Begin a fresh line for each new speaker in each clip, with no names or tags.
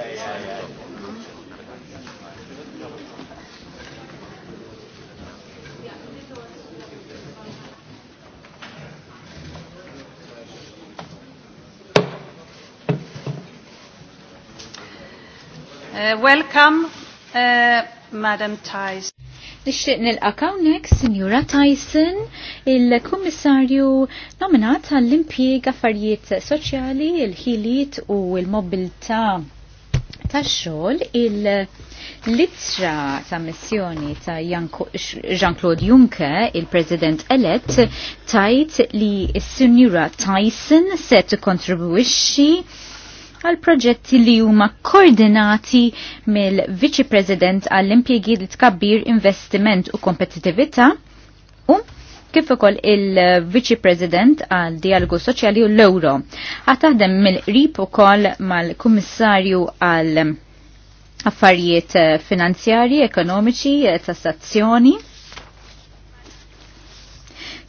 Uh, welcome, uh, Madam Tyson. Nixtieq nilqa' hawnhekk Sinjura Tyson, il-Kummissarju nominat għall-impjieg affarijiet soċjali, il-ħiliet u l-mobilità tax-xogħol il-litra ta' missjoni ta' Jean-Claude Juncker, il-President elett, tajt li s-Sinjura Tyson se tikkontribwixxi għal proġetti li huma koordinati mill-Viċi President għall-impjegi li tkabbir investiment u kompetitività u um kif ukoll il-Viċi President għal Dialogu Soċjali u l-Euro. Ħataħdem mill-qrib ukoll mal-Kummissarju għal affarijiet eh, finanzjari, ekonomiċi, eh, tassazzjoni.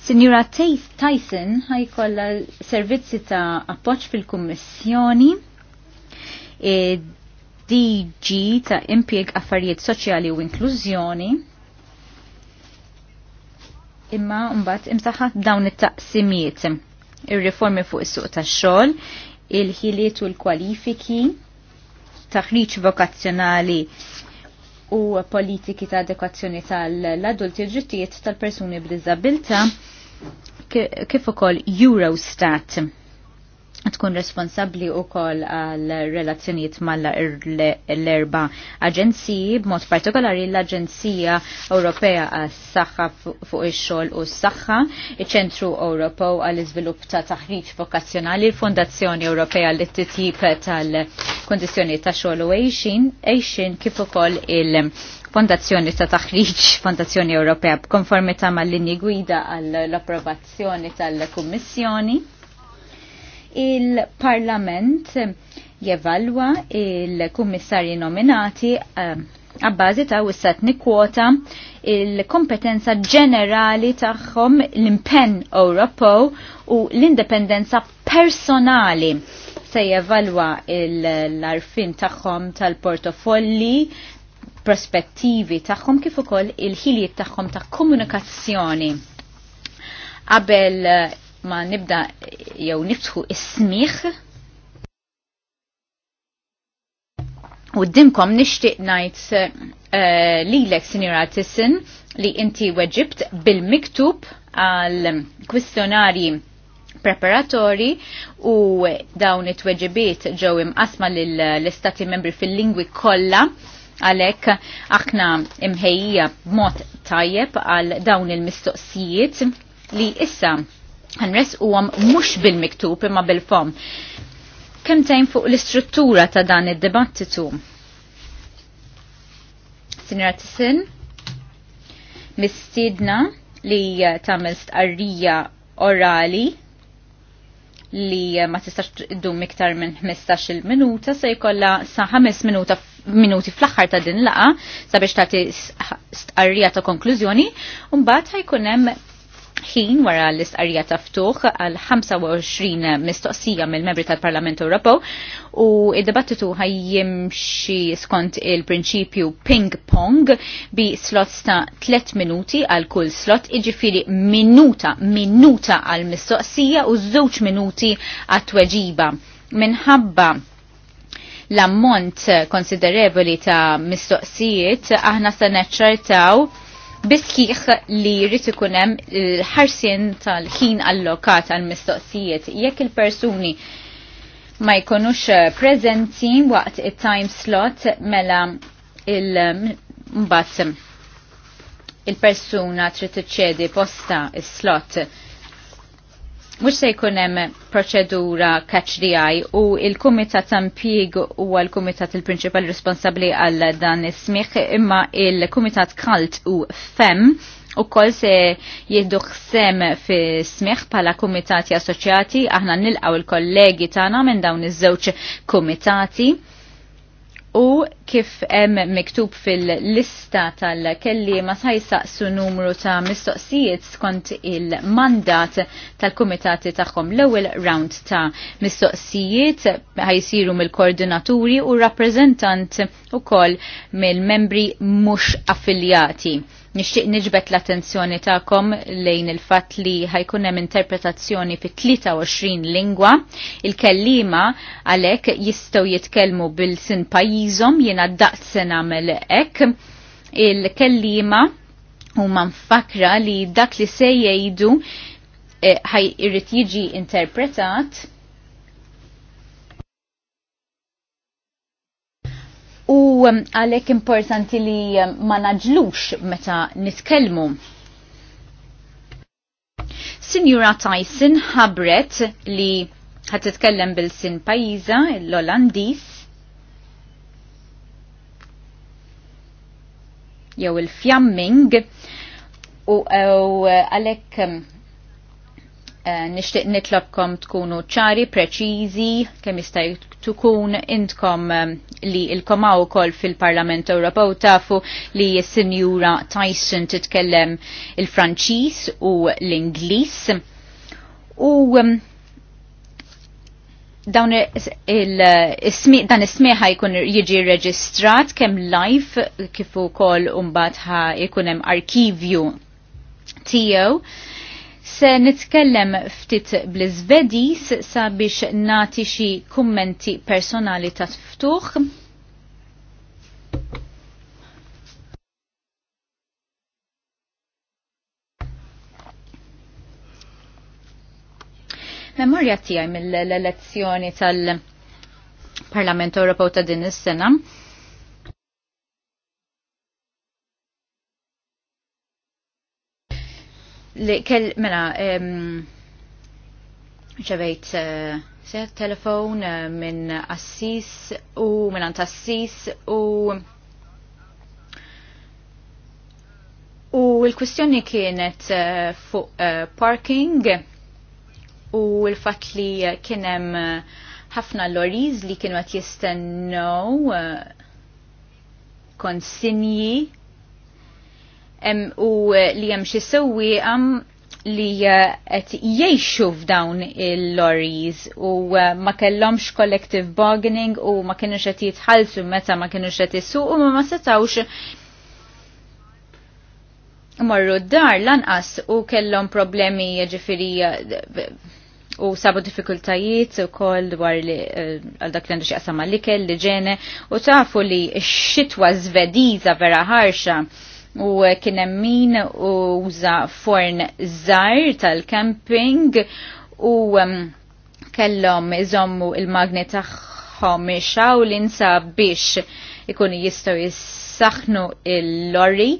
Signora Tyson ħajkolla servizzi ta' appoġġ fil-Kummissjoni. Eh, DG ta' impjeg affarijiet soċjali u inklużjoni imma mbagħad imsaħħat dawn it-taqsimiet ir-riformi fuq is-suq tax-xogħol, il-ħiliet u l-kwalifiki, taħriġ vokazzjonali u politiki ta' adekwazzjoni tal-adulti ġittijiet tal-persuni b'diżabilità kif ukoll Eurostat tkun responsabli u kol għal relazzjoniet mal l-erba aġenziji, b'mod partikolari l-Aġenzija Ewropea għas saħħa fuq ix-xogħol u s-saħħa, iċ-Ċentru Ewropew għal iżvilupp ta' taħriġ vokazzjonali, l-Fondazzjoni Ewropea l titjib tal-kondizzjoni ta' xogħol u għejxin kif ukoll il- Fondazzjoni ta' Taħriġ, Fondazzjoni Ewropea, b'konformità mal-linji gwida għall-approvazzjoni tal-Kummissjoni il-Parlament jevalwa il-kummissarji nominati eh, għabbażi ta' wissat nikwota il-kompetenza ġenerali tagħhom l-impenn Europo u l-indipendenza personali se jevalwa l-arfin tagħhom tal-portofolli prospettivi tagħhom kif ukoll il-ħiliet tagħhom ta' komunikazzjoni qabel ma nibda jew niftħu is-smiħ U d-dimkom nishtiq najt uh, eh, li l-ek sinjora Tissin li inti weġibt bil-miktub għal kwistjonari preparatori u dawn it-weġibiet ġew imqasma l-istati membri fil-lingwi kollha għalek aħna imħejja b'mod tajjeb għal dawn il-mistoqsijiet li issa Għanres u għam mux bil-miktub imma bil-fom. tajn fuq l-istruttura ta' dan id-dibattitu? Sinjora Tisin, mistidna li eh, tamil stqarrija orali li eh, ma tistax iddum iktar minn 15 minuta se jkollha sa 5 minuta minuti fl-aħħar ta' din laqa sabiex tagħti stqarrija ta' konklużjoni un bat ħajkunem hemm ħin wara l-istqarrija ta' ftuħ għal 25 mistoqsija mill-membri tal-Parlament Ewropew u id-dibattitu ħajjimxi skont il-prinċipju ping-pong bi slots ta' 3 minuti għal kull slot iġifiri minuta minuta għal mistoqsija u żewġ minuti għat tweġiba minħabba l-ammont konsiderevoli ta' mistoqsijiet aħna se neċċertaw bisħiħ li jrid ikun hemm il tal-ħin allokat għall mistoqsijiet jekk il-persuni ma jkunux eh, preżenti waqt it-time slot mela il- mbagħad il-persuna trid posta il slot mux se jkunem proċedura kaċrijaj u il-Kumitat Tampig u l-Kumitat il principal responsabli għal dan ismiħ imma il-Kumitat Kalt u Fem u kol se jidduħ sem fi smiħ pala kumitati assoċjati aħna nilqaw il-kollegi tana minn dawn iż-żewġ kumitati. U kif hemm miktub fil-lista tal-kelli ma sajsaqsu numru ta' mistoqsijiet skont il-mandat tal-komitati tagħhom l-ewwel round ta' mistoqsijiet ħajsiru mill-koordinaturi u rappreżentant ukoll mill-membri mhux affiljati. Nixtieq niġbet l-attenzjoni tagħkom lejn il-fatt li ħajkun hemm interpretazzjoni fi 23 lingwa. Il-kellima għalhekk jistgħu jitkellmu bil-sin pajjiżhom jiena daqs se nagħmel hekk. Il-kellima huma mfakra li dak li se jgħidu eh, ħaj e, irrid jiġi interpretat u um, għalek importanti li um, ma naġlux meta nitkellmu. Signora Tyson ħabret li ħat titkellem bil-sin pajiza, l-Olandis, jew il-fjamming, u uh, uh, għalek um, uh, nishtiq nitlobkom tkunu ċari, preċizi, kemm jista' tukun intkom eh, li il-komaw kol fil-Parlament Ewropew tafu li s-Sinjura Tyson titkellem il-Franċis u l-Inglis. U eh, dawn il eh, dan is-smiħ jkun jiġi reġistrat kemm live kif ukoll imbagħad ħa jkun hemm arkivju tiegħu Se nitkellem ftit bl Zvedis sabiex nati xi kummenti personali ta' ftuħ. Memorja tiegħi mill-elezzjoni tal-Parlament Ewropew ta' din is-sena li kell mela ċavejt eh, seħ telefon eh, minn assis u minn ant assis u u l-kwistjoni kienet eh, fuq parking u l-fat li kienem ħafna lorries li kienu għat jistennu konsinji u eh, li hemm xi għam li eh, qed jgħixu f'dawn il-lorries u eh, ma kellhomx collective bargaining u ma kienux qed jitħallsu meta ma kienux qed issuqu u ma setawx marru d-dar lanqas u kellhom problemi ġifiri u sabu diffikultajiet u koll dwar li għal dak l-għandu xieqsam għallikel li ġene u tafu li x-xitwa zvediza vera ħarxa u kienem min uża forn żgħar tal-camping u ehm, kellhom iżommu il-magni tagħhom xaw l-insa biex ikunu jistgħu jissaxnu il-lorri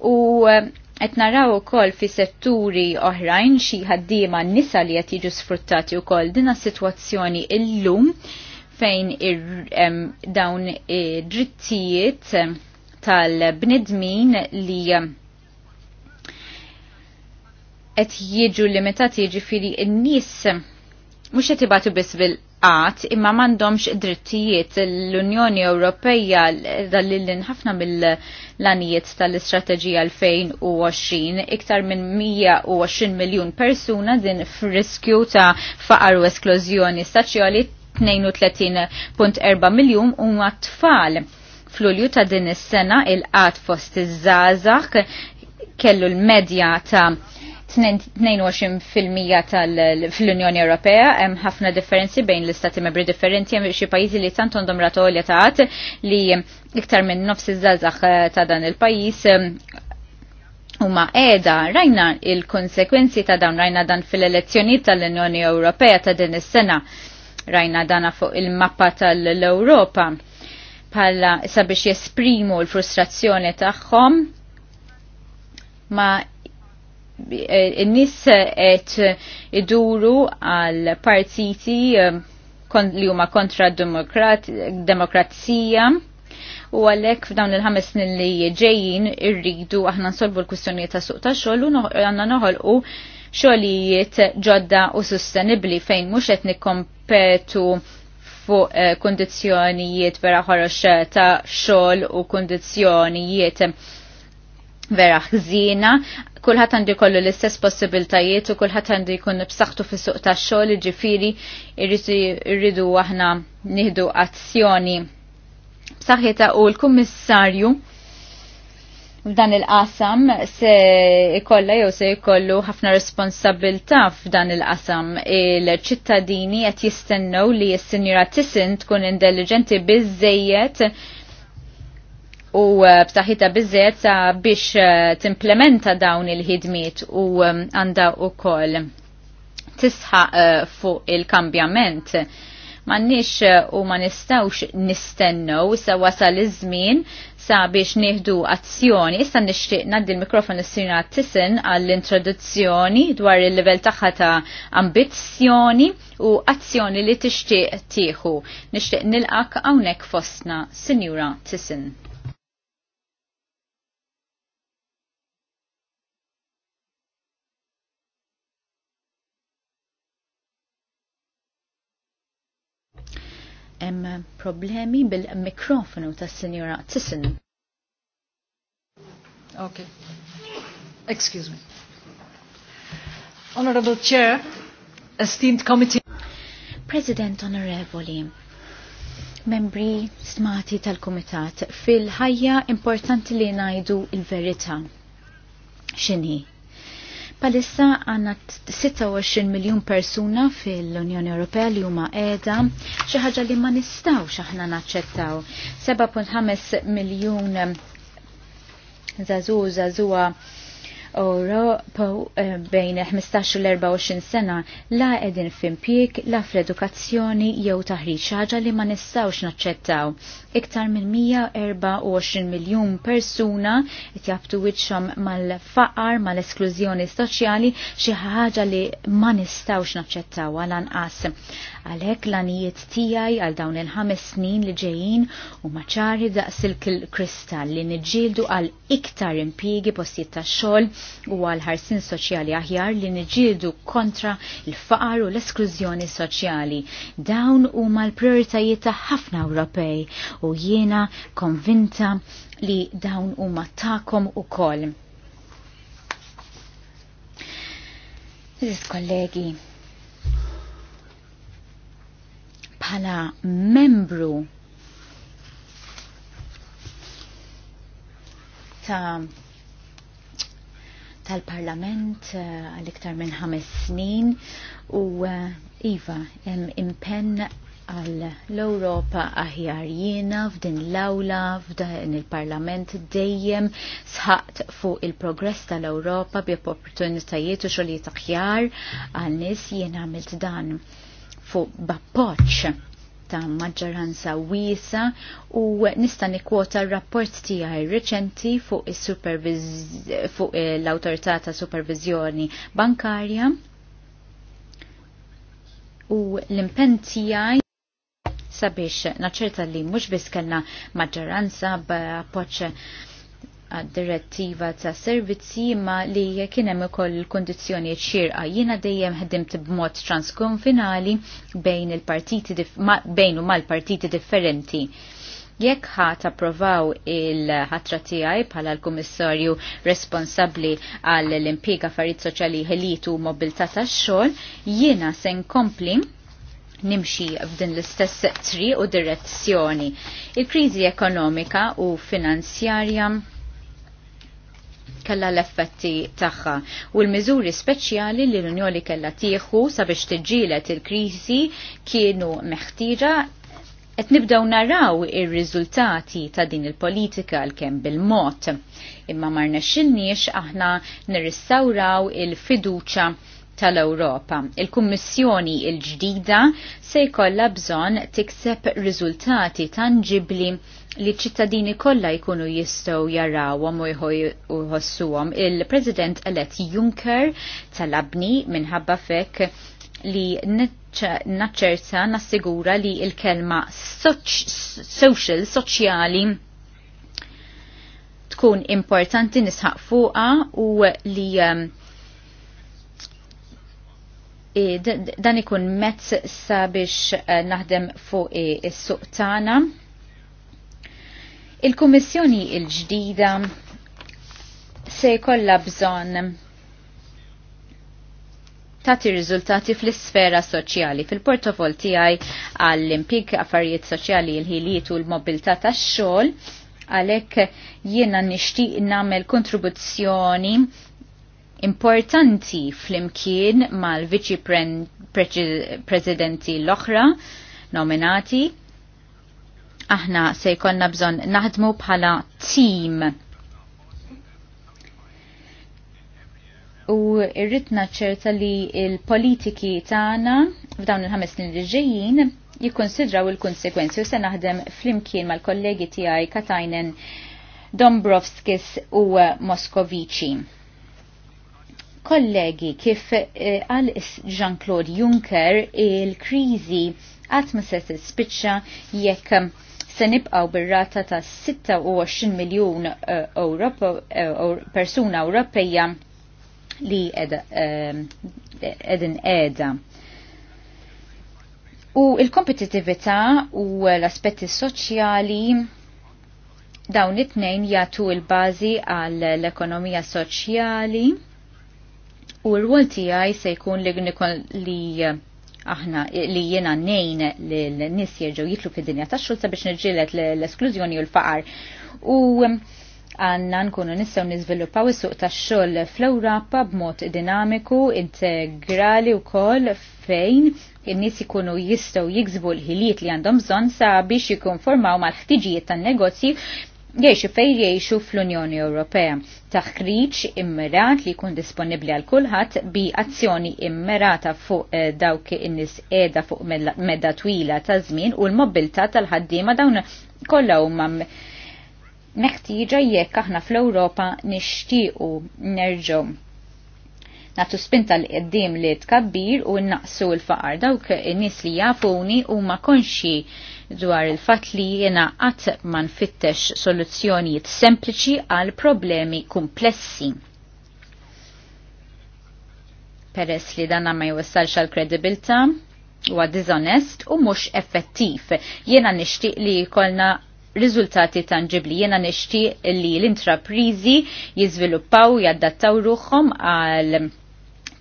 u ehm, qed naraw ukoll fi setturi oħrajn xi ħaddiema nisa li qed jiġu sfruttati wkoll din is-sitwazzjoni illum fejn ehm, dawn id-drittijiet tal-bnidmin li qed jiġu limitati ġifiri n-nies mhux qed bis biss bil-qatt imma m'għandhomx drittijiet l-Unjoni dal-lillin ħafna mill-lanijiet tal-Istrateġija 2020 iktar minn 120 miljun persuna din f'riskju ta' faqar u esklużjoni staċjali 32.4 miljun huma tfal F'Lulju ta' din is-sena il-qat fost iż-żgħażagħ kellu l-medja ta' 22% tal-Unjoni Ewropea hemm ħafna differenzi bejn l-istati membri differenti hemm xi pajjiżi li tant għandhom ratolja ta' għad li iktar minn nofs iż żaħ ta' dan il-pajjiż ehm, Uma edha rajna il-konsekwenzi ta' dawn rajna dan fil-elezzjoni tal-Unjoni Ewropea ta' din is-sena rajna dana fuq il-mappa tal-Ewropa palla sabiex jesprimu l-frustrazzjoni tagħhom ma eh, n-nis qed iduru għal partiti eh, li huma kontra demokrazija u għalek f'dawn il-ħames snin li ġejjin irridu aħna nsolvu l-kwistjonijiet ta' suq ta' xogħol u għandna noħolqu xogħlijiet ġodda u sostenibbli fejn mhux qed nikkompetu fuq eh, kondizjonijiet vera ħarox eh, ta' xogħol u kondizjonijiet eh, vera ħżina, kulħadd għandu jkollu l-istess possibiltajiet u kulħadd għandu jkun b'saħħtu fis-suq tax-xogħol, ġifiri irridu aħna nieħdu azzjoni b'saħħitha u l-Kummissarju f'dan il-qasam se ikolla jew se jkollu ħafna responsabilta f'dan il-qasam il-ċittadini qed jistennew li s-sinjura tisin tkun intelligenti biżejjed u eh, b'saħħitha biżejjed sa biex eh, timplementa dawn il-ħidmiet u eh, għandha wkoll tisħaq fuq il-kambjament mannix eh, u ma nistgħux nistennew issa wasal iż-żmien sabiex nieħdu azzjoni. Issa nixtieq ngħaddi l-mikrofon is-sirna Tisin għall-introduzzjoni dwar il-livell tagħha ta' ambizzjoni u azzjoni li tixtieq tieħu. Nixtieq nilqak hawnhekk fostna, Sinjura Tisin. hemm problemi bil-mikrofonu tas-Sinjora Tissen. Okay. Excuse me. Honorable Chair, esteemed committee. President Honorevoli, membri Stmati tal-Komitat, fil-ħajja importanti li najdu il-verita. Xini, Palissa għanna 26 miljon persuna fil-Unjoni Ewropea li huma qiegħda xi ħaġa li ma nistgħu aħna naċċettaw. 7.5 miljun zazu zazuwa Europa eh, bejn 15 u 24 sena la edin f'impjik, la fl-edukazzjoni jew taħriġ ħaġa li ma nistgħux naċċettaw. Iktar minn 124 miljun persuna jtjabtu jabtu wiċċhom mal-faqar, mal-esklużjoni soċjali xi ħaġa li ma nistawx naċċettaw għal anqas. Għalhekk l-anijiet tiegħi għal dawn il-ħames snin li ġejjin u maċari daqs il-kristall li niġġieldu għal iktar impjiegi postijiet tax-xogħol u għal ħarsin soċjali aħjar li nġildu kontra il-faqar u l-esklużjoni soċjali. Dawn huma l-prioritajiet ta' ħafna Ewropej u jiena konvinta li dawn huma takom ukoll. Ziz kollegi, pala membru ta' tal-Parlament eh, għal-iktar minn ħames snin u eh, Iva hemm impenn għal l-Europa aħjar jiena f'din l-awla f'din il-Parlament dejjem sħaqt fuq il-progress tal-Europa bi opportunitajiet u xogħlijiet aħjar għal nies jiena għamilt dan fuq bappoċ ta' maġġoranza wiesa u nista' nikkwota r-rapport tiegħi reċenti fuq fuq eh, l-Awtorità ta' Supervizjoni Bankarja u l-impenn tiegħi sabiex naċċerta li mhux biss kellna maġġoranza b'appoġġ għad-direttiva ta' servizzi ma li kienem ukoll kondizjoni ċirqa jiena dejjem ħedimt b'mod transkonfinali bejn il-partiti bejn u mal-partiti differenti. Jekk ħat approvaw il-ħatra tiegħi bħala l-Kummissarju responsabbli għal l-impjega affarijiet soċjali ħelitu u mobilità tax-xogħol, jiena se nkompli nimxi f'din l-istess tri u direzzjoni. Il-kriżi ekonomika u finanzjarja kella l-effetti tagħha u l-miżuri speċjali li l-Unjoni kella tieħu sabiex tiġġielet il-krisi kienu meħtira qed nibdew naraw ir-riżultati ta' din il-politika l kem bil-mod. Imma ma xinniex aħna nirrissawraw il-fiduċa tal-Ewropa. Il-Kummissjoni il-ġdida se jkollha bżonn tikseb riżultati tanġibli li ċittadini kollha jkunu jistgħu jarawhom u jħossuhom il-President elett Juncker talabni minħabba fek li naċċerta nassigura li il-kelma social, soċjali tkun importanti nisħaq fuqa u li um, dan ikun mezz sabiex eh, naħdem fuq is-suqtana. Il-Kummissjoni il-ġdida se jkollha bżonn tagħti riżultati fl-isfera soċjali fil-portofol tiegħi għall-impjeg affarijiet soċjali l-ħiliet u l-mobilità tax-xogħol għalhekk jiena nixtieq nagħmel kontribuzzjoni importanti fl-imkien mal-viċi presidenti l-oħra nominati Aħna se jkollna bżonn naħdmu bħala tim. U irritna ċerta li il-politiki tagħna f'dawn il-ħames snin li ġejjin jikkonsidraw il-konsekwenzi u se naħdem flimkien mal-kollegi tiegħi Katajnen Dombrovskis u Moskovici kollegi kif eh, għal Jean-Claude Juncker il-krizi għatma ma se spiċċa jekk se nibqaw bir-rata ta' 26 miljun eh, eh, persuna Ewropeja li ehm, edin edha. U il-kompetitività u l-aspetti soċjali dawn it-tnejn jagħtu il-bażi għal l-ekonomija soċjali u r-rwol tiegħi se jkun li, li eh, aħna li jiena nejn li l-nis jirġu jitlu fid-dinja ta' xulza biex nirġilet l-esklużjoni u l-faqar. U um, għanna nkunu nissew nizviluppaw is-suq tax-xogħol fl-Ewropa b'mod dinamiku, integrali wkoll fejn in-nies ikunu jistgħu jiksbu l-ħiliet li għandhom bżonn sa biex jikkonformaw mal-ħtiġijiet tan-negozji jiexu fej jiexu fl-Unjoni Ewropea. Taħriġ immirat li jkun disponibli għal kulħadd bi azzjoni immirata fuq eh, dawk in-nies qiegħda fuq mela- medda twila ta' żmien u l-mobilità tal-ħaddiema dawn kollha huma meħtieġa jekk aħna fl-Ewropa nixtiequ nerġgħu natu spinta l-qeddim li tkabbir u naqsu l-faqar dawk in-nies li jafuni u ma konxi dwar il-fat li jena qatt ma nfittex soluzzjonijiet sempliċi għal problemi komplessi. Peress li dana ma jwessalx għal kredibilta, huwa dizonest u mhux effettiv. Jena nixtieq li jkollna riżultati tangibli. Jena nixtieq li l-intraprizi jiżviluppaw jaddattaw ruħhom għal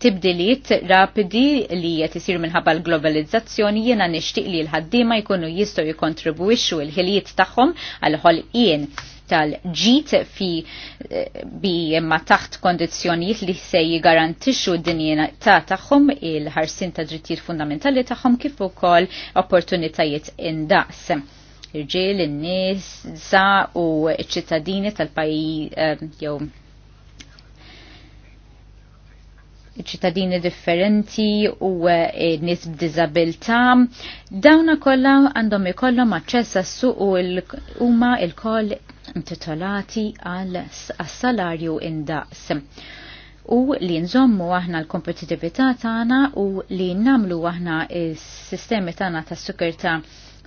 tibdiliet rapidi li qed isir minħabba l-globalizzazzjoni jiena nixtieq li l-ħaddiema jkunu jistgħu jikontribwixxu l-ħiliet tagħhom għal ħolqien tal-ġit fi bi ma taħt kondizjonijiet li se jigarantixxu d ta' tagħhom il-ħarsin ta' drittijiet fundamentali tagħhom kif ukoll opportunitajiet indaqs irġiel, in-nisa u ċ-ċittadini tal-pajjiż eh, jew ċittadini differenti u eh, nies b'diżabilità. Dawna kolla għandhom ikollhom aċċess għas-suq u huma lkoll intitolati għal salarju indaqs u li nżommu aħna l-kompetitività tagħna u li namlu aħna s-sistemi tagħna tas-sukerta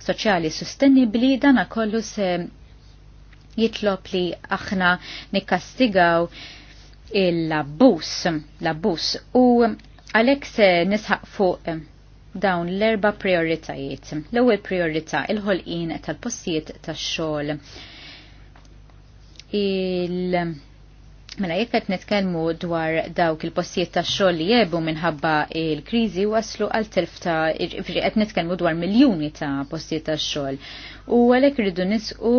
soċjali sostenibbli dana kollu se jitlob li aħna nikkastigaw il-labbus, labbus u għalek se nisħaq fuq eh, dawn l-erba prioritajiet. L-ewwel priorità il-ħolqien tal-postijiet tax-xogħol. il Mela jekk qed nitkellmu dwar dawk il-postijiet ta' xogħol li jebu minħabba il-kriżi waslu għal telf ta' qed nitkellmu dwar miljuni ta' postijiet ta' xogħol. U għalhekk irridu nisqu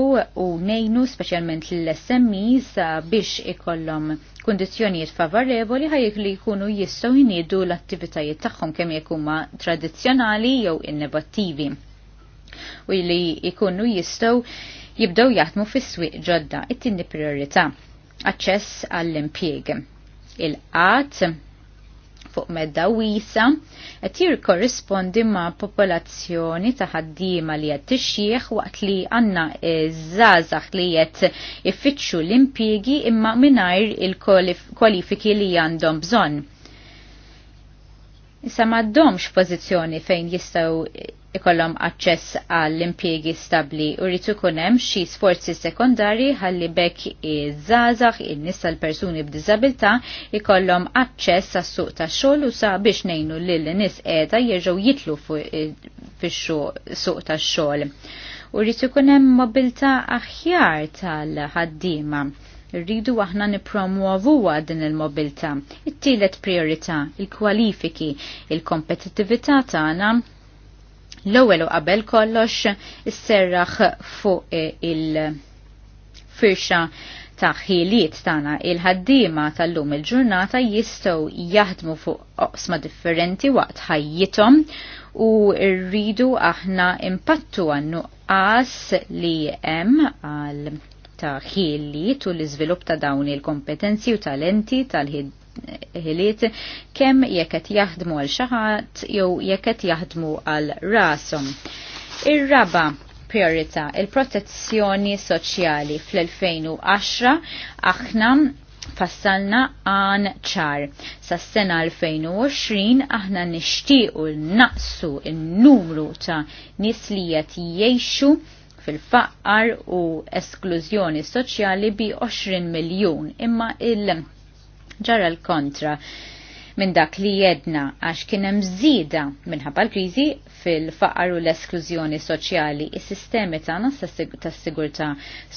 u ngħinu speċjalment l-SMEs biex ikollhom kundizzjonijiet favorevoli ħajjek li jkunu jistgħu jniedu l-attivitajiet tagħhom kemm jekk huma tradizzjonali jew innovattivi u li jkunu jistgħu jibdew jaħdmu fis-swieq ġodda it tieni priorità aċċess għall-impjieg. Il-qat fuq medda wisa qed jirkorrispondi ma' popolazzjoni ta' ħaddiema li qed tixjieħ waqt li għandna żgħażagħ li qed iffittxu l-impjiegi imma mingħajr il-kwalifiki li għandhom bżonn. Issa m'għaddhomx pożizzjoni fejn jistgħu ikollhom aċċess għall impjiegi stabbli u rritu kunem hemm xi sforzi sekundari ħalli bekk iż-żgħażagħ in-nies l persuni b'diżabilità ikollhom aċċess għas-suq tax-xogħol u sa biex ngħinu lil nies qiegħda jerġgħu jitlu fix-suq tax-xogħol. U rritu ikun hemm mobilità aħjar tal-ħaddiema rridu aħna nipromuovuwa din il-mobilta. It-tielet priorità, il-kwalifiki, il kompetittività tagħna L-ewwel u qabel kollox isserraħ fuq eh, il-firxa ta' ħiliet tagħna il-ħaddiema tal-lum il-ġurnata jistgħu jaħdmu fuq oqsma differenti waqt ħajjithom u rridu aħna impattu għannu nuqqas li hemm għal ta' ħiliet u l-iżvilupp ta' dawn il-kompetenzi u talenti tal-ħid ħiliet kemm jekk qed jaħdmu għal xi ħadd jew jekk qed jaħdmu għal rasom. Ir-raba priorità il-protezzjoni soċjali fl-2010 aħna fassalna għan ċar. Sas-sena 2020 aħna nixtiequ naqsu n-numru ta' nis li jgħixu fil-faqar u esklużjoni soċjali bi 20 miljun imma il- ġara l-kontra minn dak li jedna għax kien hemm żieda minħabba l-kriżi fil-faqar u l-esklużjoni soċjali. Is-sistemi tagħna tas-sigurtà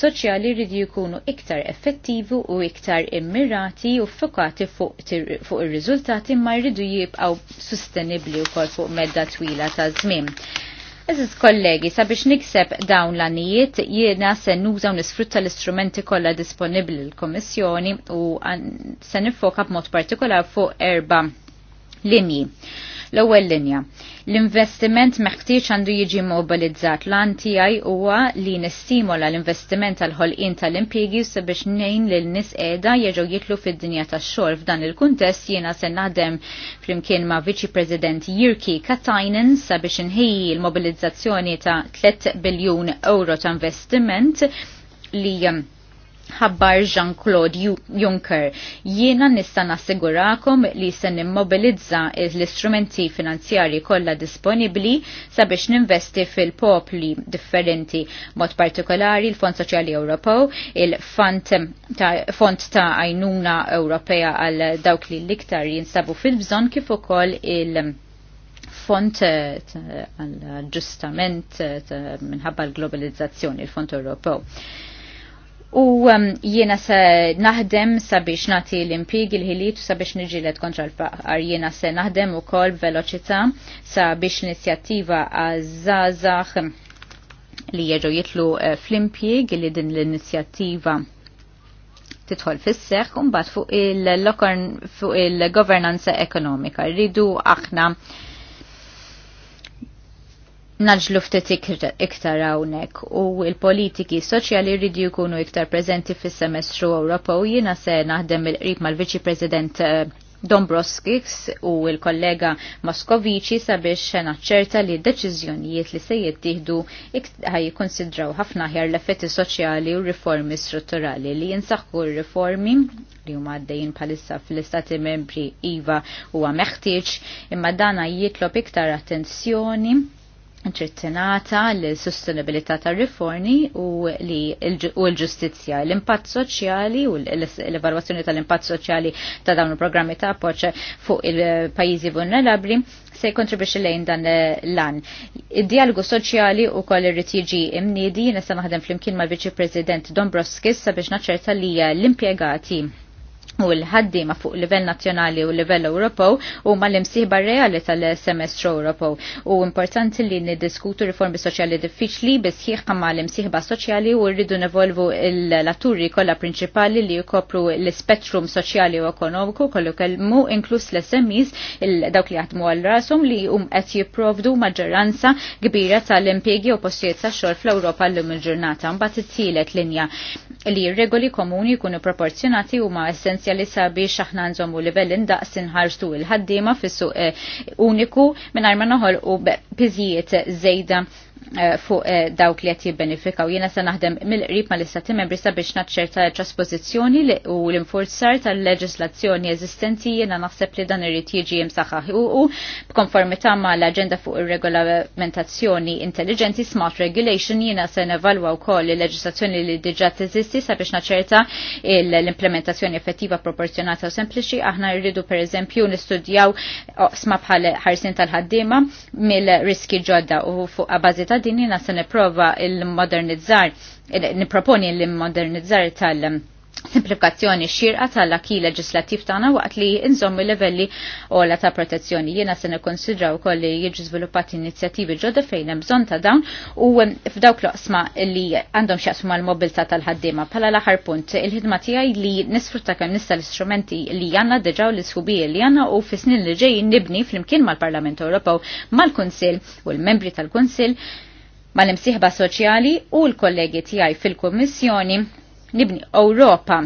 soċjali rridu jkunu iktar effettivi u iktar immirati u ffokati fuq, fuq ir-riżultati ma jridu jibqgħu sostenibbli wkoll fuq medda twila ta' żmien. Eżiz kollegi, sabiex nikseb dawn l-anijiet, jiena se nuża u nisfrutta l-istrumenti kollha disponibli l komissjoni u se nifoka b'mod partikolar fuq erba' linji. L-ewwel linja. L-investiment meħtieġ għandu jiġi mobilizzat l tiegħi huwa li nistimola l-investiment tal ħolqien tal-impjegi sabiex nejn lil nies qiegħda jeġgħu jitlu fid-dinja tax-xogħol f'dan il-kuntest jiena se naħdem flimkien ma' Viċi President Jirki Katajnen sabiex inħejji l-mobilizzazzjoni ta' 3 biljun euro ta' investiment li um, ħabbar Jean-Claude Juncker. Jiena nista' nassigurakom li se nimmobilizza l-istrumenti finanzjari kollha disponibbli sabiex ninvesti fil-popli differenti, mod partikolari l-Fond Soċjali Ewropew, il-Fond ta' Fond ta' Għajnuna Ewropea għal dawk li l-iktar jinsabu fil-bżonn kif ukoll il- font eh, għal ġustament eh, minħabba l-globalizzazzjoni, il-font Ewropew U um, jiena se naħdem sabiex nati l-impig il-ħiliet u sabiex nġilet kontra l-faqar. Jiena se naħdem u kol veloċita sabiex l-inizjattiva għazzazax li jieġu jitlu eh, fl-impig li din l-inizjattiva titħol fis-seħ un bat fuq il-governanza ekonomika. Ridu aħna naġlu ftit iktar hawnhekk u l-politiki soċjali rridu jkunu iktar preżenti fis-semestru Ewropew jiena se naħdem il-qrib mal-Viċi President eh, Dombrovskis u l-kollega Moskovici sabiex naċċerta li d-deċiżjonijiet li se jittieħdu ħaj jikkonsidraw ħafna ħjar l-effetti soċjali u riformi strutturali li jinsaħħu r-riformi li huma għaddejjin bħalissa fl-istati membri IVA huwa meħtieġ imma dana jitlob iktar attenzjoni ċertinata l sustenabilità tar riformi u l-ġustizja, l-impatt soċjali u l-evalwazzjoni tal-impatt soċjali ta' dawn il-programmi ta' poċe fuq il-pajjiżi vulnerabli se jkontribwixxi lejn dan l-an. Id-dialogu soċjali u koll irrid jiġi imnidi nista' naħdem flimkien mal-Viċi President Dombrovskis sabiex naċċerta li l-impjegati u l-ħaddima fuq livell nazzjonali u livell Ewropew u l imsiħba reali tal-semestru Ewropew. U importanti li niddiskutu riformi soċjali diffiċli bisħiħ mal-imsiħba soċjali u rridu nevolvu l-atturi kollha prinċipali li jkopru l-spettrum soċjali u ekonomiku kollu kelmu inklus l-SMEs dawk li jaħdmu għal rasum li um qed jipprovdu maġġoranza kbira tal-impjegi u postijiet ta' xogħol fl-Ewropa llum il-ġurnata. Mbagħad it linja li regoli komuni jkunu proporzjonati huma essenzjali li biex aħna nżommu livell indaqs inħarstu il-ħaddiema fis-suq eh, uniku minn ma noħolqu piżijiet żejda Eh, fuq eh, dawk li qed jibbenefikaw. Jiena se naħdem mill-qrib ma l-istati membri sabiex naċċerta trasposizzjoni u l-infurzar tal-leġislazzjoni eżistenti jiena naħseb li dan irid jiġi jimsaħħaħ u b'konformità ma l-aġenda fuq ir-regolamentazzjoni intelligenti smart regulation jiena se nevalwa wkoll il-leġislazzjoni li diġà teżisti sabiex naċċerta l-implementazzjoni effettiva proporzjonata u sempliċi. Aħna rridu pereżempju nistudjaw smabħal bħal ħarsin tal-ħaddiema mill-riski ġodda u fuq bażi ta' din jina se niprofa il-modernizzar, niproponi il-modernizzar tal- simplifikazzjoni xirqa tal-laki leġislattiv tagħna waqt li inżommu livelli ola ta' protezzjoni. Jiena se nikkonsidraw ukoll li jiġu żviluppat inizjattivi ġodda fejn hemm bżonn ta' dawn u f'dawk l-oqsma li għandhom x'jaqsmu mal-mobilità tal-ħaddiema. Bħala l-aħħar punt, il-ħidma tiegħi li nisfrutta kemm nista' l-istrumenti li għandna diġà l isħubija li għandna u fis-snin li ġejjin nibni flimkien mal-Parlament Ewropew mal-Kunsill u l-membri tal-Kunsill mal-imsieħba soċjali u l-kollegi tiegħi fil-Kummissjoni nibni Ewropa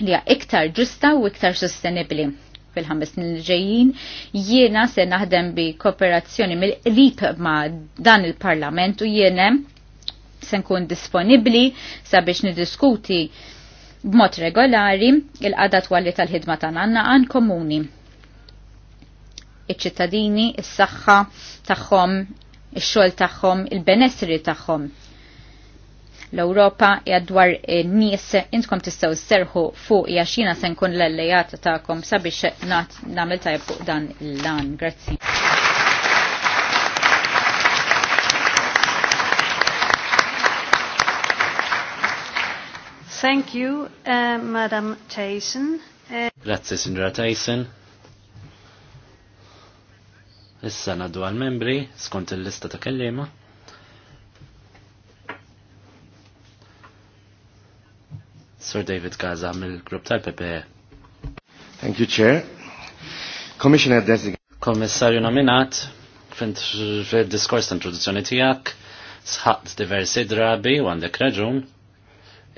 li hija iktar ġusta u iktar sostenibbli fil-ħames ġejjin jiena se naħdem bi kooperazzjoni mill-qrib ma' dan il-Parlament u jiena se nkun disponibbli sabiex nidiskuti b'mod regolari il-qada twalli tal-ħidma tagħna għan komuni. Iċ-ċittadini, is-saħħa tagħhom, ix-xogħol tagħhom, il-benessri tagħhom l-Europa jadwar n-nies intkom tistaw serħu fuq jaxina sen kun l-allejat ta'kom sabiex namil tajb fuq dan l-lan. Grazzi.
Thank you, uh, Madam Tyson. Uh...
Grazie, Signora Tyson. Issa nadu għal-membri skont il-lista ta' kellima. Sir David Gaza mill-grupp tal-PPE. Thank you, Chair. Commissioner Desig. Kommissarju nominat, fint fil-diskors introduzzjoni tijak, sħaqt diversi drabi u għandek reġun.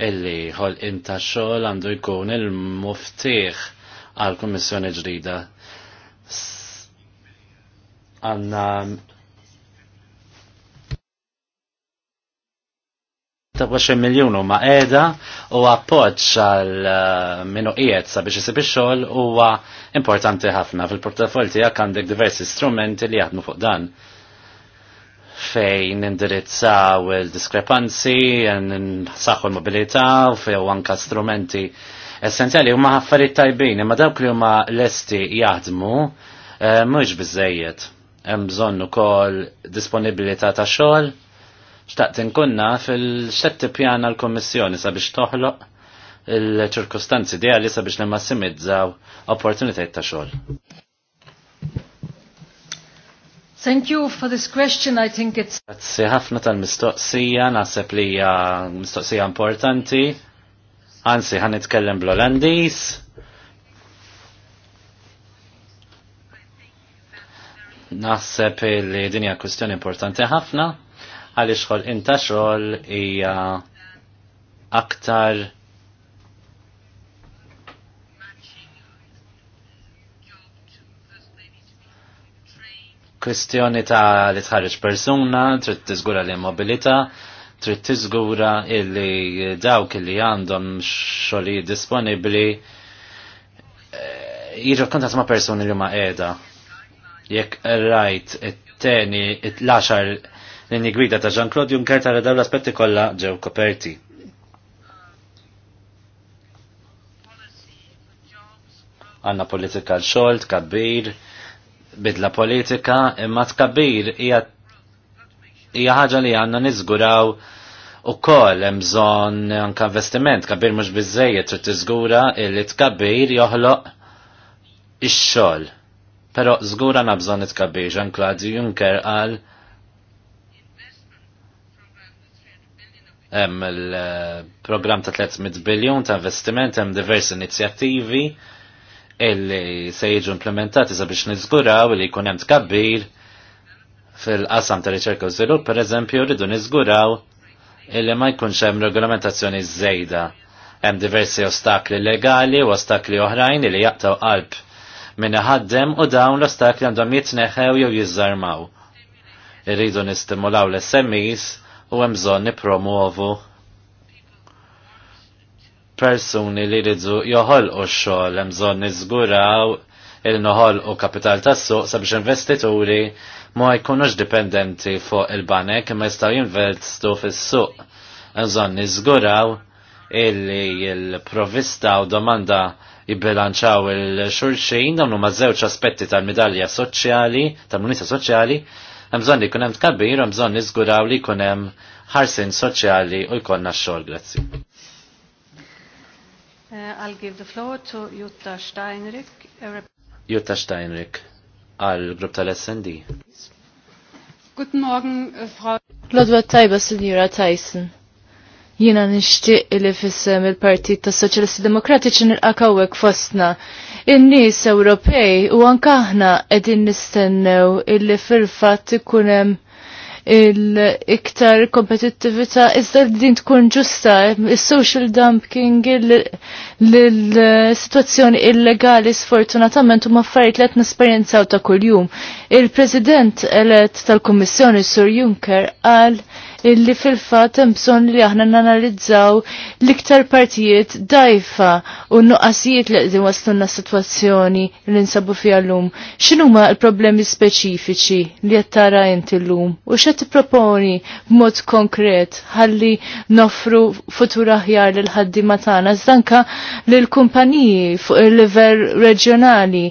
illi ħol inta xol għandu jkun il-muftiħ għal-Kommissjoni ġrida. Għanna ta' 20 miljun huma qiegħda u appoġġ għal eh, minu qiegħed sabiex isib xogħol huwa importanti ħafna fil-portafol tiegħek għandek diversi strumenti li jaħdmu fuq dan fejn indirizzaw il-diskrepanzi, saħħu l-mobilità, u few anka strumenti essenzjali huma affarijiet tajbin, imma dawk li huma lesti jaħdmu eh, mhux biżejjed. Hemm bżonn ukoll disponibilità ta' xogħol Xtaqt inkunna fil setti pjana l-Kommissjoni sabiex toħloq il-ċirkostanzi ideali sabiex nimmassimizzaw opportunitajt ta' xogħol.
Thank you for this question. I think it's
Grazzi ħafna tal-mistoqsija, naħseb li hija mistoqsija importanti. Anzi, ħan nitkellem bl-Olandis. Naħseb li din hija kwestjoni importanti ħafna għaliex xol inta xogħol hija aktar kwestjoni ta' li tħarġ persuna, trid tiżgura li mobilita, trid tiżgura illi dawk illi għandhom xogħli disponibbli eh, jiġu kontat ma' persuni li ma' qiegħda. Jekk rajt it-teni, it-laxar l-inni gwida ta' Jean-Claude Juncker tara dawn l-aspetti kollha ġew koperti. Għanna politika l-xogħol, kabbir, bidla politika, imma tkabbir hija ħaġa li għandna niżguraw ukoll hemm bżonn anke investiment kabbir mhux biżejjed trid tiżgura li tkabbir joħloq ix-xogħol. Pero zgura nabżon it kabbir Jean-Claude Juncker għal hemm il-programm ta' 300 biljun ta' investiment, hemm diversi inizjattivi illi se jiġu implementati sabiex niżguraw li jkun hemm tkabbir fil-qasam ta' riċerka u żvilupp, pereżempju rridu niżguraw illi ma jkunx hemm regolamentazzjoni żejda. Hemm diversi ostakli legali u ostakli oħrajn li jaqtaw qalb minn ħaddem u dawn l-ostakli għandhom jitneħew jew jiżarmaw. Irridu nistimulaw l-SMEs u hemm bżonn nippromovu persuni li jridu joħolqu x-xogħol hemm bżonn niżguraw il-noħol u kapital tas-suq sabiex investituri ma jkunux dipendenti fuq il-banek imma jistgħu jinvestu fis-suq. Hemm bżonn niżguraw illi il-provista u domanda jibbilanċaw il-xurxin dawn huma żewġ aspetti tal-midalja soċjali, tal-munita soċjali Hemm bżonn li jkun hemm tkabbir, hemm bżonn niżguraw li jkun hemm ħarsin soċjali u jkollna x-xogħol, grazzi.
Uh, I'll give the floor to Jutta Steinrich.
Jutta Steinrich, għal grupp tal-SND.
Guten
Morgen, äh, Frau. Lodwa tajba, Signora Tyson. Jiena nixtieq li fissem il-Partit tas Soċjalisti Demokratiċi nil-akawek fostna. In-nies Ewropej u anke aħna qegħdin nistennew illi fil-fatt ikun hemm il-iktar kompetittività iżda din tkun ġusta is-social dumping il situazzjoni illegali sfortunatament huma affarijiet li qed nesperjenzaw ta' kuljum. Il-President elett tal-Kummissjoni Sur Juncker qal illi fil-fatt hemm bżonn li aħna nanalizzaw l-iktar partijiet dajfa u nuqqasijiet li għedin waslunna sitwazzjoni li nsabu fiha llum. X'inhuma l-problemi speċifiċi li qed tara inti llum u x'qed tipproponi b'mod konkret ħalli nofru futur aħjar lil ħaddiema tagħna żdanka lill kumpaniji fuq il-livell reġjonali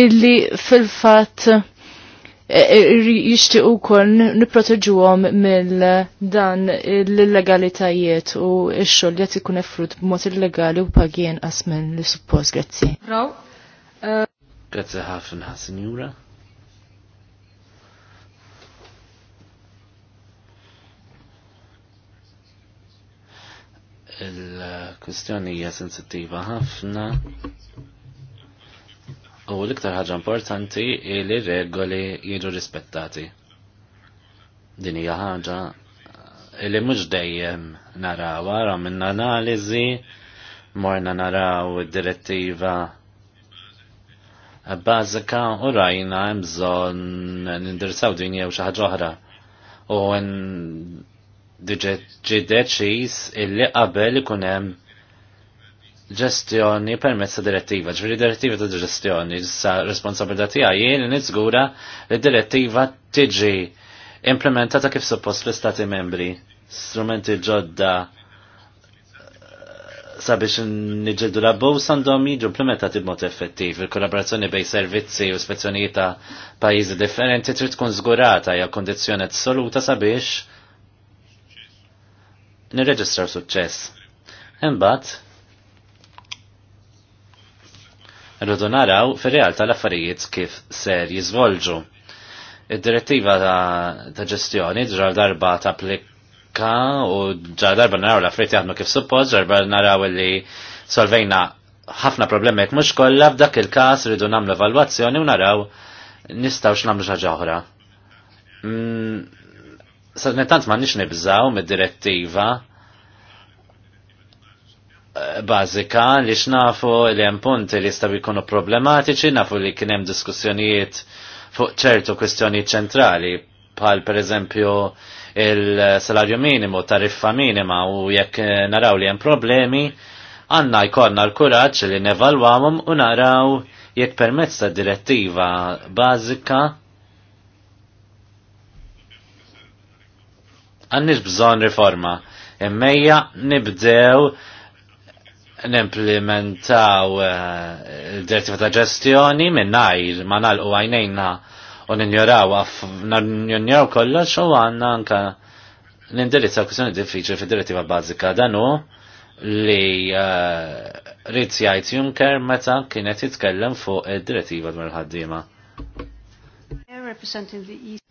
illi fil-fatt Eh, eh, jishti u kol niprotegġuħom mill eh, dan l-legalitajiet u x-xogħol qed ikun effrut b'mod illegali u pagien asmen li suppos grazzi.
Raw. Grazzi ħafna Sinjura. il kustjoni hija sensittiva ħafna. U l-iktar ħaġa importanti li regoli jiġu rispettati. Din hija ħaġa li mhux dejjem naraw ara minn analiżi morna naraw id-direttiva bażika u rajna hemm bżonn nindirsaw din jew xi ħaġa oħra. U ġi deċiż illi qabel ikun hemm ġestjoni permezza direttiva, ġveri direttiva ta' ġestjoni, sa' responsabilità tiegħi jien niżgura li direttiva tiġi implementata kif suppost fl-Istati membri, strumenti ġodda eh, sabiex nġeddu l bow għandhom jiġu implementati b'mod effettiv. Il-kollaborazzjoni bej servizzi u spezzjonijiet ta' pajjiżi differenti trid tkun żgurata hija kondizzjoni assoluta sabiex nirreġistraw suċċess. Imbagħad Rridu naraw fir-realtà l-affarijiet kif ser jiżvolġu. Id-direttiva ta' ġestjoni ġar darba ta' applika u ġar darba naraw l-affarijiet jaħdmu kif suppost, darba naraw li solvejna ħafna problemi jekk mhux kollha f'dak il-każ rridu nagħmlu evalwazzjoni u naraw nistgħux nagħmlu xi ħaġa mm, Sa' nettant ma nix nibżaw mid-direttiva bażika li xnafu li hemm punti li jistgħu jkunu problematiċi, nafu li kien hemm diskussjonijiet fuq ċertu kwestjoni ċentrali, bħal pereżempju il-salarju minimu, tariffa minima u jekk naraw li hemm problemi, għanna jkollna l-kuraġġ li nevalwawhom u naraw jekk permezz ta' direttiva bażika għandix bżonn riforma. Immejja nibdew nimplementaw eh, il-direttiva ta' ġestjoni minnajr ma u għajnejna u ninjoraw ninjoraw kollox u għanna anka nindirizza kwestjoni diffiċli fid-direttiva bażika danu li eh, rizzjajt jgħid Juncker meta kienet jitkellem fuq id-direttiva dwar ħaddiema.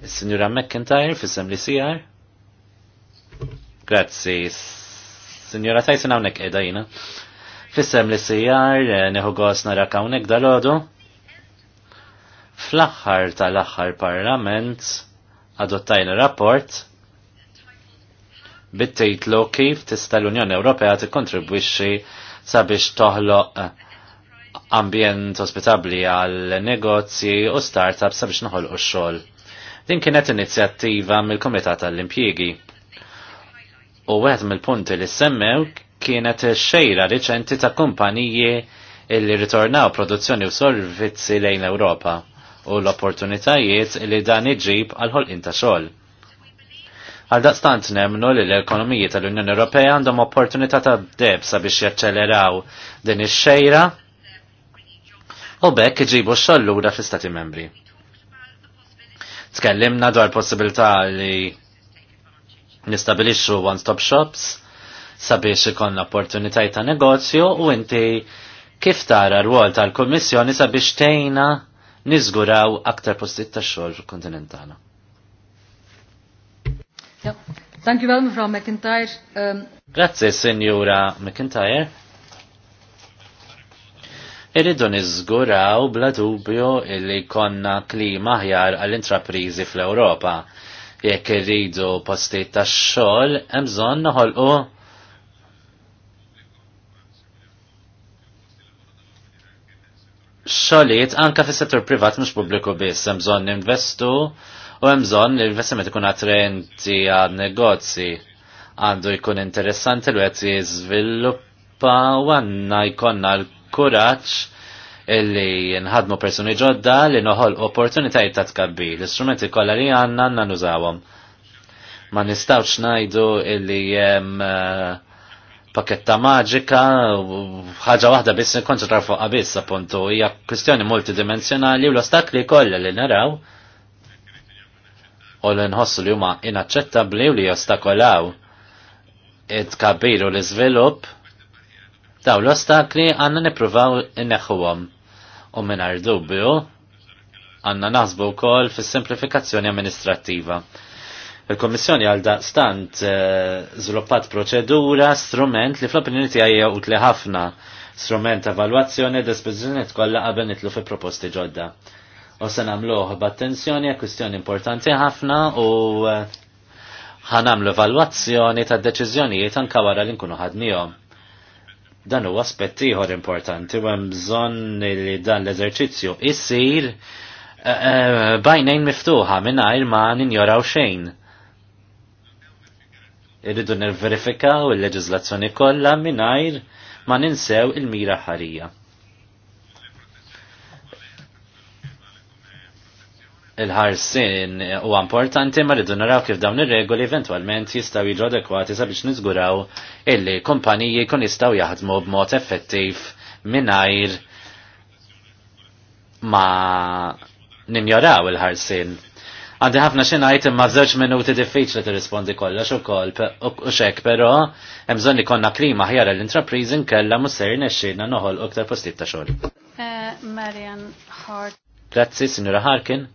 Signora McIntyre, fissem li sijar. Grazzi. Signora Tyson għawnek edha jina. Fissem li sijar, neħu għosna nara dal-ħodu. Fl-axħar tal-axħar parlament, adottajna rapport bit kif tista' l-Unjoni Ewropea tikkontribwixxi sabiex toħloq eh, ambjent ospitabli għal negozji u startups sabiex noħol x-xogħol. Din kienet inizjattiva mill-Kumitat tal-Impjiegi. U wieħed mill-punti li semmew kienet xejra riċenti ta' kumpaniji illi ritornaw produzzjoni u servizzi lejn Ewropa u l-opportunitajiet li dan iġib għal ħolqin ta' xogħol. Għal daqstant nemnu li l-ekonomiji tal-Unjoni Ewropea għandhom opportunità ta' deb sabiex jaċċeleraw din ix-xejra u bekk iġibu x-xallura fl-Stati membri. Tkellimna dwar possibilità li nistabilixxu one-stop shops sabiex ikon opportunitaj ta' negozju u inti kif tara r-wol tal-Kommissjoni sabiex tejna nizguraw aktar postit ta' xogħol kontinentana.
Ja, thank you well, Mevrouw McIntyre. Um...
Grazie, Signora McIntyre. Irridu niżguraw bla dubju illi konna klima ħjar għall-intraprizi fl-Ewropa. Jekk irridu postijiet tax-xogħol, hemm bżonn noħolqu xolit anka fis-settur privat mhux pubbliku biss, hemm bżonn investu u hemm bżonn li l-investiment ikun attrenti għal negozji għandu jkun interessanti l qed jiżviluppa u għandna jkollna l-kuraġġ illi nħadmu persuni ġodda li noħol opportunitajiet ta' tkabbi. L-istrumenti kollha li għandna għandna nużawhom. Ma nistawx ngħidu illi hemm uh, paketta maġika, ħaġa waħda biss nikkonċentra fuqha biss appuntu hija kwistjoni multidimensjonali u l-ostakli kollha li naraw u li nħossu li huma inaċċettabbli u li jostakolaw it-kabiru l-iżvilupp daw l-ostakli għandna nippruvaw inneħħuhom u mingħajr dubju għandna naħsbu wkoll fis-simplifikazzjoni amministrattiva. Il-Kommissjoni għal da stant eh, proċedura, strument li fl-opinjoni tiegħi utli ħafna strument evalwazzjoni dispożizzjoni kollha qabel nitlu fi proposti ġodda. U se nagħmluh b'attenzjoni hija kwistjoni importanti ħafna u eh, ħanamlu evalwazzjoni ta' deċiżjonijiet anka wara li nkunu ħadnihom. Dan huwa aspett ieħor importanti u hemm bżonn li dan l-eżerċizzju isir eh, bajnejn miftuħa mingħajr ma ninjoraw xejn. Irridu nirverifikaw il-leġizlazzjoni kollha mingħajr ma ninsew il-mira ħarija. il-ħarsin u importanti ma rridu naraw kif dawn ir-regoli eventwalment jistgħu jiġu adekwati sabiex niżguraw illi kumpaniji kun jistgħu jaħdmu b'mod effettiv mingħajr ma ninjoraw il-ħarsin Għandi ħafna xi għajt imma żewġ minuti diffiċli tirrispondi kollox ukoll u xek, però hemm bżonn konna klima ħjar l intraprizin kella mhux ser nexxina noħol ktar postijiet ta' xogħol.
Eh, Marian Hart.
Grazzi, Sinjura Harkin.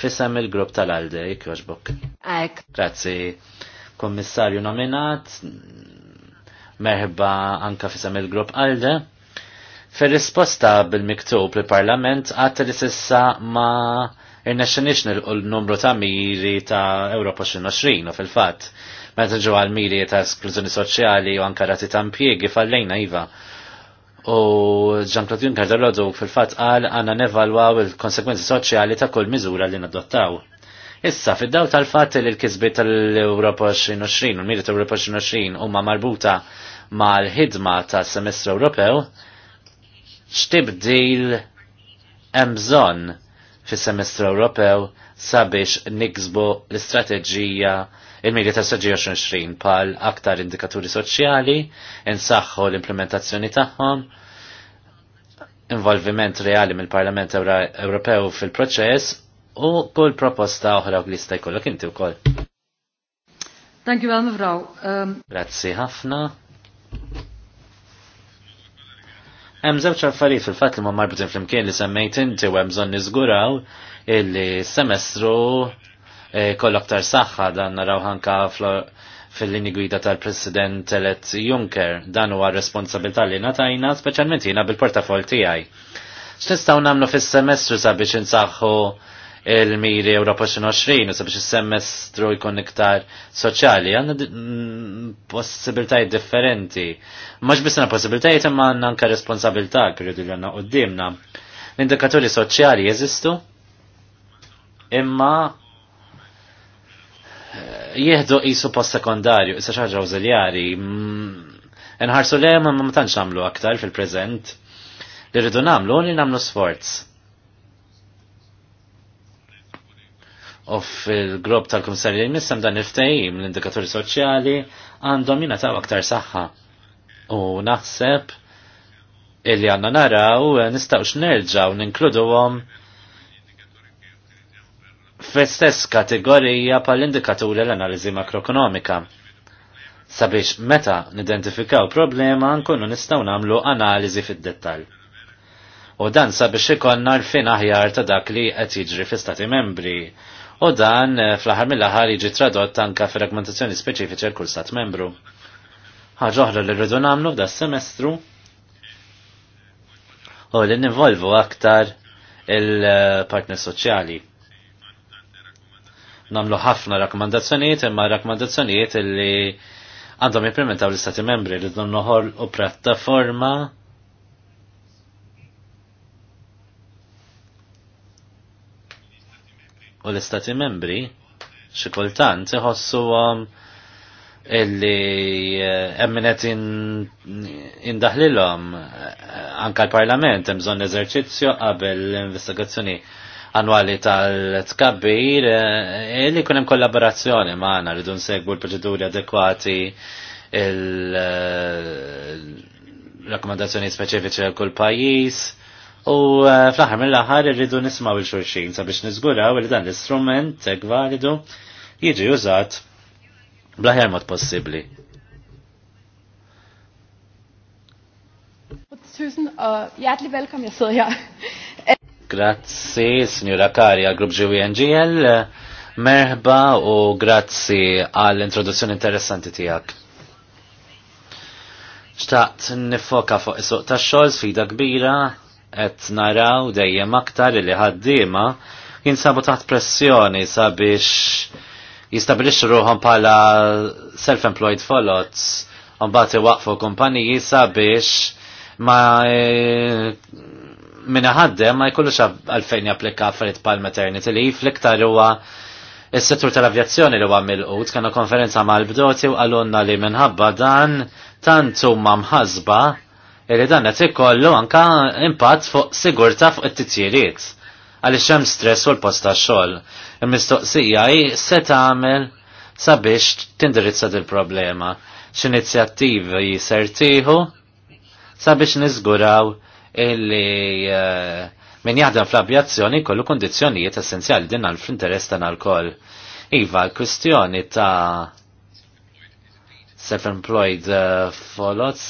Fissam il-grupp tal-Alde, Ek. Grazzi, kommissarju nominat, merħba anka fissam il-grupp Alde. Fil-risposta bil-miktub li parlament għat li sissa ma' Irnexxinix nilqu l-numru ta' miri ta' Ewropa 2020 u fil-fatt. Meta ġu għal miri ta' esklużjoni soċjali u anka rati ta' impjiegi fallejna iva. U Jean-Claude Juncker dal lodu fil-fatt qal għandna nevalwaw il-konsekwenzi soċjali ta' kull miżura li nadottaw. Issa, fid-daw tal-fatt li l-kisbiet tal-Europa 2020 u l-miri ta' Europa 2020 huma marbuta mal-ħidma ta' semestru Ewropew, x'tibdil hemm bżonn fis semestru Ewropew sabiex niksbu l-istrateġija il-miri ta' strategija 2020 pal aktar indikaturi soċjali, insaħħu l-implementazzjoni tagħhom, involviment reali mill-Parlament Ewropew fil-proċess u kull proposta oħra u 'glista' jkollok inti wkoll.
Thank you well, mevrouw. Um...
Grazzi ħafna. Hemm żewġ affarijiet fil-fatt li ma marbutin flimkien li semmejt inti u hemm bżonn niżguraw illi semestru eh, kollok tar saħħa dan naraw ħanka fil-lini gwida tal-President elett Juncker dan huwa responsabilità li natajna speċjalment jiena bil-portafol tiegħi. X'nistgħu nagħmlu fis-semestru sabiex insaħħu il-miri Europa 2020, sabiex il-semestru jkun iktar soċjali, għanna mm, possibilitajiet differenti. Maġ bisna possibilitajiet imma għanna anka responsabilta kridu li għanna qoddimna. L-indikaturi soċjali jeżistu, imma eh, jieħdu jisu post sekondarju, jisa xaġa użiljari. Mm, Nħarsu le ma ma tantx namlu aktar fil-prezent. Li rridu namlu, li namlu sforz u fil-grob tal-Komissarju jmissam dan il-ftejim l-indikatori soċjali għandhom ta' aktar saħħa. U naħseb illi għanna naraw nistawx nerġaw għom fl-istess kategorija pal-indikaturi l-analizi makroekonomika. Sabiex meta nidentifikaw problema nkunu nistaw namlu analizi fid-dettal. U dan sabiex ikon narfin aħjar ta' dak li qed jiġri fl-Stati membri u dan eh, fl-aħħar mill ħar jiġi tradott anka fir speċifiċi l kull stat membru. Ħaġa oħra li rridu nagħmlu f'da semestru u li nivolvu aktar il-partner soċjali. Namlu ħafna rakkomandazzjonijiet imma rakkomandazzjonijiet li għandhom jimplementaw l-istati membri li dun noħol u prattaforma u l-Istati membri xi kultant iħossuhom um, illi eh, emminet indaħlilhom eh, anka l-Parlament hemm bżonn eżerċizzju qabel l-investigazzjoni annwali tal-tkabbir eh, illi jkun hemm kollaborazzjoni li rridu segbu l-proċeduri adekwati il rakkomandazzjoni speċifiċi għal kull pajjiż U eh, fl-aħħar mill-aħħar irridu nismaw il-xulxin sabiex niżguraw li dan l-istrument gvalidu jiġi użat bl-aħjar mod possibbli.
Susan, uh, jgħatli velkom jassoja.
Grazzi, signora Kari, għal grupp GWNGL. Merħba u grazzi għall introduzzjoni interessanti tijak. Xtaqt nifoka fuq is-suq tax-xogħol sfida kbira qed naraw dejjem aktar li ħaddiema jinsabu taħt pressjoni sabiex jistabilixxu ruhom bħala self-employed folots u bati waqfu kumpaniji sabiex ma eh, minna ħaddem ma jkollux għalfejn japplika affarijiet bħal maternity leave l-iktar huwa Is-settur tal-avjazzjoni li huwa mill-qud kienu konferenza mal-bdoti u għalunna li minħabba dan tant huma mħasba li dan qed ikollu anka impatt fuq sigurtà fuq it-titjiriet għaliex hemm stress fuq il-post tax-xogħol. Il-mistoqsija hi se tagħmel sabiex tindirizza il problema x'inizjattivi ser tieħu sabiex niżguraw illi eh, min jaħdem fl-abjazzjoni kollu kondizjonijiet essenzjali din għal fl-interess tan għal Iva, l-kwistjoni ta' self-employed uh, folots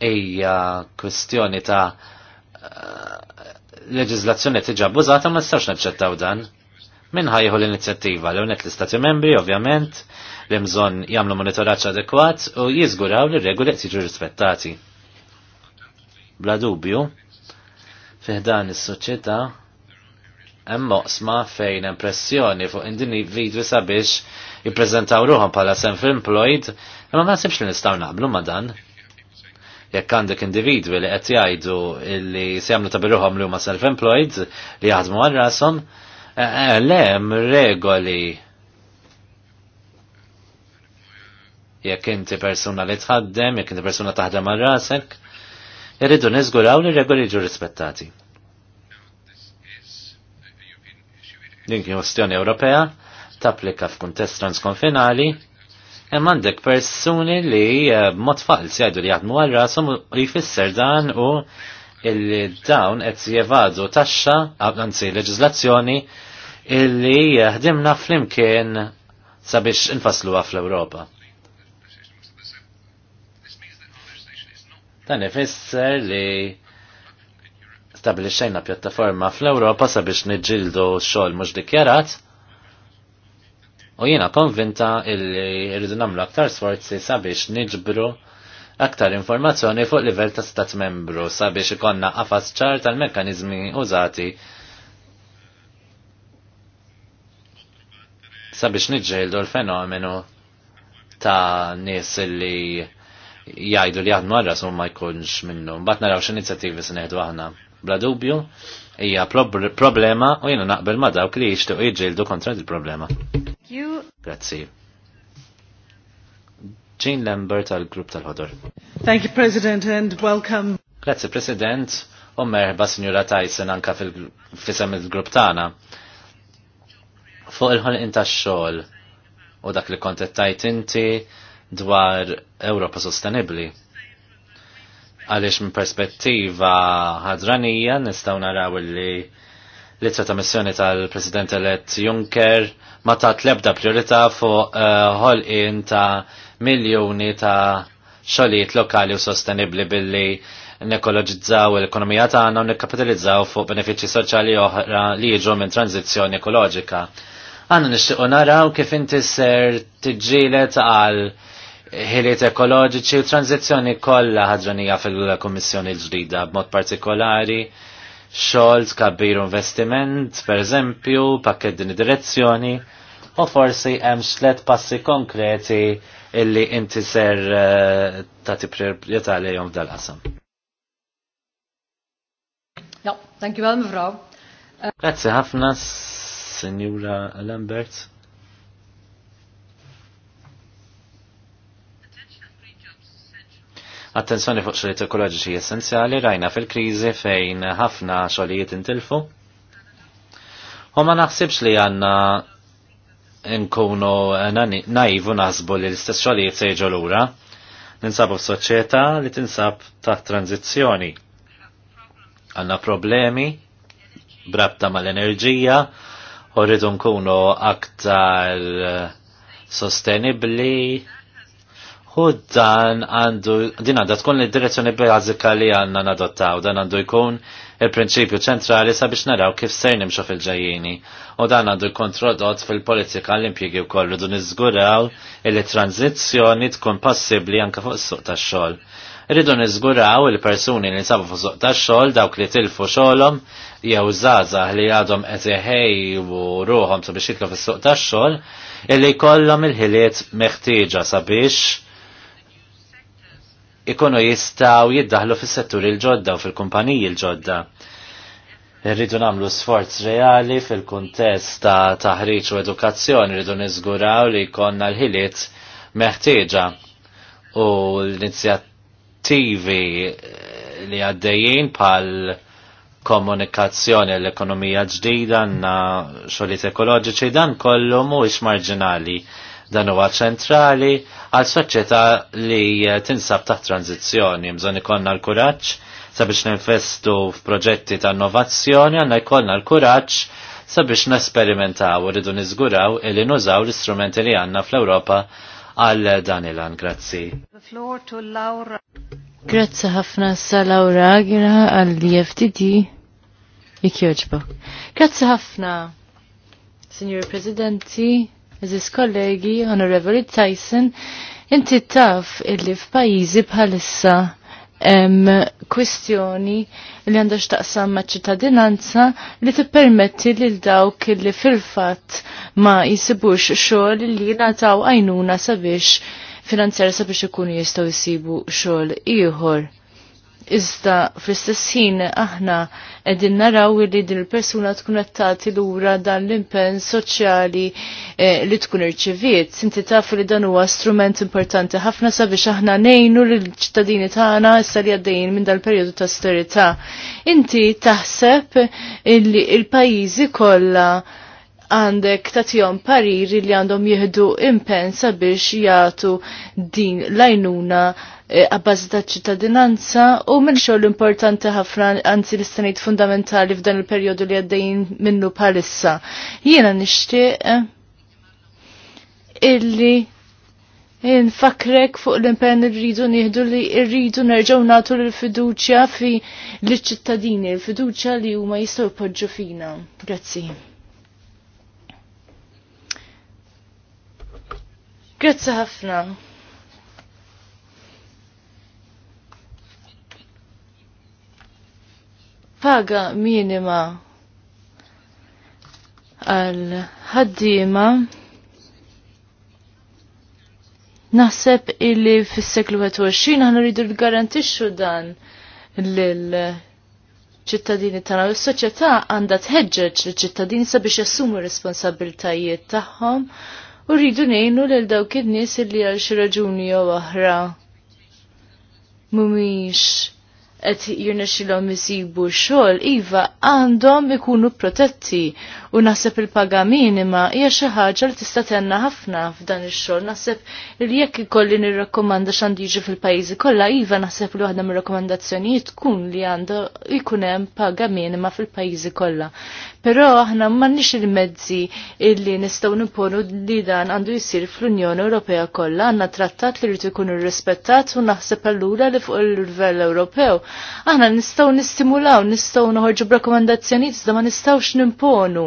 ejja kwestjoni ta' eh, leġizlazzjoni tiġa abbużata ma nistax naċċettaw dan. Min ħajħu l-inizjattiva l unet l-Istati membri, ovvjament, li mżon jagħmlu monitoraċ adekwat u jiżguraw li regoli qed jiġu rispettati. Bla dubju, fiħdan is-soċjetà hemm moqsma fejn impressjoni fuq vidwi sabiex jippreżentaw ruħhom bħala fil employed imma ma nsibx li nistgħu naqblu ma' dan. Jekk għandek individwi li qed jgħidu li se jagħmlu ta' biruħom li huma self-employed li jaħdmu għal rashom, eh, eh, le hemm regoli jekk inti persuna li tħaddem, jekk inti persuna taħdem għal rasek, irridu niżguraw li regoli ġu rispettati. Din kien kwestjoni Ewropea tapplika f'kuntest transkonfinali Hemm għandek persuni li eh, b'mod fals jgħidu li jaħdmu għal rashom u jfisser dan u il-dawn qed jevadu taxxa għanzi leġiżlazzjoni illi ħdimna flimkien sabiex għaf fl-Ewropa. Dan ifisser li stabilixxejna pjattaforma fl-Ewropa sabiex niġġieldu xogħol mhux dikjarat U jiena konvinta illi rridu nagħmlu aktar sforzi sabiex niġbru aktar informazzjoni fuq livell ta' stat membru sabiex ikonna qafas ċar tal-mekkanizmi użati sabiex niġġeldu l-fenomenu ta' nies li jgħidu li jaħdmu għarras u ma jkunx minnu. Bat naraw x'inizjattivi se neħdu aħna. Bla dubju, hija problema u jiena naqbel ma dawk li jixtiequ jiġġieldu kontra il problema Grazzi. Jean Lambert tal grupp tal-ħodor.
Thank you, President, and welcome.
Grazzi, President, u merħba Signora Tyson anka fil-fisem il-grupp tagħna. Fuq il ħol tax-xogħol u dak li tajt inti dwar Ewropa Sostenibbli għaliex minn perspettiva ħadranija nistgħu naraw li l-ittra ta' missjoni tal-President elett Juncker ma ta' lebda priorita fuq eh, ħolqien uh, ta' miljoni ta' xogħlijiet lokali u sostenibbli billi nekoloġizzaw l-ekonomija tagħna u nikkapitalizzaw fuq benefiċċji soċjali oħra li jiġu minn tranzizzjoni ekoloġika. Għanna nixtiequ naraw kif inti ser tiġġielet għal ħiliet ekoloġiċi u tranzizjoni kollha ħadranija fil-Kummissjoni ġdida b'mod partikolari xogħol tkabbir investiment, pereżempju, pakket din id-direzzjoni u forsi hemm xlet passi konkreti illi inti ser uh, tagħti priorità lejhom fdal qasam
Ja, thank you well, mevrouw. Grazie
ħafna, Signora Lambert. Attenzjoni fuq xogħlijiet ekoloġiċi essenzjali rajna fil-kriżi fejn ħafna xogħlijiet intilfu. U ma naħsibx li għandna nkunu naivu naħsbu li l-istess xogħlijiet sejġu lura. Ninsabu f'soċjetà li tinsab taħt tranzizjoni. Għandna problemi brabta mal-enerġija u rridu nkunu aktar eh, sostenibli U dan għandu, din għandu tkun id-direzzjoni bażika li għandna nadottaw, dan għandu jkun il-prinċipju ċentrali sabiex naraw kif ser nimxu fil-ġajjini. U dan għandu jkun trodott fil-politika l-impjegi wkoll dun niżguraw li tranzizzjoni tkun possibbli anke fuq is-suq tax-xogħol. Irridu niżguraw il-persuni li nsabu fuq suq tax-xogħol dawk li tilfu xogħolhom jew zazah li għadhom qed iħejju ruhom sabiex jitlu fis-suq tax-xogħol illi jkollhom il-ħiliet meħtieġa sabiex ikunu jistaw jiddaħlu fis-settur il-ġodda u fil-kumpaniji il-ġodda. Irridu namlu sforz reali fil-kuntest ta' taħriċ u edukazzjoni, rridu niżguraw li konna l-ħiliet meħtieġa u l-inizjattivi li għaddejjin pal komunikazzjoni l-ekonomija ġdida na xolit ekoloġiċi dan kollu mhuwiex marġinali Dan huwa ċentrali għal soċjetà li eh, tinsab taħt tranzizzjoni, bżonn ikollna l-kuraġġ sabiex ninvestu f'proġetti ta' innovazzjoni, għandna jkollna l-kuraġġ sabiex nesperimentaw u rridu niżguraw illi nużaw l-istrumenti li għandna fl-Ewropa għal dan il grazzi.
Grazzi ħafna sa Laura Agira għall DFTD. Ikjoġbok. Grazzi ħafna, Signor Presidenti, Aziz kollegi, Honorable Tyson, inti taf illi f'pajjiżi bħalissa hemm kwistjoni li għandha x'taqsam ma' ċittadinanza li tippermetti lil dawk li fil-fatt ma jisibux xogħol li ngħataw għajnuna sabiex finanzjar sabiex ikunu jistgħu jsibu xogħol ieħor. Iżda fl-istess ħin aħna qegħdin naraw li din il-persuna tkun qed tagħti lura dan l-impenn soċjali eh, li tkun irċiviet. Inti taf li dan huwa strument importanti ħafna sabiex aħna ngħinu lill-ċittadini tagħna issa li għaddejjin minn dal-perjodu ta' sterità. Inti taħseb li l-pajjiżi kollha għandek tatjon pariri li għandhom jihdu impenn sabiex jgħatu din l-ajnuna. Eh, għabbażi ċittadinanza u minn xogħol importanti ħafna anzi l-istanejt fundamentali f'dan il periodu li għaddejn minnu bħalissa. Jiena nixtieq eh, illi nfakrek fuq l-impenn rridu nieħdu li rridu nerġgħu nagħtu l-fiduċja fi l-ċittadini, l-fiduċja li huma jistgħu jpoġġu fina. Grazzi. Grazzi ħafna. paga minima għal ħaddiema naħseb illi fis-seklu 21 aħna rridu garantixxu dan lil ċittadini tagħna u s-soċjetà għandha tħeġġeġ liċ-ċittadini sabiex jassumu r-responsabbiltajiet tagħhom u rridu ngħinu lil dawk in-nies illi għal xi raġuni jew oħra mhumiex qed jirnexxilhom isibu xogħol iva għandhom ikunu protetti u naħseb il-paga minima hija xi ħaġa li tista' tenna ħafna f'dan ix-xogħol. Naħseb li jekk ikolli nirrakkomanda x'għandu jiġi fil-pajjiżi kollha iva naħseb li waħda mir-rakkomandazzjonijiet tkun li għandu jkun hemm paga minima fil-pajjiżi kollha. Però aħna m'għandniex il-mezzi illi nistgħu nimponu li dan għandu jsir fl-Unjoni Ewropea kollha għandna trattat li rrid ikun irrispettat u naħseb allura li fuq il-livell Ewropew aħna nistgħu nistimulaw, nistgħu noħorġu b'rakkomandazzjonijiet iżda ma nistgħux nimponu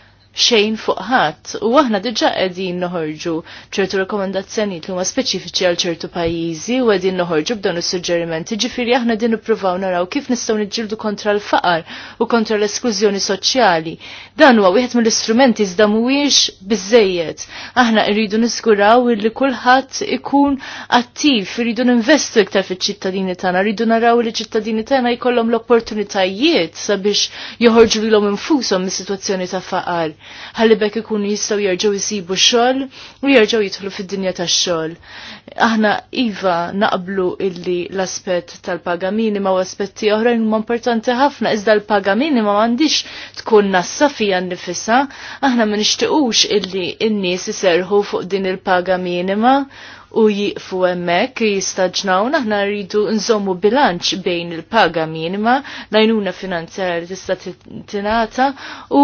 xejn fuq ħadd u aħna diġà qegħdin noħorġu ċertu rekomendazzjonijiet li huma speċifiċi għal ċertu pajjiżi u qegħdin noħorġu b'dan is-suġġerimenti. Ġifieri aħna din nippruvaw naraw kif nistgħu niġġieldu kontra l-faqar u kontra l-esklużjoni soċjali. Dan huwa wieħed mill-istrumenti iżda mhuwiex biżejjed. Aħna rridu niskuraw li kulħadd ikun attiv, irridu ninvestu iktar fiċ-ċittadini tagħna, rridu naraw li ċittadini tagħna jkollhom l-opportunitajiet sabiex joħorġu lilhom infushom mis-sitwazzjoni ta' faqar ħalli bekk ikunu jistgħu jerġgħu jsibu xogħol u jerġgħu jidħlu fid-dinja tax-xogħol. Aħna iva naqblu illi l-aspett tal-paga minima u aspetti oħrajn huma importanti ħafna iżda l-paga minima m'għandix tkun nassa fija nnifisha, aħna ma nixtiequx illi n-nies iserħu fuq din il-paga minima u jiqfu hemmhekk jistagġnaw naħna rridu nżommu bilanċ bejn il-paga minima lajnuna finanzjarja li tista' tingħata u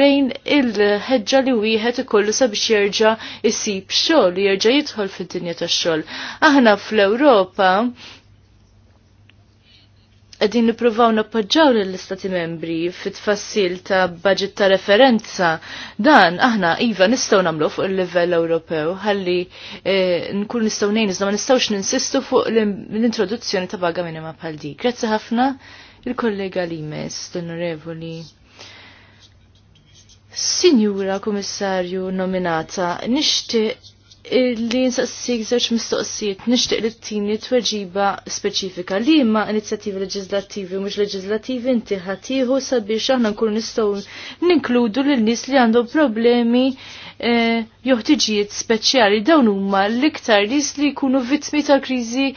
bejn il-ħeġġa li wieħed ikollu sabiex jerġa' jsib xogħol jerġa' jidħol fid-dinja tax-xogħol. Aħna fl-Ewropa qegħdin nippruvaw nappoġġaw lill-Istati Membri fit-tfassil ta' budget ta' referenza dan aħna iva nistgħu nagħmlu fuq il-livell Ewropew ħalli eh, nkun nistgħu nejn, iżda ma nistgħux ninsistu fuq l-introduzzjoni ta' baga minima pal di. Grazzi ħafna il-kollega Limes, l-onorevoli. Sinjura Komissarju nominata, nixtieq li nsaqsik żewġ mistoqsijiet nixtieq li tini tweġiba speċifika li imma inizjattivi leġislattivi mhux leġislattivi inti ħatiħu sabiex aħna nkunu nistgħu ninkludu lil nies li għandhom problemi eh, joħtiġijiet speċjali dawn huma l-iktar nies li jkunu vittmi ta' kriżi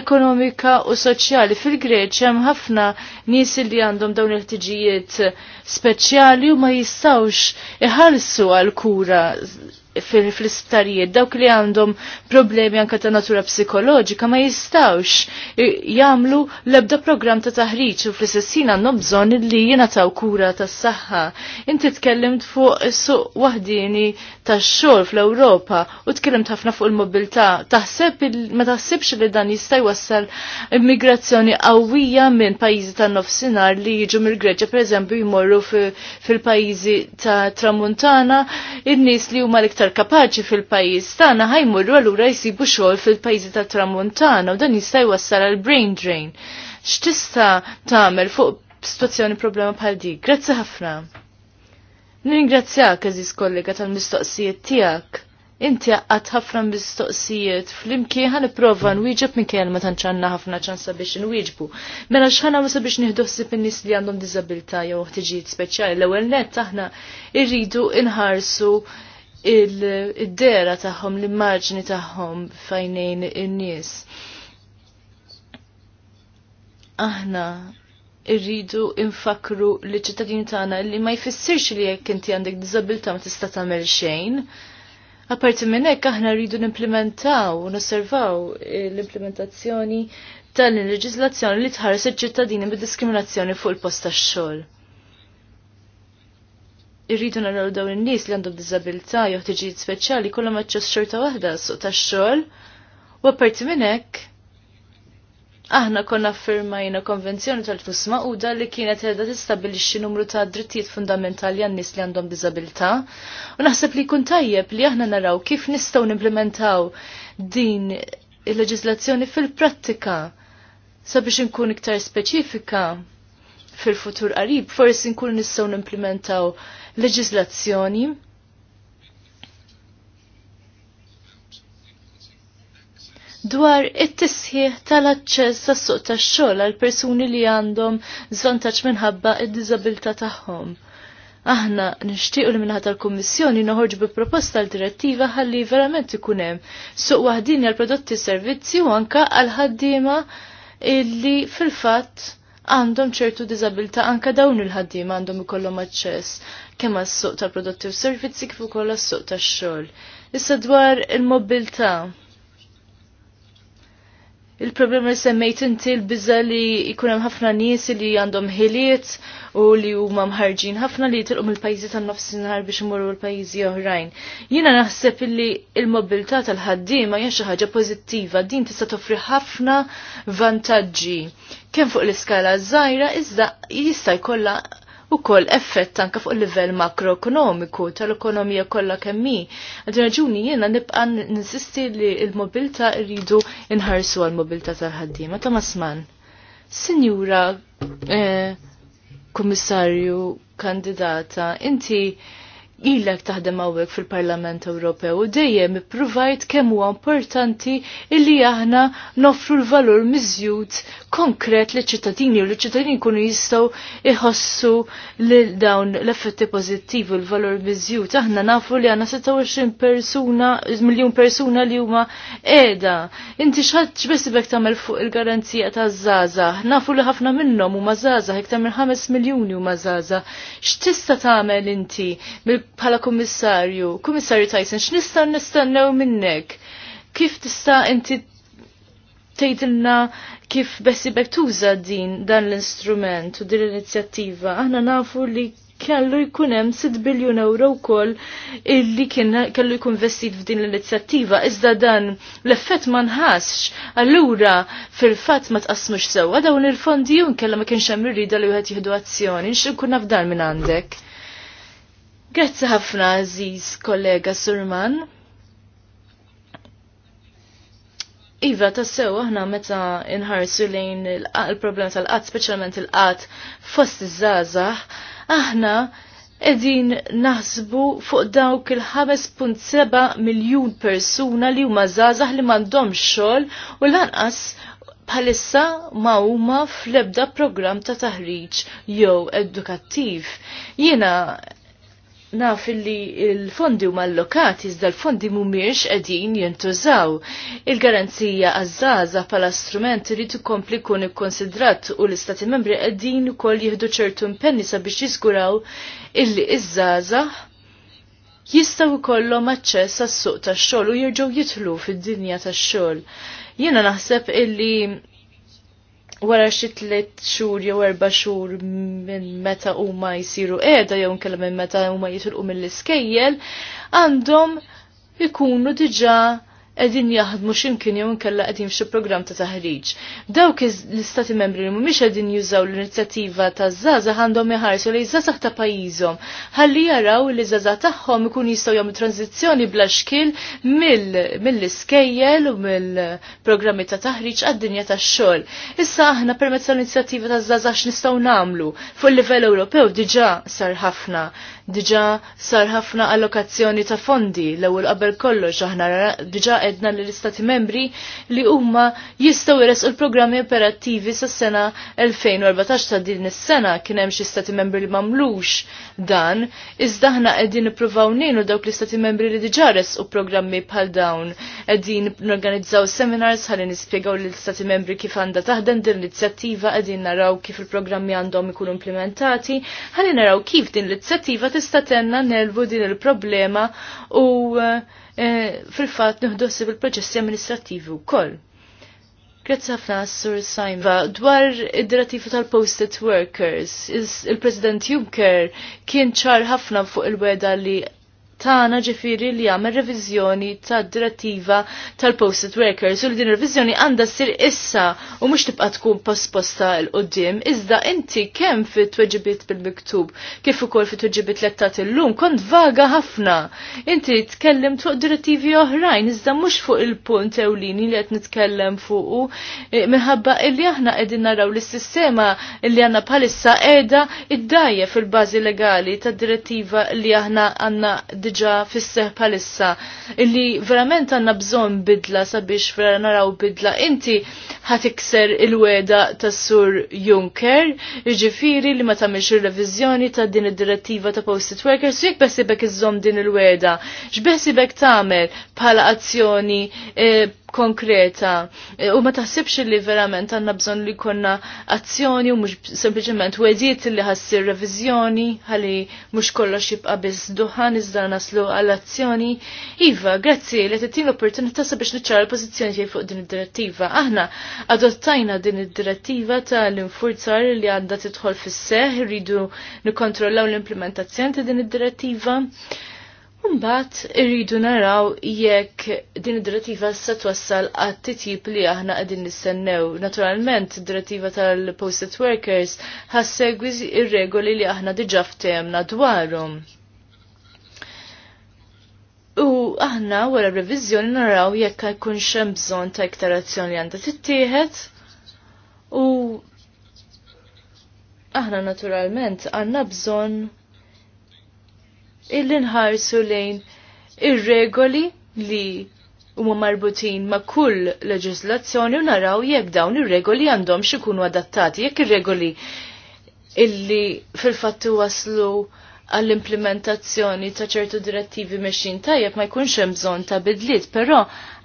ekonomika u soċjali fil-Greċja hemm ħafna nies li għandhom dawn il-ħtiġijiet speċjali u ma jistgħux iħallsu għal kura fil-isptarijiet, dawk li għandhom problemi anka ta' natura psikoloġika ma jistawx jagħmlu l-ebda programm ta' taħriġ u fl sessin għandhom bżon li jingħataw kura tas-saħħa. Inti tkellimt fuq suq wahdini tax-xogħol fl-Ewropa u tkellimt ħafna fuq il-mobilità. Taħseb ma taħsibx li dan jista' jwassal immigrazzjoni qawwija minn pajjiżi tan-nofsinhar li jiġu mill-Greċja pereżempju jmorru fil-pajjiżi ta' Tramuntana, in-nies li huma l-iktar iktar kapaċi fil-pajjiż tagħna ħajmurru allura jsibu xogħol fil-pajjiżi tat-Tramuntana u dan jista' jwassal għal brain drain. X'tista' tagħmel fuq situazzjoni problema bħal dik. Grazzi ħafna. Ningrazzjak eżis kollega tal-mistoqsijiet tiegħek. Inti għat ħafna mistoqsijiet fl-imkien ħan iprova nwieġeb minn kien ma tanċanna ħafna ċansa biex nwieġbu. Mela xħana ma sabiex nieħdossib in-nies li għandhom diżabilità jew ħtiġijiet speċjali l-ewwel nett aħna irridu inħarsu il-dera tagħhom, l-immaġni tagħhom fajnejn in-nies. Aħna irridu infakru li ċittadini tagħna li ma jfissirx li jekk inti għandek diżabilità ma tista' tagħmel xejn. Aparti minn hekk aħna rridu nimplementaw u nosservaw eh, l-implementazzjoni tal-leġiżlazzjoni li tħares iċ-ċittadini bid-diskriminazzjoni fuq il-post tax-xogħol irridu naraw dawn in-nies li għandhom diżabilità jew ħtiġijiet speċjali kollha maċċess xorta waħda suq tax-xogħol u apparti minn hekk aħna konna firmajna konvenzjoni tal-flus maquda li kienet edha tistabilixxi numru ta' drittijiet fundamentali għan nies li għandhom diżabilità. U naħseb li jkun tajjeb li aħna naraw kif nistgħu nimplementaw din il-leġislazzjoni fil-prattika sabiex inkun iktar speċifika fil-futur qarib, forsi nkun nistgħu nimplementaw leġislazzjoni dwar it-tisħiħ tal-aċċess tas suq tax-xogħol għal persuni li għandhom żvantaġġ minħabba id-diżabilità tagħhom. Aħna nixtiequ li minħata tal-Kummissjoni noħorġu bi proposta l direttiva ħalli verament ikun hemm suq waħdini għal prodotti servizzi u anke għal ħaddiema illi fil-fatt għandhom ċertu diżabilità anke dawn il-ħaddiem għandhom ikollhom aċċess kemm għas-suq ta' prodotti u servizzi kif ukoll għas-suq tax-xogħol. Issa dwar il-mobilità. Il-problema li semmejt inti l-biża li jkun hemm ħafna nies li għandhom ħiliet u li huma mħarġin ħafna li jitilqhom il pajjiżi tan-nofsinhar biex imorru l-pajjiżi oħrajn. Jiena naħseb li l-mobilità tal-ħaddiema hija xi ħaġa pożittiva, din tista' toffri ħafna vantaġġi kemm fuq l-iskala żgħira iżda jista' jkollha ukoll effett anke fuq il-livell makroekonomiku tal-ekonomija kollha kemm hi. Għad raġuni jiena nibqa' ninsisti li l mobilta rridu nħarsu għall mobilta tal-ħaddiema ta' Masman. Sinjura eh, Kummissarju kandidata, inti ilek taħdem għawek fil-Parlament Ewropew u dejjem ippruvajt kemm huwa importanti illi aħna nofru l-valur miżjud konkret li ċittadini u li ċittadini kunu jistgħu iħossu li dawn l-effetti pożittivi l-valur miżjud. Aħna nafu li għandna 26 persuna, miljun persuna li huma qiegħda. Inti x'ħadd x'besibek tagħmel fuq il-garanzija taż-żgħażagħ. Nafu li ħafna minnhom huma żgħażagħ iktar minn 5 miljuni huma żgħażagħ. X'tista' tagħmel inti mill bħala kummissarju, kummissarju Tyson, x'nistan nistennew minnek? Kif tista' inti tgħidilna kif bek tuża din dan l-instrument u din l-inizjattiva? Aħna nafu li kellu jkun hemm 6 biljun euro wkoll illi kien kellu jkun vestit f'din l-inizjattiva, iżda dan l-effett ma nħassx. Allura fil-fatt ma tqasmux sewwa dawn il-fondi jum kellha ma kienx hemm irrida li wieħed jieħdu azzjoni, x'inkun f'dan minn għandek. Grazzi ħafna, Aziz, kollega Surman. Iva, tassew, aħna meta inħarsu lejn il-problem tal-qat, specialment il-qat fost iż-żazah, aħna edin naħsbu fuq dawk il-5.7 miljon persuna li huma żgħażagħ li m'għandhomx xogħol u lanqas bħalissa ma huma fl-ebda programm ta' taħriġ jew edukattiv. Jiena naf li il-fondi huma allokati iżda l-fondi mhumiex qegħdin jintużaw. Il-garanzija għaż għaż-żgħażagħ bħala strument irid ikompli jkun ikkonsidrat u l-istati membri qegħdin ukoll jieħdu ċertu impenni sabiex jiżguraw illi iż-żgħażagħ jistgħu jkollhom aċċess għas-suq tax-xogħol u jerġgħu jidħlu fid-dinja tax-xogħol. Jiena naħseb illi wara xi tliet xhur jew erba' xhur minn meta huma jsiru qiegħda jew nkellem minn meta huma jitilqu mill-iskejjel għandhom ikunu diġà qegħdin jaħdmu x'imkien jew inkella qegħdin f'xi programm ta' taħriġ. Dawk l-istati membri li mhumiex qegħdin jużaw l-inizjattiva taż-żaża għandhom iħarsu li żażaħ ta' pajjiżhom ħalli jaraw li żaza tagħhom ikun jistgħu jagħmlu tranzizzjoni bla xkil mill-iskejjel u mill-programmi ta' taħriġ għad-dinja tax-xogħol. Issa aħna permezz tal-inizjattiva taż-żażax nistgħu nagħmlu fuq il-livell Ewropew diġà sar ħafna diġa sar ħafna allokazzjoni ta' fondi l-ewwel qabel kollox aħna diġa edna l istati membri li huma jistgħu jresqu l-programmi operattivi sas-sena 2014 ta' din is-sena kien hemm xi stati membri li mamlux dan, iżda aħna qegħdin nippruvaw nienu dawk l-istati membri li diġa resqu programmi bħal dawn. Qegħdin norganizzaw seminars ħalli nispjegaw lill-istati membri kif għandha taħdem din l-inizjattiva qegħdin naraw kif il-programmi għandhom ikunu implementati, ħalli naraw kif din l-inizjattiva tista' tenna nelvu din il-problema u eh, fil-fatt nħdossi bil-proċessi amministrativi wkoll. Grazzi ħafna Sur Saimva. Dwar id dirattifu tal-posted workers, il-President Juncker kien ċar ħafna fuq il-weda li Tana ġifieri li jagħmel revizjoni tad-direttiva tal-posted workers u li din revizjoni għandha ssir issa u mhux tibqa' tkun posposta l qoddim iżda inti kemm fit-tweġibiet bil-miktub kif ukoll fit-tweġibiet l illum kont vaga ħafna. Inti tkellimt fuq direttivi oħrajn iżda mhux fuq il-punt ewlini li qed nitkellem u e, minħabba illi aħna qegħdin naraw li s-sistema illi għandna bħalissa qiegħda id fil-bażi legali tad-direttiva li aħna għandna diġa fisseħ palissa illi verament għanna bżon bidla sabiex vera naraw bidla inti ħatikser il-weda tas sur Juncker iġifiri li ma tamilx il-revizjoni ta' din id-direttiva ta' posted workers jek besibek iżom din il-weda x'besibek tamel bħala azzjoni eh, konkreta e, u ma taħsibx li verament għanna bżon li konna azzjoni u mux sempliciment wedijiet li ħassir revizjoni għalli mux kollox jibqa biz duħan iżda naslu għall-azzjoni. Iva, grazzi li t-tin l-opportunità sabiex niċċara l-pozizjoni tiegħi fuq din id-direttiva. Aħna adottajna din id-direttiva tal-infurzar li għadda tidħol fis-seħ, rridu nikkontrollaw l-implementazzjoni ta' din id-direttiva. Mbagħad irridu naraw jekk din id-direttiva se twassal għat titjib li aħna qegħdin nistennew. Naturalment id-direttiva tal-posted workers ħassegwi ir-regoli li aħna diġà ftehemna dwarhom. U aħna wara reviżjoni naraw jekk jkun hemm bżonn ta' iktar azzjoni għandha tittieħed u aħna naturalment għandna bżonn illi nħarsu lejn ir-regoli li huma marbutin ma' kull leġislazzjoni u naraw jekk dawn ir-regoli għandhom xikunu adattati, jekk ir-regoli illi fil-fattu waslu għall-implementazzjoni ta' ċertu direttivi meċin tajjeb ma jkunx hemm bżonn ta' bidliet, però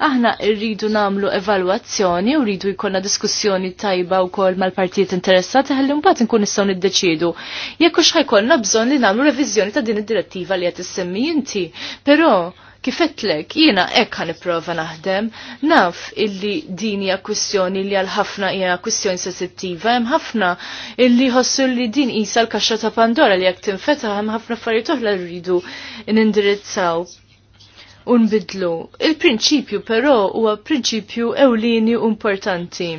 aħna rridu nagħmlu evalwazzjoni u rridu jkollna diskussjoni tajba wkoll mal-partijiet interessati ħalli mbagħad inkun nistgħu niddeċiedu. Jekk hux ħajkollna bżonn li nagħmlu reviżjoni ta' din id-direttiva li qed issemmi inti, però Kifetlek, jiena hekk niprofa nipprova naħdem, naf illi din hija kwistjoni li għal ħafna hija kwistjoni sensittiva, hemm ħafna illi ħossu li din qisha l-kaxxa ta' Pandora li jekk tinfetaħ hemm ħafna affarijiet oħra rridu nindirizzaw unbidlu. Il-prinċipju però huwa prinċipju ewlieni u importanti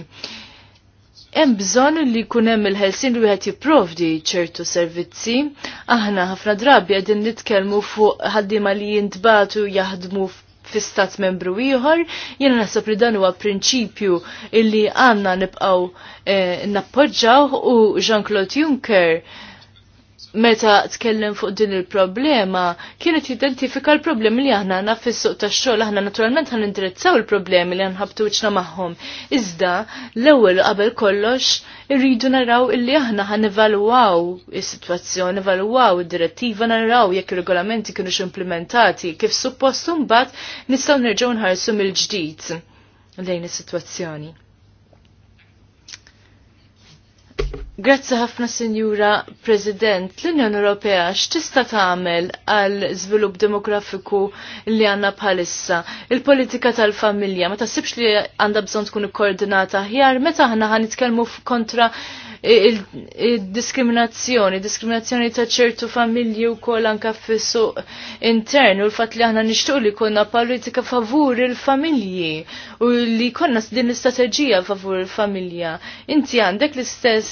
hemm bżonn li jkun hemm il-ħelsin li wieħed jipprovdi ċertu servizzi. Aħna ħafna drabi qegħdin nitkellmu fuq ħaddiema li jintbatu jaħdmu fi stat membru ieħor, jiena naħseb li dan huwa prinċipju illi għandna nibqgħu eh, nappoġġaw u Jean-Claude Juncker meta tkellem fuq din il-problema, kienet jidentifika l-problemi li aħna għanna fis-suq tax-xogħol aħna naturalment għan indirizzaw il-problemi li nħabtu wiċċna magħhom. Iżda l-ewwel qabel kollox irridu naraw illi aħna għan evaluaw is-sitwazzjoni, evaluaw id-direttiva, naraw jekk ir-regolamenti kienu implementati kif suppost mbagħad nistgħu nerġgħu nħarsu mill-ġdid lejn is-sitwazzjoni. Grazzi ħafna Sinjura President, l-Unjoni Ewropea x'tista' tagħmel għal żvilupp demografiku li għandna bħalissa. Il-politika tal-familja ma tasibx li għandha bżonn tkun ikkoordinata aħjar meta aħna ħanitkellmu kontra il-diskriminazzjoni, diskriminazzjoni ta' ċertu familji u kol anka fissu intern u l-fat li aħna nishtu li konna politika favur il-familji u li konna din l-istrateġija favur il-familja. Inti għandek l-istess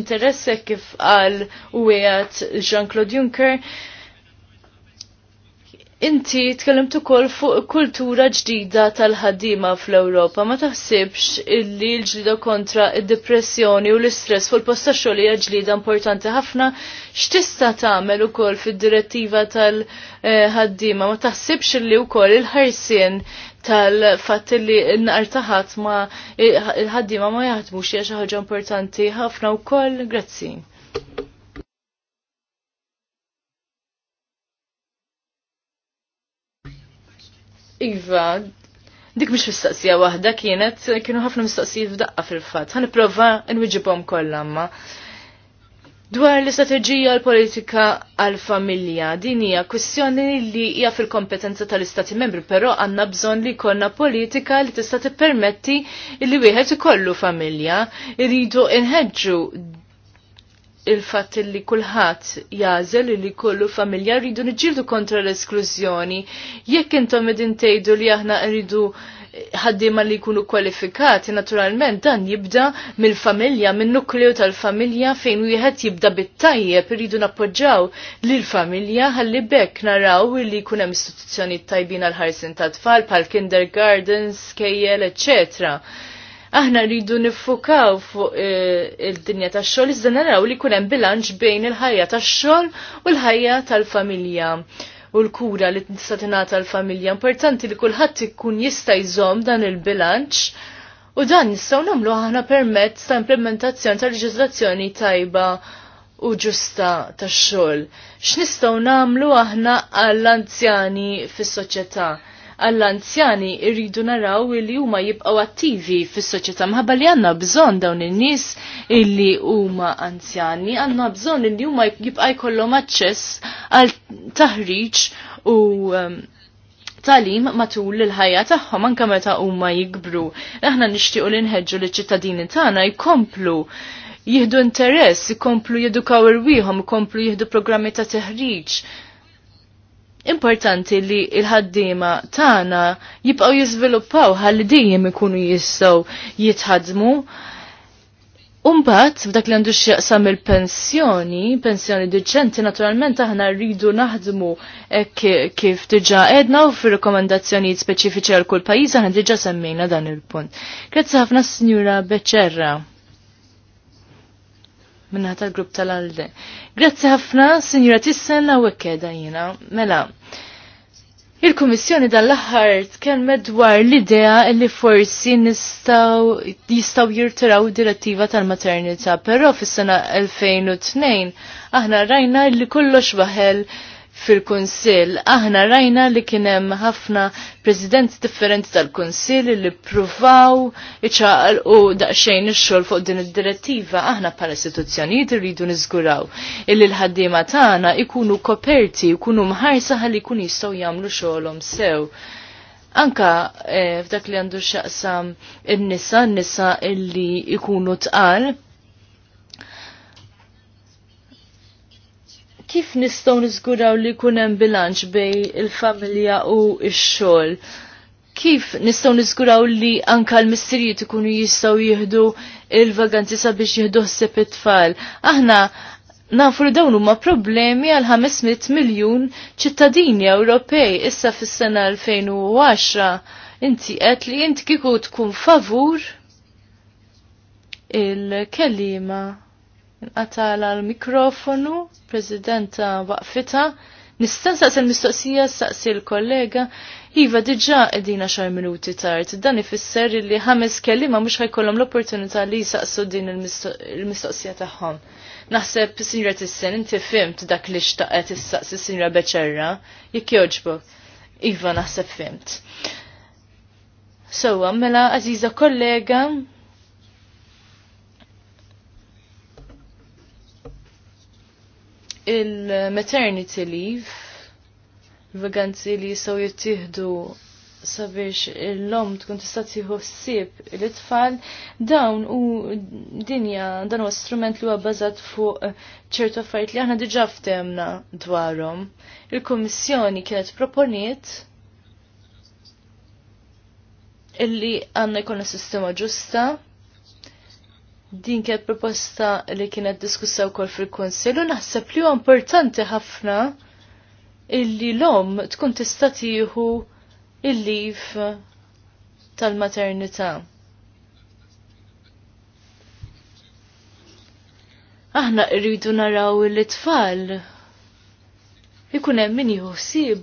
interesse kif għal u għejat Jean-Claude Juncker Inti tkellimt ukoll fuq kultura ġdida tal-ħaddiema fl-Ewropa. Ma taħsibx illi l-ġlida kontra id-depressjoni u l-istress fuq il-post ta' xogħol hija ġlida importanti ħafna. X'tista' tagħmel ukoll fid-direttiva tal-ħaddiema? Ma taħsibx illi wkoll il-ħarsien tal-fatt li n-nar ma il-ħaddiema ma jaħdmux hija xi ħaġa importanti ħafna wkoll. Grazzi. Iva, dik mhix mistaqsija waħda kienet kienu ħafna mistaqsijiet f'daqqa fil-fatt. Għan nipprova nwiġibhom kollha kollamma. Dwar l-istrateġija l-politika għal-familja, din hija kwestjoni li hija fil-kompetenza tal-Istati membri, però għandna bżonn li jkollna politika li tista' tippermetti li wieħed ikollu familja, irridu inħedġu il fat li kulħadd jażel li kullu familja rridu nġildu kontra l-esklużjoni. Jekk intom qegħdin tejdu li aħna rridu ħaddiema li jkunu kwalifikati, naturalment dan jibda mill-familja, min nukleju tal-familja fejn wieħed jibda bit-tajjeb irridu nappoġġaw l familja ħalli bekk naraw li jkun hemm istituzzjonijiet tajbin għal ħarsin tat-tfal bħal kindergardens, kejjel, eccetera aħna rridu nifukaw fuq eh, il-dinja tax-xogħol iżda naraw li kunem hemm bilanċ bejn il-ħajja tax-xogħol u l-ħajja tal-familja u l-kura li tista' tingħata l-familja. Importanti li kulħadd ikun jista' jżomm dan il-bilanċ u dan nistgħu nagħmlu aħna permezz ta' implementazzjoni ta' leġiżlazzjoni tajba u ġusta tax-xogħol. X'nistgħu nagħmlu aħna għall-anzjani fis-soċjetà? għall-anzjani irridu naraw li huma jibqgħu attivi fis-soċjetà mħabba li għandna bżonn dawn in-nies illi huma anzjani, għandna bżonn illi huma jibqa' jkollhom aċċess għal taħriġ u um, talim matul il-ħajja tagħhom anke meta huma jikbru. Aħna nixtiequ li nħeġġu liċ ċittadini tagħna jkomplu jieħdu interess, jkomplu jedukaw irwieħhom, jkomplu jieħdu programmi ta' teħriġ importanti li il-ħaddima tagħna jibqgħu jiżviluppaw ħalli dejjem ikunu jistgħu jitħadmu. Umbat, f'dak li għandu xieqsam il-pensjoni, pensjoni diċenti, naturalment aħna rridu naħdmu kif diġa edna u fir rekomendazzjoni speċifiċi għal kull pajiz, aħna diġa semmejna dan il-punt. Grazzi ħafna, Signora Becerra minna tal-grupp tal-alde. Grazzi ħafna, signora Tissen, għawekeda jina. Mela, il-Komissjoni dal-aħħar tkellmet dwar l-idea li forsi nistaw jistaw jirtiraw direttiva tal-maternità, però fis-sena 2002 aħna rajna li kollox waħel fil-Kunsill. Aħna rajna li kien hemm ħafna presidenti differenti tal-Kunsill li pruvaw iċaqal daqsxejn ix-xogħol fuq din id-direttiva. Aħna bħala istituzzjonijiet rridu niżguraw illi l-ħaddiema tagħna ikunu koperti, ikunu mħarsa li jkunu jistgħu jagħmlu xogħolhom sew. Anka eh, f'dak li għandu xaqsam il-nisa, il-nisa illi ikunu tqal, kif nistgħu niżguraw li jkun hemm bilanċ bej il-familja u x-xogħol? Kif nistgħu niżguraw li anka l mistrijiet ikunu jistgħu jieħdu il-vaganzi sabiex jieħdu ħseb it-tfal? Aħna nafu li dawn huma problemi għal 500 miljun ċittadini Ewropej issa fis-sena 2010 inti qed li inti kieku tkun favur il-kelima Nqatala l-mikrofonu, prezidenta waqfita. Nistan saqsil mistoqsija saqsi l-kollega. Iva diġa edina xar minuti tard. Dan ifisser li ħames kellima mhux ħajkollhom l-opportunità li saqsu din il-mistoqsija tagħhom. Naħseb, Sinjora Tissen, inti fimt dak li xtaqet saqsi Sinjora Beċerra, jek joġbu. Iva, naħseb fimt. so, mela, għaziza kollega, il-maternity leave, il-vaganzi li jisaw jittihdu sabiex l-lom tkun tista' tieħu ssib l tfal, dawn u dinja dan huwa strument li huwa bażat fuq ċertu affarijiet li aħna diġà ftemna dwarhom. Il-Kummissjoni kienet proponiet illi għandna jkollna sistema ġusta din kienet proposta li kienet diskussa wkoll fil-Konsil u naħseb li huwa importanti ħafna illi l-om tkun tista' tieħu il-lif tal-maternità. Aħna rridu naraw il-tfal ikun hemm min jieħu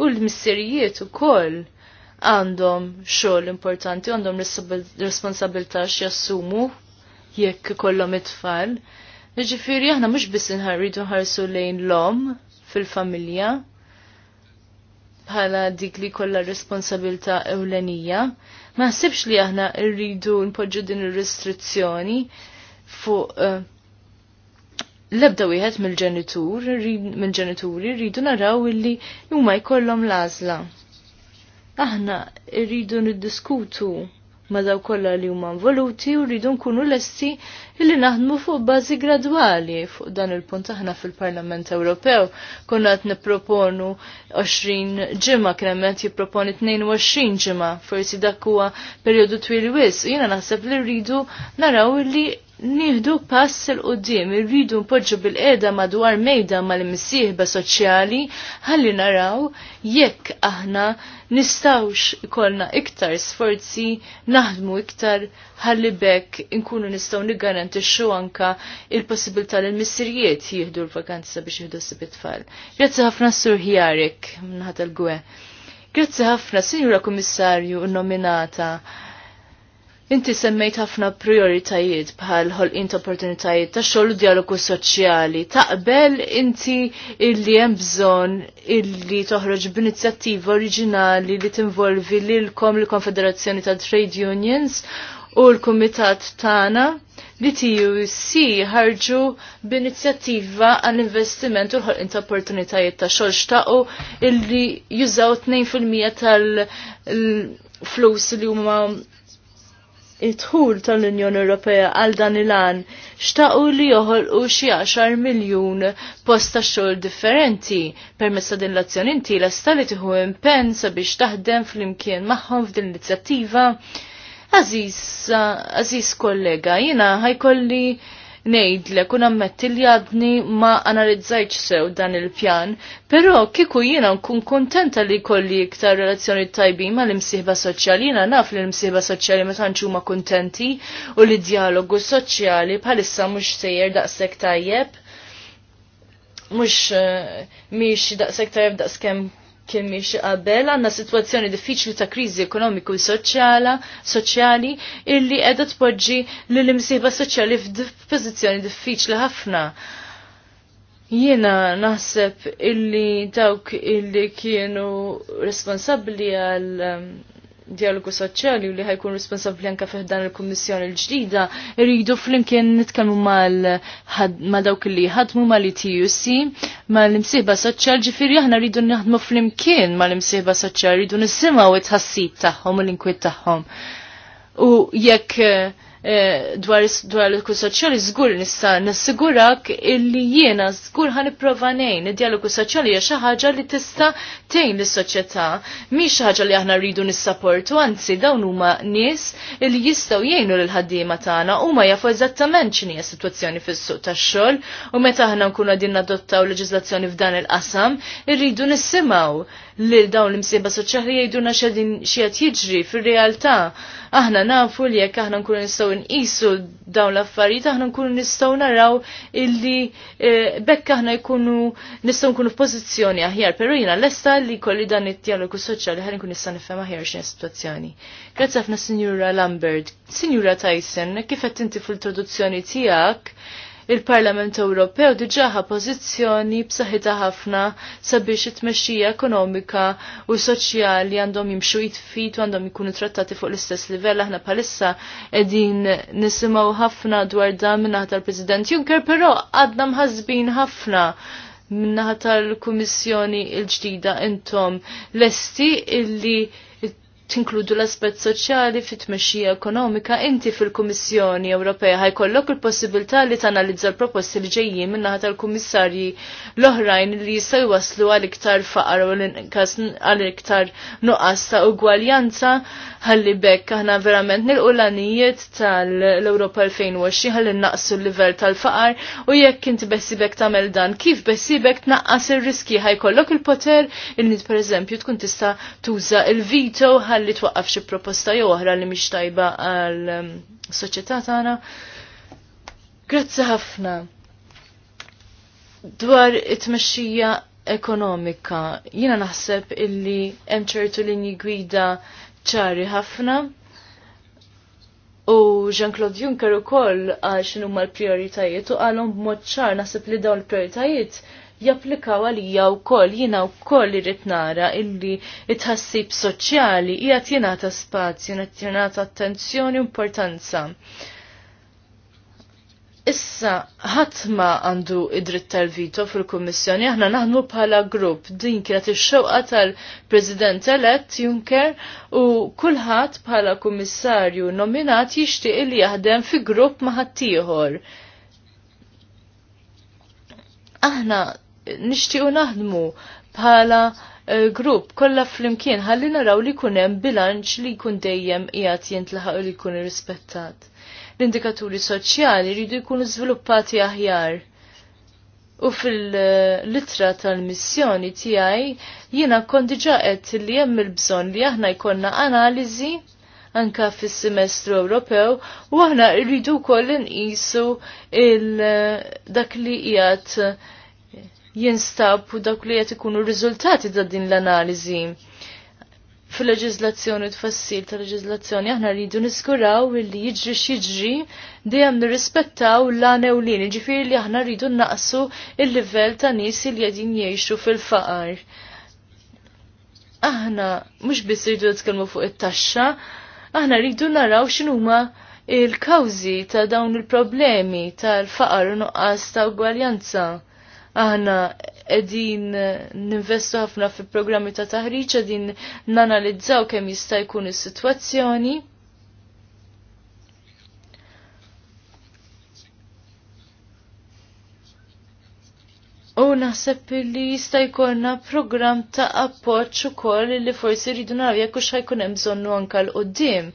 u l-missirijiet ukoll. koll għandhom xogħol importanti, għandhom responsabilità x'jassumu jekk kollhom it-tfal. jiġifieri aħna mhux biss inħarridu ħarsu lejn l-om fil-familja bħala dik li kollha responsabilità ewlenija. Ma ħsibx li aħna rridu npoġġu din ir-restrizzjoni fuq eh, l-ebda wieħed mill-ġenitur, mill-ġenituri rridu naraw illi huma jkollhom l-għażla aħna rridu niddiskutu ma daw kollha li huma involuti u rridu nkunu lesti illi naħdmu fuq bażi gradwali fuq dan il-punt aħna fil-Parlament Ewropew. Konna qed nipproponu 20 ġimgħa kien hemm qed jipproponi 22 ġimgħa, forsi dak huwa perjodu twil wis. Jiena naħseb li rridu naraw li nieħdu pass il qoddim irridu npoġġu bil-qeda madwar mejda mal-imsieħba soċjali ħalli naraw jekk aħna nistawx ikollna iktar sforzi naħdmu iktar ħalli bekk inkunu nistaw niggarantixxu anka il-possibilità l missirijiet jieħdu l-vakanza biex jieħdu s-sibitfall. Grazzi ħafna sur ħjarek minħat l-gwe. Grazzi ħafna, Sinjura Komissarju, nominata Inti semmejt ħafna prioritajiet bħal ħolqien ta' opportunitajiet ta' xogħol dialogu soċjali. Taqbel inti illi hemm bżonn illi toħroġ b'inizjattiva oriġinali li tinvolvi lilkom il-Konfederazzjoni ta' Trade Unions u l-Kumitat tagħna li TUC ħarġu b'inizjattiva għall-investiment u l-ħolqien ta' opportunitajiet ta' xogħol xtaqgħu illi jużaw 2% tal-flus li huma it-tħul tal-Unjoni Ewropea għal dan il-għan xtaqu li joħolqu xi 10 miljun post ta' xogħol differenti permezz din l-azzjoni inti lesta li tieħu impenn sabiex taħdem flimkien magħhom f'din l-inizjattiva. Aziz, aziz kollega, jina ħajkolli ngħidlek u nammetti li għadni ma analizzajċ sew dan il-pjan, però kieku jiena nkun kontenta li kolli iktar relazzjoni tajbin ma l-imsieħba soċjali, Jina naf li l-imsieħba soċjali ma tanċu huma kuntenti u li dialogu soċjali bħalissa mhux sejjer daqshekk tajjeb mux eh, miex daqsek tajjeb daqskem kemm qabel għandna sitwazzjoni diffiċli ta' kriżi ekonomiku soċjala soċjali illi qiegħda tpoġġi lil imsieba soċjali f'pożizzjoni diffiċli ħafna. Jiena naħseb illi dawk illi kienu responsabbli għal um, dialogu soċjali u li ħajkun responsabli anka fih dan il-Kummissjoni l-ġdida rridu flimkien nitkellmu mal dawk li ħadmu mal tuc mal-imsieħba soċċjal, ġifieri aħna rridu naħdmu flimkien mal-imsieħba soċjali rridu nisimgħu it-ħassib tagħhom u l-inkwiet tagħhom. U jekk eh, Eh, dwar dwar l-ku soċjali żgur nista' nassigurak illi jiena żgur ħan nipprova ngħin id-dialogu soċjali hija xi ħaġa li tista' tgħin lis-soċjetà. Mhix xi ħaġa li aħna rridu nissaportu, anzi dawn huma nies li jistgħu jgħinu lil ħaddiema tagħna huma jafu eżattament x'inhi s-sitwazzjoni fis-suq tax-xogħol u meta aħna nkunu qegħdin nadottaw leġiżlazzjoni f'dan il-qasam, irridu nissimgħu li dawn l-imsiba soċjali jgħiduna xedin xiet jiġri fil-realtà. Aħna nafu li jekk aħna nkunu nistgħu nqisu dawn l-affarijiet aħna nkunu nistgħu naraw illi eh, bekk aħna jkunu nistgħu nkunu f'pożizzjoni aħjar, però jiena lesta li kolli dan it dialogu soċjali ħalli nkun nista' nifhem aħjar x'in situazzjoni. Grazzi ħafna Sinjura Lambert. Sinjura Tyson, kif qed inti fil-introduzzjoni tiegħek Il-Parlament Ewropew diġaħa pożizzjoni b'saħħitha ħafna sabiex it-tmexxija ekonomika u soċjali għandhom jimxu jitfit u għandhom ikunu trattati fuq l-istess livell aħna bħalissa qegħdin nisimgħu ħafna dwar dan minn tal-President Juncker, però għadna mħazbin ħafna minnaħa tal-Kummissjoni l-ġdida intom lesti illi tinkludu l-aspett soċjali fit-tmexxija ekonomika, inti fil-Kummissjoni Ewropea ħajkollok il-possibilità li tanalizza l-proposti li ġejjin minnaħa tal-kummissarji l-oħrajn li jistgħu waslu għal iktar faqar u għal iktar nuqqas ta' ugwaljanza ħalli bekk aħna verament nilqu l-anijiet tal-Ewropa 2020 ħalli naqsu l-livell tal-faqar u jekk inti bessibek tagħmel dan, kif bessibek tnaqqas ir-riski ħajkollok il-poter il-nit pereżempju tkun tista' tuża il-vito ħalli li twaqqaf xi proposta oħra li mhix tajba għal um, soċjetà tagħna. Grazzi ħafna. Dwar it-tmexxija ekonomika, jiena naħseb illi hemm ċertu linji gwida ċari ħafna. U Jean-Claude Juncker ukoll għal xinu l prioritajiet u għalhom b'mod ċar naħseb li dawn il prioritajiet japplikaw għalija u koll jina u koll irrit nara illi itħassib soċjali jgħat jenata spazju, ta' attenzjoni u importanza. Issa, ħatma għandu id-dritt tal-vito fil-Kommissjoni, aħna naħnu bħala grupp. Din kienet ix-xewqa tal-President elett Juncker u kulħadd bħala kummissarju nominat jixtieq li jaħdem fi grupp ma' ħaddieħor. Aħna nixtiequ naħdmu bħala eh, grupp kollha flimkien ħalli naraw li jkun hemm bilanċ li jkun dejjem qiegħed jintlaħaq li jkun irrispettat. L-indikaturi soċjali jridu jkunu żviluppati aħjar. U fil-litra tal-missjoni tiegħi jiena kont diġà qed li hemm il-bżonn li aħna jkollna analiżi anka fis-semestru Ewropew u aħna rridu wkoll nqisu il dak li qiegħed jinstab u dak li qed ikunu riżultati ta' din l-analiżi. Fil-leġizlazzjoni u tfassil ta' leġizlazzjoni aħna rridu niskuraw li jiġri xiġri dejjem nirrispettaw l-għan ewlieni, ġifieri li aħna rridu naqsu il-livell ta' nies li qegħdin jgħixu fil-faqar. Aħna mhux biss rridu nitkellmu fuq it-taxxa, aħna rridu naraw x'inhuma il-kawżi ta' dawn il-problemi tal-faqar u nuqqas ta' ugwaljanza aħna edin ninvestu ħafna fi programmi ta' taħriġ, edin nanalizzaw kemm jista' jkun is-sitwazzjoni. U naħseb li jista' jkollna programm ta' appoġġ ukoll li forsi rridu naraw jekk hux ħajkun hemm bżonnu anke l-qudiem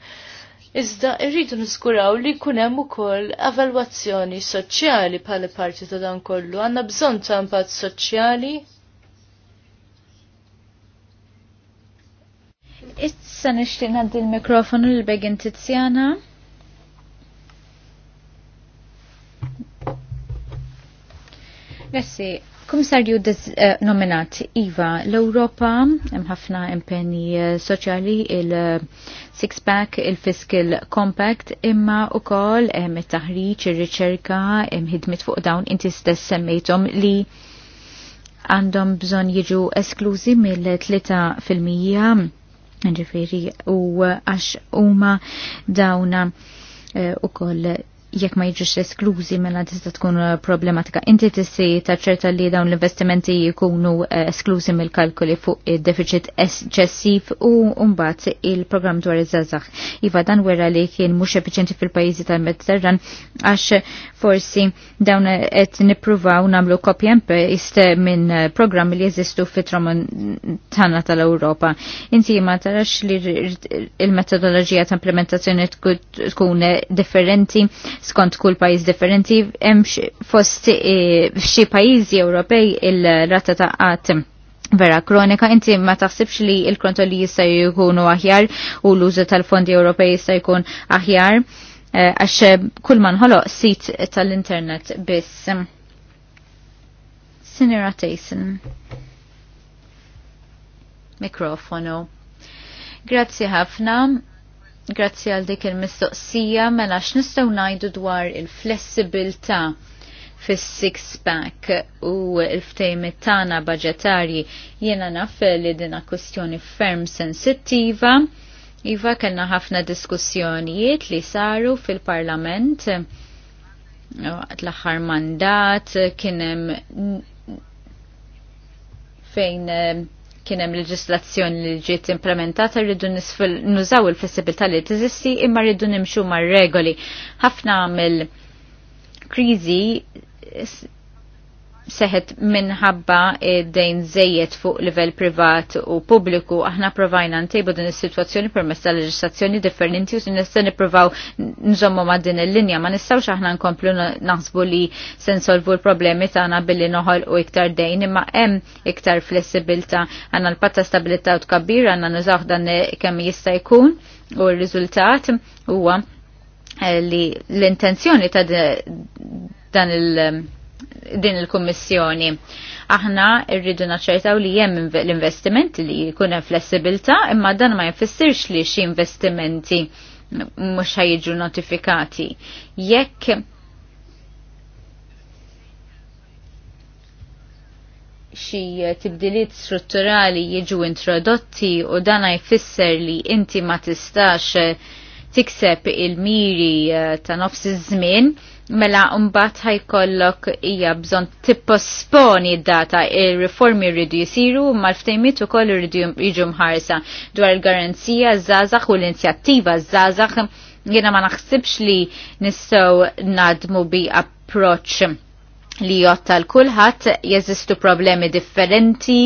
iżda irridu niskuraw li jkun hemm ukoll evalwazzjoni soċjali bħala parti ta' dan kollu. Għandna bżonn ta' impatt soċjali.
Issa nixtieq ngħaddi l-mikrofonu lil Begin Tizzjana. Grazzi, Komissarju eh, nominat Iva, l-Europa, ħafna impenni eh, soċjali, il-Six-Pack, il-Fiscal Compact, imma u kol il-taħriċ, il-riċerka, il-ħidmit fuq dawn, inti stess semmejtom li għandhom bżon jiġu esklużi mill-3% ġifiri u għax huma dawna u eh, koll jekk ma jiġux esklużi mela tista' tkun uh, problematika. Inti tissi taċċerta li dawn l-investimenti jkunu uh, esklużi mill-kalkoli fuq id-deficit eċċessiv u mbagħad il-programm dwar iż-żazax. Iva dan wera li kien mhux effiċjenti fil-pajjiżi tal-Mediterran għax forsi dawn qed nippruvaw nagħmlu copy and paste minn uh, programmi li jeżistu fit-tramontana tal-Ewropa. Inti ma tarax li il-metodoloġija ta' implementazzjoni tkun differenti skont kull pajjiż differenti, hemm fost e, f'xi pajjiżi Ewropej il-rata ta' qatt vera kronika, inti ma taħsibx li il-kontrolli jista' jkunu aħjar u l-użu tal-fondi Ewropej jista' jkun aħjar e, għax kull nħoloq sit tal-internet biss. Sinira Tyson. Mikrofonu. Grazzi ħafna. Grazzi għal dik il-mistoqsija mela x'nistgħu ngħidu dwar il-flessibilità fis-six pack u l-ftejmet tagħna baġetarji jiena naf li dina kwestjoni ferm sensittiva. Iva kellna ħafna diskussjonijiet li saru fil-Parlament uh, l-aħħar mandat kien hemm fejn uh, kien hemm leġislazzjoni li ġiet implementata rridu nużaw il-flessibilità li teżisti imma rridu nimxu mar-regoli. Ħafna mill-kriżi seħet minħabba id-dejn eh, zejjed fuq livell privat u pubbliku, aħna provajna ntejbu din is-sitwazzjoni permezz tal-leġislazzjoni differenti u nista' nippruvaw nżommu ma' din il-linja. Ma nistgħux aħna nkomplu naħsbu li se nsolvu l-problemi tagħna billi noħol u iktar dejn, imma hemm iktar flessibilta għandna l-patta stabilità u tkabbir għandna nużaw dan kemm jista' jkun u r-riżultat huwa eh, li l-intenzjoni ta' dan il- din il-Kummissjoni. Aħna rridu naċċertaw li hemm l-investimenti li jkun hemm flessibilità, imma dan ma jfissirx li xi investimenti mhux ħajġu notifikati. Jekk xi tibdiliet strutturali jiġu introdotti u dan jfisser li inti ma tistax tikseb il-miri eh, ta' nofs iż-żmien, mela mbagħad ħajkollok hija bżonn tipposponi d-data ir-riformi rridu jisiru mal-ftejmiet ukoll irridu jiġu mħarsa dwar il-garanzija żgħażagħ u l-inzjattiva żgħażagħ jiena ma naħsibx li nistgħu nadmu bi approċċ li jotta l-kulħat jeżistu problemi differenti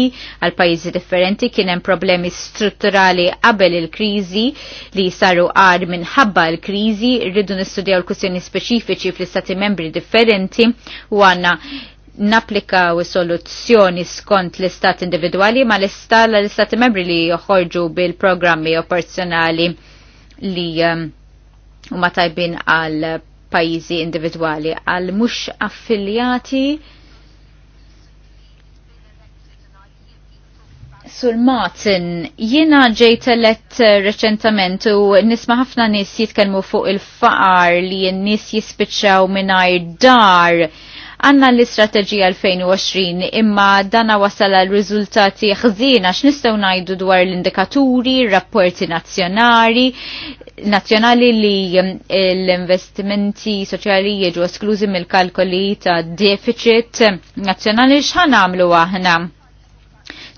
għal pajizi differenti kienem problemi strutturali qabel il-krizi li saru għar minħabba l-krizi rridu nistudjaw l-kussjoni speċifiċi fl-istati membri differenti u għanna naplika u soluzzjoni skont l-istat individuali ma l-istat l-istati membri li joħorġu bil-programmi operazzjonali li um, u ma tajbin għal pajjiżi individwali għal mhux affiljati Sur Martin, jiena ġejt let reċentament u nisma ħafna nis jitkellmu fuq il-faqar li n-nis jispiċċaw mingħajr dar Għanna l-istrateġija 2020 imma dana wasal għal riżultati ħżina x'nistgħu ngħidu dwar l-indikaturi, rapporti nazzjonali, nazzjonali li mm, l-investimenti soċjali jiġu esklużi mill-kalkoli ta' deficit nazzjonali x'ħan għamlu aħna.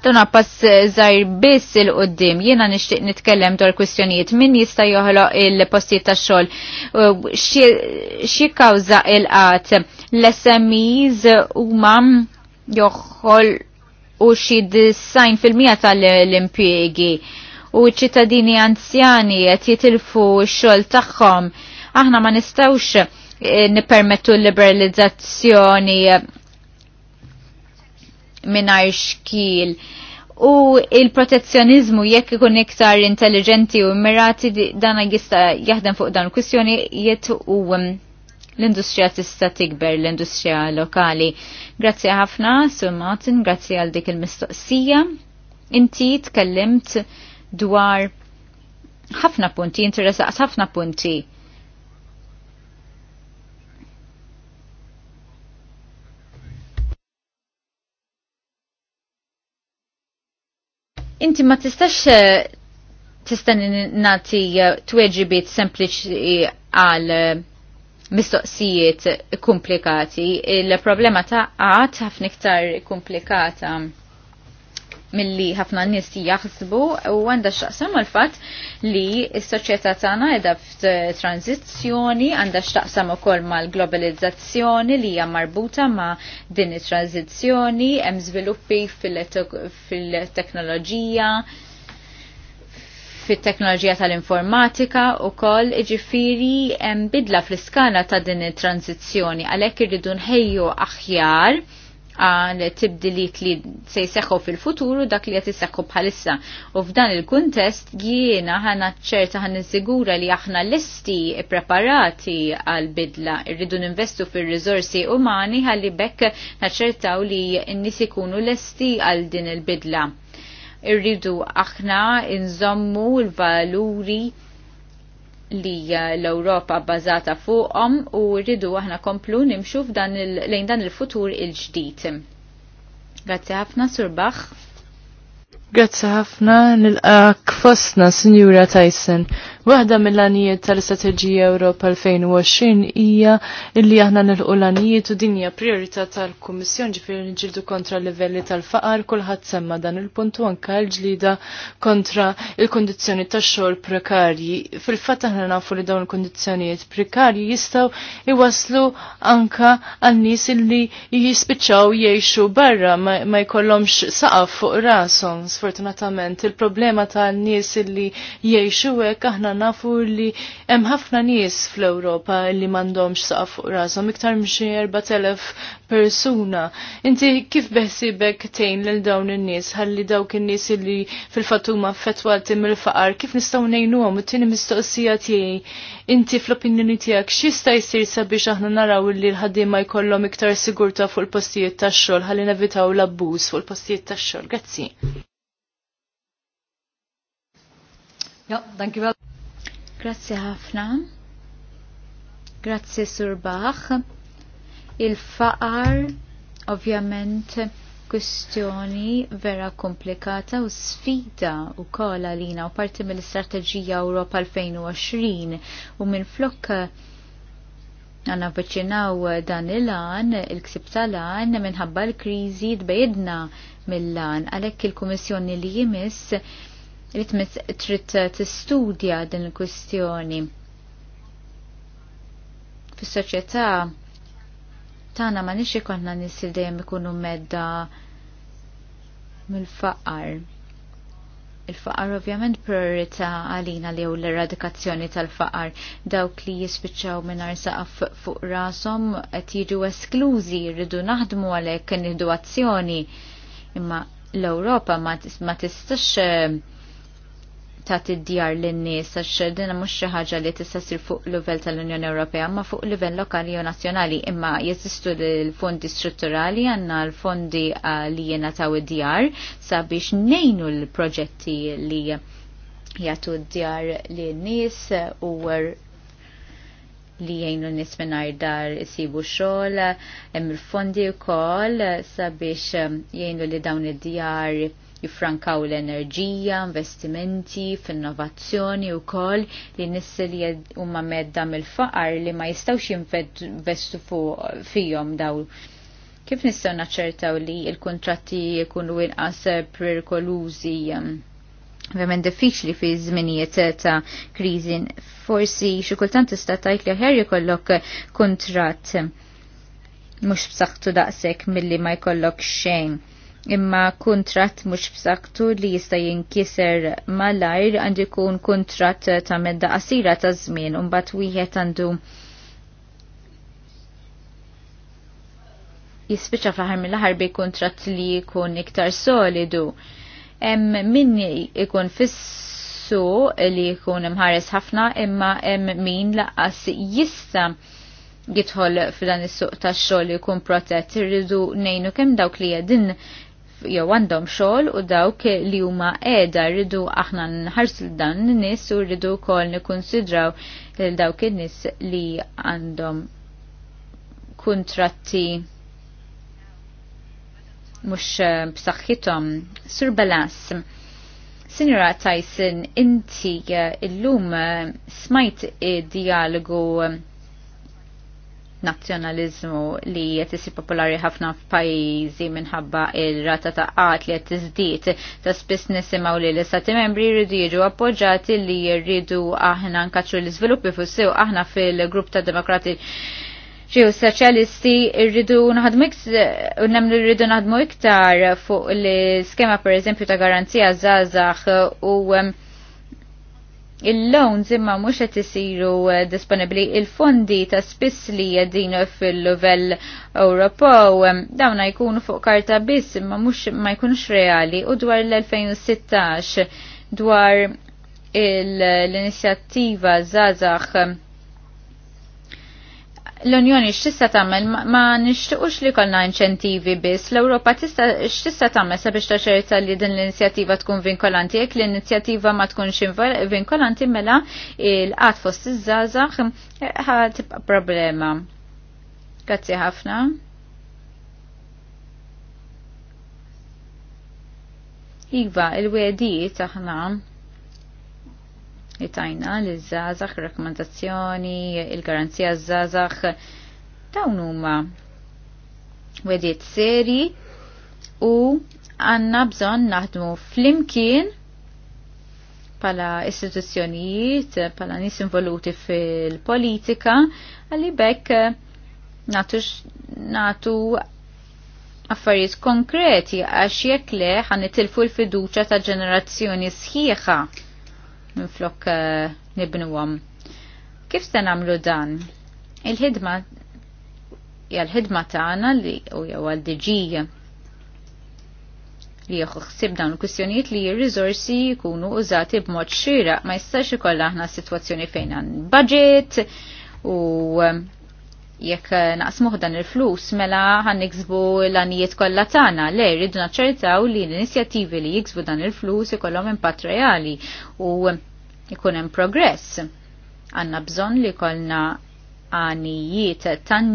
Tuna pass zaħir biss il-qoddim, jena nishtiq nitkellem dwar kwistjonijiet, min jista joħlo il-postijiet ta' xol, xie kawza il-qat, l-SMEs huma joħol u xid sajn fil-mija tal-impjiegi u ċittadini anzjani qed jitilfu x-xogħol tagħhom. Aħna ma nistgħux eh, nippermettu l-liberalizzazzjoni eh, mingħajr xkil. U il-protezzjonizmu jekk ikun iktar intelligenti u mirati dana jista' jaħdem fuq dan il jiet u mm, l-industrija tista' tikber l-industrija lokali. Grazzi ħafna, Sir Martin, grazzi għal dik il-mistoqsija. Inti tkellimt dwar ħafna punti, interesaqt ħafna punti. Inti ma tistax eh, tista' nati eh, tweġibiet sempliċi għal eh, mistoqsijiet komplikati. Il-problema ta' għat ħafna iktar komplikata mill-li ħafna nis jaħsbu u għanda xtaqsam għal-fat li s-soċieta tagħna edha f'tranzizzjoni għanda xtaqsam ukoll mal-globalizzazzjoni li hija marbuta ma' din it-tranzizzjoni hemm żviluppi fil-teknoloġija. fil teknoloġija fit-teknoloġija tal-informatika u koll iġifiri bidla fl-iskala ta' din il transizjoni għalek irridu nħejju aħjar għal tibdiliet li se jseħħu fil-futuru dak li qed jseħħu bħalissa. U f'dan il-kuntest jiena ħana ċerta ħan niżigura li aħna listi preparati għal bidla irridu ninvestu fir rizorsi umani ħalli bekk naċċertaw li n-nies ikunu lesti għal din il-bidla irridu aħna inżommu l-valuri li l-Europa bbażata fuqhom u rridu aħna komplu nimxu f'dan lejn dan il-futur il-ġdid. Grazzi ħafna surbaħ.
Grazzi ħafna nilqa fostna, Sinjura Tyson.
Waħda mill-għanijiet tal
strategija Ewropa 2020 hija illi aħna nilqu l-għanijiet u dinja priorità tal-Kummissjon ġifieri niġildu kontra l livelli tal-faqar kulħadd semma dan il-punt u anke l-ġlida kontra il-kondizzjoni tax-xogħol prekarji. Fil-fatt aħna nafu li dawn il-kondizzjonijiet prekarji jistgħu iwaslu anka għal nies illi jispiċċaw jgħixu barra ma jkollhomx saqaf fuq rashom sfortunatament. Il-problema tan-nies li jgħixu hekk aħna nafu li hemm ħafna nies fl-Ewropa li m'għandhomx saqaf fuq rashom iktar minn erba' 4000 persuna. Inti kif beħsibek tgħin lil dawn in-nies ħalli dawk in-nies li fil-fatuma fetwati mill-faqar kif nistgħu ngħinuhom it-tieni mistoqsija tiegħi inti fl-opinjoni tiegħek xista' jsir sabiex aħna naraw li l-ħaddiema jkollhom iktar sigurtà fuq il-postijiet tax-xogħol ħalli nevitaw l-abbuż fuq il-postijiet tax-xogħol. Grazzi.
Ja, Grazzi ħafna. Grazzi Sur Bach. Il-faqar, ovvjament, kwestjoni vera komplikata u sfida u kola lina u parti mill-Istrateġija Ewropa 2020 u minn flok għanna veċinaw dan il lan il-ksib tal lan minħabba l-krizi dbejedna mill lan għalek il-Komissjoni li jimis Ritmet trid tistudja din il-kwistjoni. Fis-soċjetà tagħna ma nixi konna nisil dejem dejjem ikunu medda mill-faqar. Il-faqar ovvjament priorità għalina li u l-eradikazzjoni tal-faqar. Dawk li jispiċċaw mingħajr saqaf fuq rashom qed jiġu esklużi, rridu naħdmu għalhekk nieħdu azzjoni. Imma l-Ewropa ma tistax eh, tagħti d-djar lin-nies għax dinha mhux xi ħaġa li tista' sir fuq livell tal-Unjoni Ewropea ma fuq livell lokali u nazzjonali imma jeżistu l-fondi strutturali għandna l-fondi ah, li jingħataw id-djar sabiex ngħinu l-proġetti li jagħtu d-djar lin-nies u li jgħinu nis minnajr dar isibu xol, hemm il-fondi u kol sabiex ah, jgħinu li dawn id-djar jiffrankaw l-enerġija, investimenti, f'innovazzjoni u kol li nissi li huma medda mill-faqar li ma jistawx jinvestu fihom daw Kif nistaw naċċertaw li il-kontratti jkunu inqas perikolużi verament diffiċli fi żminijiet ta' kriżi. Forsi xi kultant tista' tgħid li ħer jkollok mux mhux b'saħħtu daqshekk milli ma jkollok xejn imma kontrat mhux b'saktu li jista' jinkiser malajr għandu jkun kontrat ta' medda qasira ta' żmien u mbagħad wieħed għandu jispiċċa fl-aħħar mill-aħħar bi kontrat li jkun iktar solidu. Hemm min ikun fissu li jkun imħares ħafna imma hemm min laqas jista' jidħol f'dan is-suq tax-xogħol jkun protett irridu ngħinu kemm dawk li din jew għandhom xogħol u dawk li huma qiegħda rridu aħna nħarsu dan n-nies u rridu wkoll nikkunsidraw lil dawk in-nies li għandhom kuntratti mhux b'saħħithom. Sur Balas, Sinjora Tyson, inti eh, illum eh, smajt id-dialogu eh, nazjonalizmu li qed popolari ħafna f'pajjiżi minħabba il-rata ta' qat li qed tiżdied ta' spiss nisimgħu li l-istati membri jridu jiġu appoġġjati li jridu aħna nkaċu l-iżviluppi fuq aħna fil-grupp ta' demokrati ġew soċjalisti rridu naħdmu nemlu rridu naħdmu iktar fuq l-skema pereżempju ta' garanzija zazax u il-loans imma mhux qed isiru eh, disponibbli il-fondi ta' spiss li jedin fil-level Ewropew eh, dawna jkunu fuq karta biss imma mhux ma jkunux reali u dwar l-2016 dwar l-inizjattiva Zazax l-Unjoni x'tista' tagħmel ma nixtiequx li kollna inċentivi biss. L-Ewropa tista' x'tista' tagħmel sabiex taċerta li din l-inizjattiva tkun vinkolanti. Jekk l-inizjattiva ma tkunx vinkolanti mela l-qatt fost iż-żgħażagħ eh, ħa tibqa' problema. Grazzi ħafna. Iva, il-wedi taħna li tajna żazax zazax, rekomendazzjoni, il-garanzija zazax, dawn huma wedjiet seri u għanna bżon naħdmu flimkien pala istituzzjonijiet, pala nis involuti fil-politika, għalli bekk natu, natu affarijiet konkreti għax jekk le ħan l-fiduċa ta' ġenerazzjoni sħiħa minflok eh, nibnuhom. Kif se nagħmlu dan? Il-ħidma jgħal ħidma tagħna li u jew għal-diġija li jieħu ħsieb dawn l kwistjonijiet li r rizorsi jkunu użati b'mod xira ma jistax ikollha aħna sitwazzjoni fejn għan budget u jekk eh, naqsmuh dan il-flus mela ħanniksbu l-anijiet kollha tagħna. Le rridu naċċertaw li l-inizjattivi li jiksbu dan il-flus ikollhom impatt reali u jkun hemm progress. Għanna bżonn li kollna għanijiet tan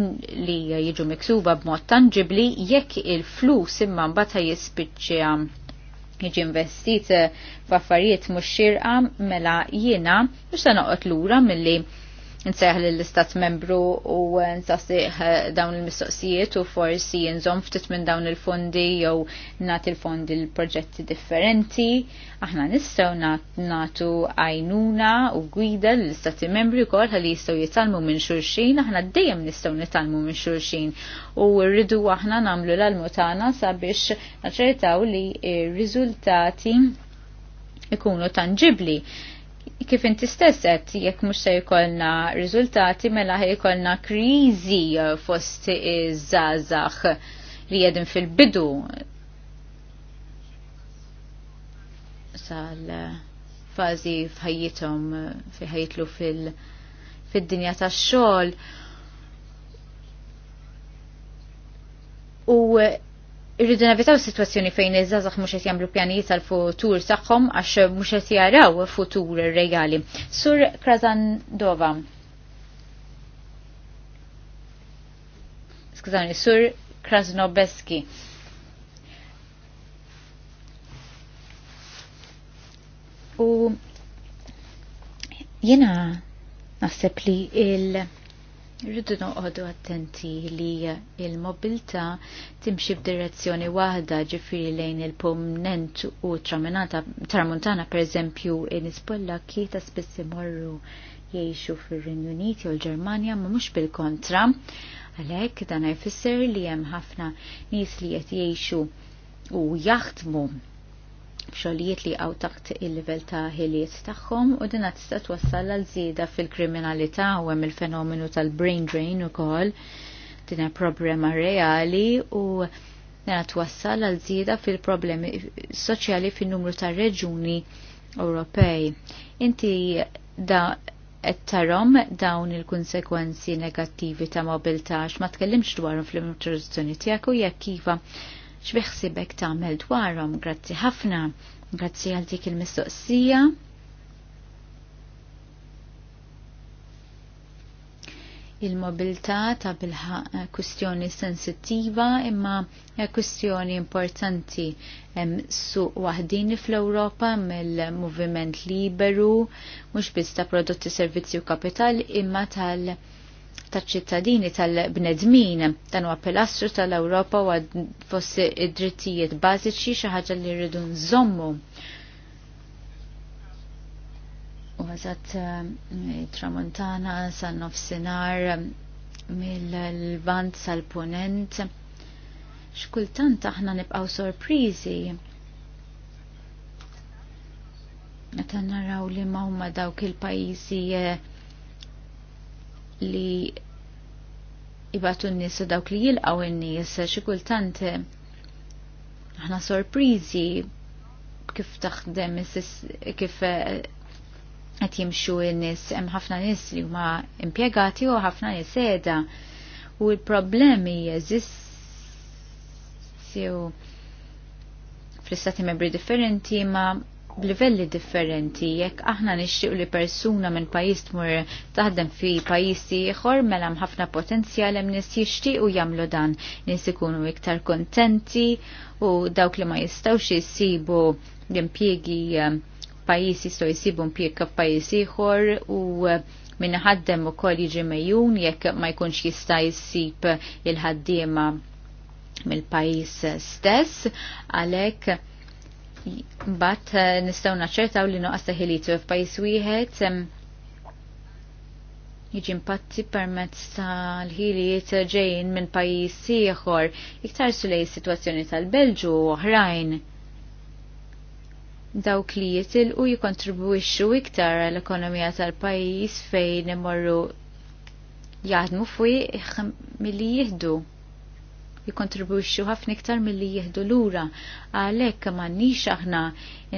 li jiġu miksuba b'mod tangibli jekk il-flus imma mbagħad jispiċċja jiġi investit f'affarijiet mhux xirqa mela jiena mhux se noqgħod lura milli nseħ l-istat membru u nsasiħ eh, dawn il-mistoqsijiet u forsi nżom ftit minn dawn il-fondi jew nat il-fondi l-proġetti differenti. Aħna nistgħu natu għajnuna u gwida l-istati membri wkoll ħalli jistgħu jitalmu minn xulxin, aħna dejjem nistgħu nitalmu minn xulxin u rridu aħna nagħmlu l-almutana sabiex naċertaw li r-riżultati ikunu tangibli kif inti stess qed jekk mhux se jkollna riżultati mela jkollna kriżi fost iż-żgħażagħ li jedin fil-bidu sal fazi f'ħajjithom fi fil- fid-dinja tax-xogħol. U irridu navitaw situazzjoni fejn iż-żazax mhux qed jagħmlu pjanijiet tal-futur tagħhom għax mhux qed jaraw futur regali. Sur Krasandova. Skużani, Sur Krasnobeski. U jena naħseb li il- Rridu noqogħdu attenti li il-mobilità timxi f'direzzjoni waħda ġifiri lejn il-pomnent u traminata tramuntana pereżempju nispolla kieta spiss imorru jgħixu fir-Renju Unit jew l-Ġermanja ma mhux bil-kontra. Għalhekk dan jfisser li hemm ħafna nies li qed jgħixu u jaħdmu xogħlijiet li għaw taħt il-livell ta' ħiliet tagħhom u din tista' twassal għal żieda fil-kriminalità u hemm il-fenomenu tal-brain drain ukoll din hemm problema reali u dan twassal għal żieda fil-problemi soċjali fin-numru ta' reġuni Ewropej. Inti da qed tarom dawn il-konsekwenzi negattivi ta' mobiltax ma tkellimx dwarhom fl-imtrazzjoni tiegħek u jekk iva x'beħsibek tagħmel dwarhom. Grazzi ħafna. Grazzi għal dik il-mistoqsija. il-mobilità ta' bilħa eh, kustjoni sensittiva imma kustjoni importanti su wahdini fl-Europa mill-moviment liberu mhux biss ta' prodotti servizzi u kapital imma tal- taċ-ċittadini tal-bnedmin dan huwa pilastru tal-Ewropa u fossi id-drittijiet bażiċi xi ħaġa li rridu nżommu. U għazat eh, tramontana san nofsinar eh, mill-vant sal-ponent. Xkultant aħna nibqaw sorprizi meta naraw li ma huma dawk il-pajjiżi eh, li jibatu n-nis dawk li jilqaw n-nis kultant eh, ħna sorprizi kif taħdem kif eh, qed jimxu n-nis hemm ħafna nis li huma impjegati u ħafna nis qiegħda u l-problemi jeżistu fl-istati membri differenti ma' b'livelli differenti jekk aħna nixtieq li persuna minn pajjiż tmur taħdem fi pajjiż ieħor mela ħafna potenzjal hemm nies jixtiequ jagħmlu dan nies ikunu iktar kontenti u dawk li ma jistgħux jisibu l-impjiegi eh, pajjiż jistgħu jsibu impjieg f'pajjiż ieħor u eh, minn ħaddem ukoll jiġi mejjun jekk ma jkunx jista' jsib il-ħaddiema mill pajjiż stess, għalhekk. Bat eh, nistaw naċċertaw li nuqqas taħilitu f'pajis wieħed jiġi impatti permezz tal-ħiliet ġejjin minn pajjiż ieħor iktar sulej is-sitwazzjoni tal-Belġu u oħrajn. Dawk li jitilqu jikontribwixxu iktar għall ekonomija tal-pajjiż fejn imorru jaħdmu fuq milli jieħdu jikontribwixxu ħafna iktar milli jieħdu lura. Għalhekk m'għandniex aħna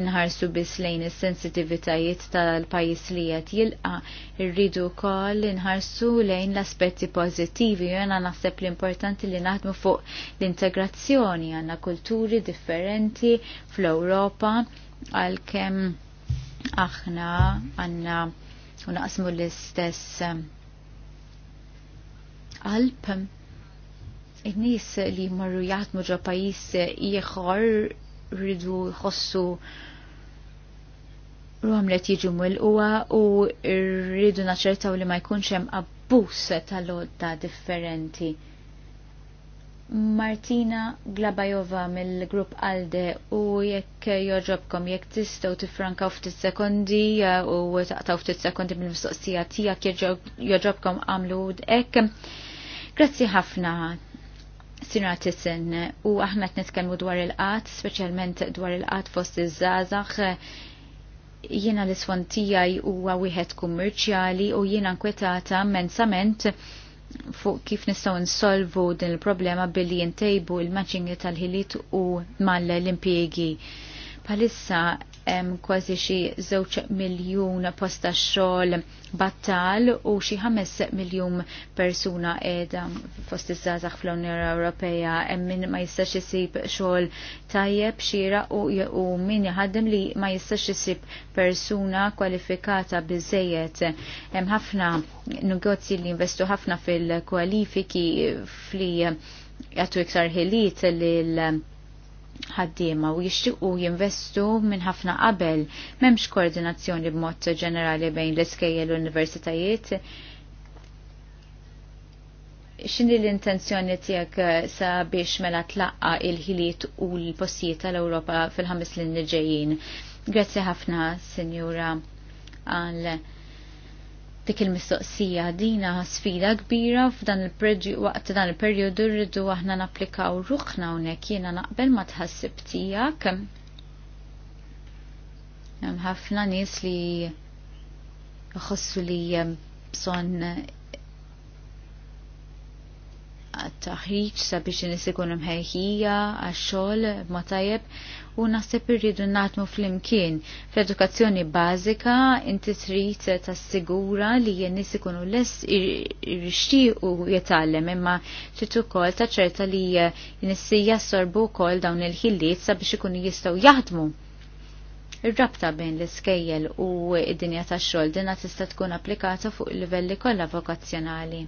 inħarsu biss lejn is-sensitivitajiet tal pajis li qed jilqa' irridu wkoll inħarsu lejn l-aspetti pożittivi. Jiena naħseb l-importanti li naħdmu fuq l-integrazzjoni għandna kulturi differenti fl-Ewropa għalkemm aħna għandna u naqsmu l-istess qalb in-nies li marru jaħdmu ġo pajjiż ieħor rridu jħossu ruhom li jiġu mwilquha u rridu naċertaw li ma jkunx hemm abbuż tal-odda differenti. Martina Glabajova mill-grupp Alde u jekk joġobkom jekk tistgħu tifrankaw ftit sekondi u taqtaw ftit sekondi mill-mistoqsija tiegħek joġobkom għamlu hekk. Grazzi ħafna Sinra Tissin, u aħna t-netkelmu dwar il-qat, specialment dwar il-qat fost iż-żazax, jiena l-iswantijaj u għawihet kummerċjali u jiena nkwetata mensament fuq kif nistgħu nsolvu din il-problema billi jintejbu il-maċingi tal-ħiliet u mal l l Palissa hemm kważi xi żewġ miljun posta xogħol battal u xi ħames miljun persuna qiegħda fost iż-żgħażagħ fl-Unjoni Ewropea hemm min ma jistax isib xogħol tajjeb xira u, u min jħaddem li ma jistax isib persuna kwalifikata biżejjed. Hemm ħafna negozji li investu ħafna fil-kwalifiki fli jagħtu iktar ħiliet lil ħaddiema u jixtiequ jinvestu minn ħafna qabel m'hemmx koordinazzjoni b'mod ġenerali bejn l-iskejjel u l-universitajiet. X'inhi l-intenzjoni tiegħek eh, sabiex mela tlaqqa il-ħiliet u l-postijiet tal-Ewropa fil-ħames l ġejjin? Grazzi ħafna, Sinjura, għal dik il-mistoqsija dina sfida kbira f'dan il waqt dan il-perjodu rridu aħna napplikaw ruħna hawnhekk jiena naqbel ma tħassib tiegħek. Hemm ħafna nies li jħossu li bżonn taħriġ sabiex nisikun ikun imħejħija għax-xogħol ma tajjeb u naħseb irridu naħdmu fl-imkien. Fl-edukazzjoni bażika inti trid tassigura li jien nies ikunu less u jitgħallem imma trid ukoll taċerta li n-nissi jassorbu wkoll dawn il-ħiliet sabiex ikunu jistgħu jaħdmu. Ir-rabta bejn l-iskejjel u id-dinja tax-xogħol dinha tista' tkun applikata fuq il livelli kollha vokazzjonali.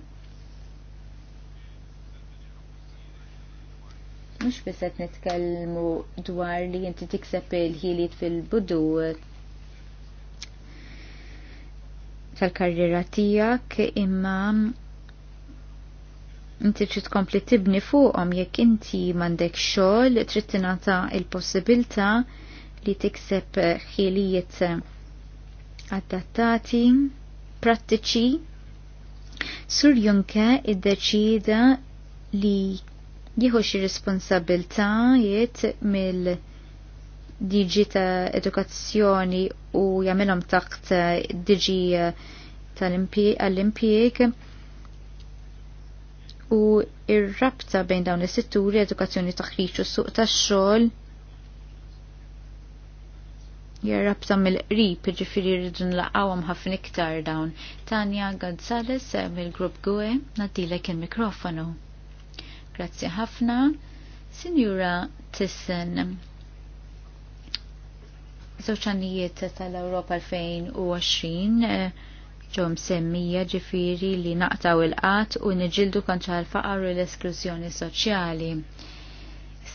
mux biset nitkellmu dwar li inti tikseb il-ħiliet fil-budu tal-karriera tijak imma inti trid tkompli tibni fuqhom jekk inti m'għandek xogħol trid tingħata l-possibilità li tikseb ħilijiet adattati prattiċi Sur Junke iddeċida li jieħu xi responsabiltajiet mill diġi ta' edukazzjoni u jagħmilhom taħt diġi tal-impjieg u ir-rabta bejn dawn is-setturi edukazzjoni taħriġ u suq tax-xogħol jirrabta mill-qrib ġifiri rridu nlaqgħuhom ħafna iktar dawn. Tanja Gonzales mill-grupp GUE nadilek il-mikrofonu. Grazzi ħafna. Sinjura Tissen. Zoċanijiet tal-Europa 2020 ġom semmija ġifiri li naqtaw il-qat u niġildu kontra l-faqar u l-esklużjoni soċjali.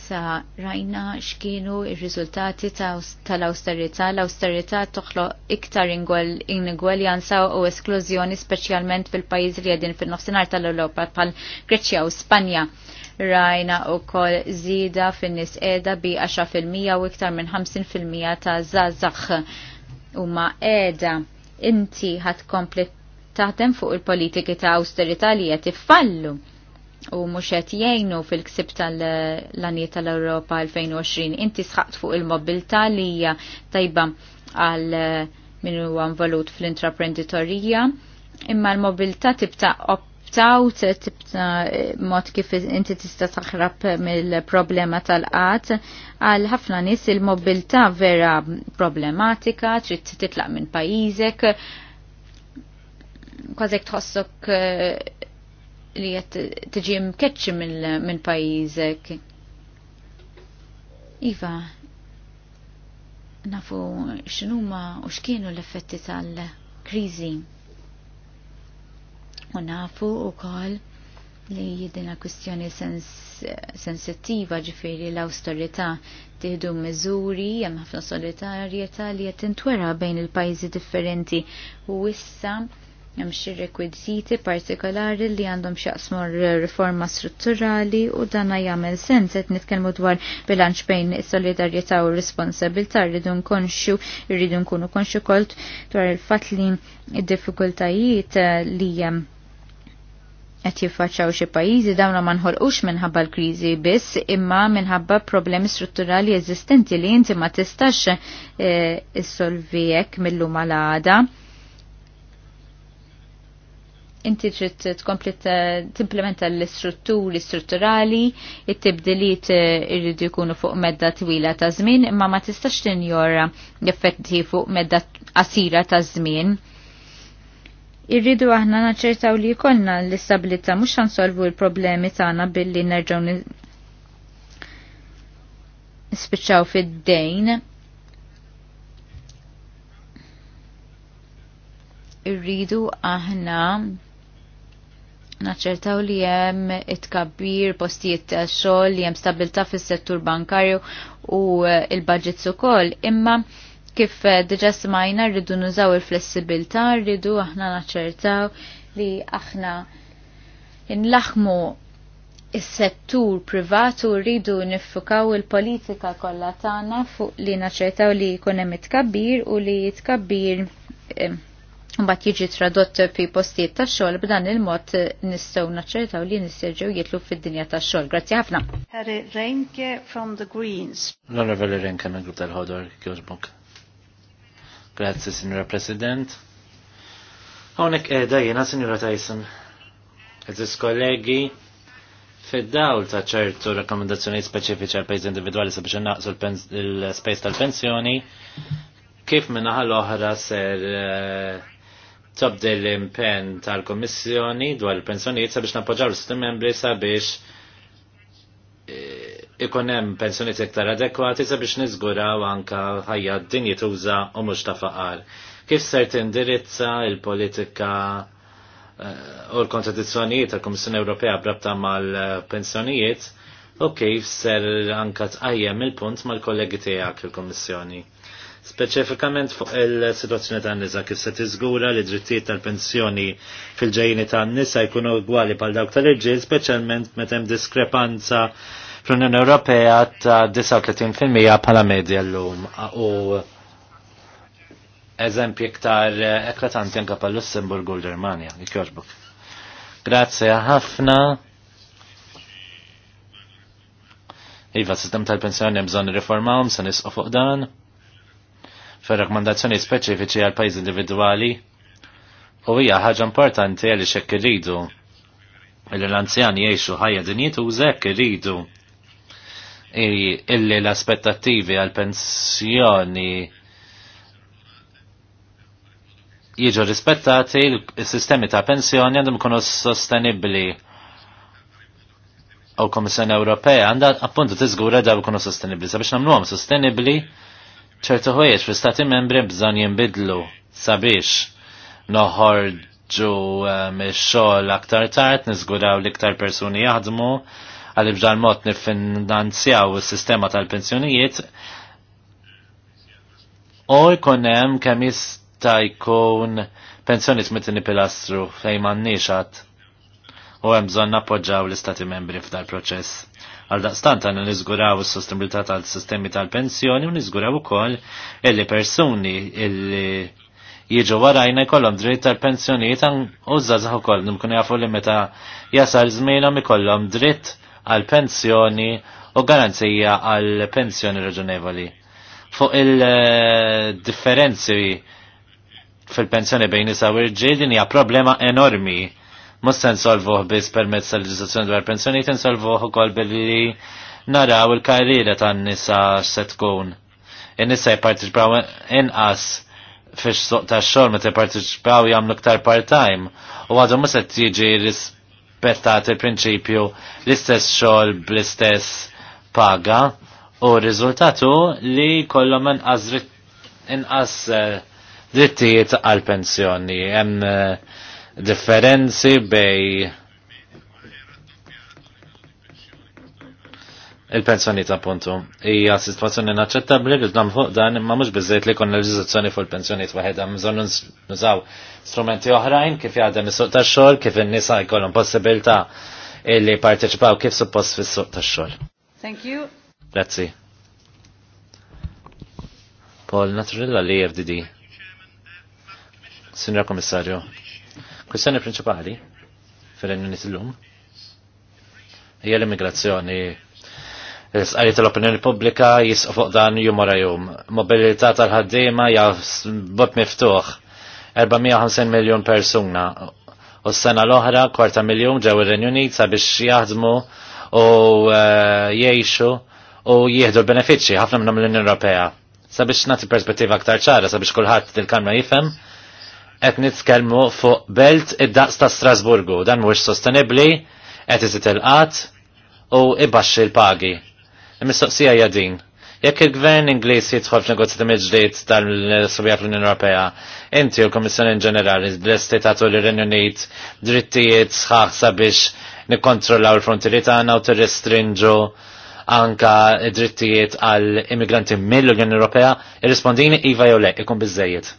Sa rajna xkienu il-rizultati tal-austerità. L-austerità toħloq iktar ingwaljanza u esklużjoni speċjalment fil-pajiz li għedin fil-nofsinar tal-Europa pal Greċja u Spanja rajna u kol zida fin-nis edha bi 10% u iktar minn 50% ta' zazax u ma' edha. Inti ħat komplet taħdem fuq il-politiki ta' austerita li qed fallu u mhux qed jgħinu fil-ksib tal-lanijiet tal-Ewropa 2020. Inti sħaqt fuq il-mobilità li hija tajba għal min huwa involut fl-intraprenditorija, imma l-mobilità tibta' opt-out, tibta eh, mod kif inti tista' taħrab mill-problema tal-qat, għal ħafna nies il-mobilità vera problematika, trid titlaq minn pajjiżek, kważek tħossok eh, li qed tiġi mkeċċi minn pajjiżek. Iva, nafu x'inhuma u x'kienu l-effetti tal-kriżi U nafu u kol li jidina kustjoni sensittiva ġifiri l-austerita tiħdu mizuri jem ħafna solitarieta li jettintwera bejn il-pajzi differenti u issa hemm xi rekwiżiti partikolari li għandhom x'jaqsmu riforma strutturali u dana jagħmel sens qed nitkellmu dwar bilanċ bejn is-solidarjetà u responsabilta responsabilità rridu nkonxu rridu nkunu konxu kolt dwar il-fatt li d-diffikultajiet li hemm qed jiffaċċaw xi pajjiżi dawna ma nħolqux minħabba l-kriżi biss imma minħabba problemi strutturali eżistenti li inti ma tistax eh, issolvijek mill-lum għal għada. Inti trid tkompli timplementa l-istrutturi strutturali, it-tibdiliet eh, irridu jkunu fuq medda twila ta' żmien, imma ma tistax tinjora l-effetti fuq medda qasira ta' żmien irridu aħna naċċertaw li jkollna l-istabilità mhux ħansolvu l-problemi tagħna billi nerġgħu nispiċċaw fid-dejn. Irridu aħna naċċertaw li hemm itkabbir postijiet ta' xogħol li hemm stabilità fis-settur bankarju u eh, l-budgets ukoll, imma Kif eh, diġa smajna rridu nużaw il flessibilta rridu aħna naċċertaw li aħna nlaħmu is-settur privatu rridu niffukaw il-politika kollha tagħna fuq li naċċertaw li jkun hemm itkabbir u li tkabbir eh, mbagħad jiġi tradott fi postijiet tax-xogħol b'dan il-mod nistgħu naċċertaw li nisterġgħu jitlu fid-dinja tax-xogħol. Grazzi ħafna.
Harry Renke from the Greens.
L-Onorevoli Renke mill-Grupp tal-Ħodor, kjożbok. Grazzi, Signora President. Hawnhekk edha jena, Signora Tyson. Għazis kollegi, fid-dawl ta' ċertu rakkomandazzjoni speċifiċi għal pajjiż individwali sabiex innaqsu l spejs tal-pensjoni, kif minnaħa l-oħra ser eh, tobdel l-impen tal komissjoni dwar il-pensjonijiet sabiex nappoġġaw l-Sistem membri sabiex ikonem hemm iktar adekwati sabiex niżguraw anka ħajja d-dinji tuża u mhux ta' faqar. Kif ser tindirizza il-politika eh, u l-kontradizzjonijiet tal-Kummissjoni Ewropea brabta mal-pensjonijiet u kif ser anka tqajjem il-punt mal-kollegi tiegħek il-Kummissjoni. Speċifikament fuq il-situazzjoni ta' nisa kif se tiżgura li drittijiet tal-pensjoni fil-ġejjini ta' nisa jkunu gwali pal dawk tal-irġiel, speċjalment meta hemm diskrepanza fl-Unjoni Ewropea ta' 39% bħala medja l-lum u eżempi iktar eh, eklatanti anka pa' Lussemburg u l-Germania, jkjoġbuk. Grazie ħafna. Iva, sistem tal-pensjoni bżon riformawm, se nisqo fuq dan. Fer rakkomandazzjoni speċifiċi għal pajjiż individwali. U hija ħaġa importanti għaliex hekk irridu l-anzjani jgħixu ħajja din jitużek irridu illi l-aspettattivi għal-pensjoni jiġu rispettati, il-sistemi ta' pensjoni għandhom ikunu sostenibli. U Komissjoni Ewropea għandha appuntu tiżgura daw ikunu sostenibli. Sabiex nagħmluhom sostenibli, ċertu ħwejjeġ fl-Stati membri bżonn jinbidlu sabiex noħorġu eh, mix-xogħol aktar tard, niżguraw l-iktar persuni jaħdmu, għalli bġal mot nifinanzjaw is-sistema tal-pensjonijiet u jkun hemm kemm jista' jkun pensjonijiet mitni pilastru fejn m'għandniex għad u hemm bżonn nappoġġaw l-istati membri f'dal proċess. Għal daqstant għanna niżguraw is-sostenibilità tal-sistemi tal-pensjoni u niżguraw ukoll illi persuni illi jiġu warajna jkollhom dritt tal-pensjonijiet u żgħażagħ ukoll nimkun jafu li meta jasal żmienhom ikollhom dritt għal pensjoni u garanzija għal pensjoni raġunevoli. Fuq il-differenzi fil-pensjoni bejn nisa u irġiel din hija problema enormi. Mus nsolvuh biss permezz tal-leġiżlazzjoni dwar pensjoni, tinsolvuh ukoll billi naraw il-karriera tan-nisa se tkun. In-nisa jipparteċipaw inqas fiex suq tax-xogħol meta jipparteċipaw jagħmlu ktar part-time u għadhom mhux se jiġi rispettat il-prinċipju l-istess xogħol bl-istess paga u riżultatu li kollhom inqas as eh, drittijiet għal pensjoni hemm eh, differenzi bej il-pensjoni ta' puntu. Hija situazzjoni inaċċettabbli li fuq dan imma mhux bizzejt li l leġiżazzjoni fuq il-pensjonijiet waħedha bżonn nużaw strumenti oħrajn kif jgħadem is-suq tax-xogħol, kif in-nisa jkollhom possibilità li parteċipaw kif suppost fis-suq tax-xogħol. Thank you. Grazzi. Paul Naturilla li FDD. Signor Komissarju, kwistjoni prinċipali fil-Unjoni l-lum hija l-immigrazzjoni l-sqari tal-opinjoni pubblika jisqu fuq dan jum wara jum. Mobilità tal-ħaddiema bot miftuħ 450 miljon persuna u s-sena l-oħra kwarta miljon ġew ir-Renju sabiex jaħdmu u eh, jgħixu u jieħdu l-benefiċċji ħafna minnhom l-Unjoni Ewropea. Sabiex nagħti perspettiva aktar ċara sabiex kulħadd dil-kamra jifhem qed nitkellmu fuq belt id-daqs ta' Strasburgu dan mhuwiex sostenibbli qed iżid il-qatt u ibaxxi l-pagi Il-mistoqsija hija din. Jekk il-gvern Ingliż jidħol f'negozjati mill-ġdid tal sovjet l-Unjoni Ewropea, inti u l kummissjoni in ġenerali blesti u l renju Unit drittijiet sħaħ sabiex nikkontrollaw il-frontieri tagħna u tirrestrinġu anka drittijiet għall immigranti mill-Unjoni Ewropea, irrispondini iva jew le, ikun biżejjed.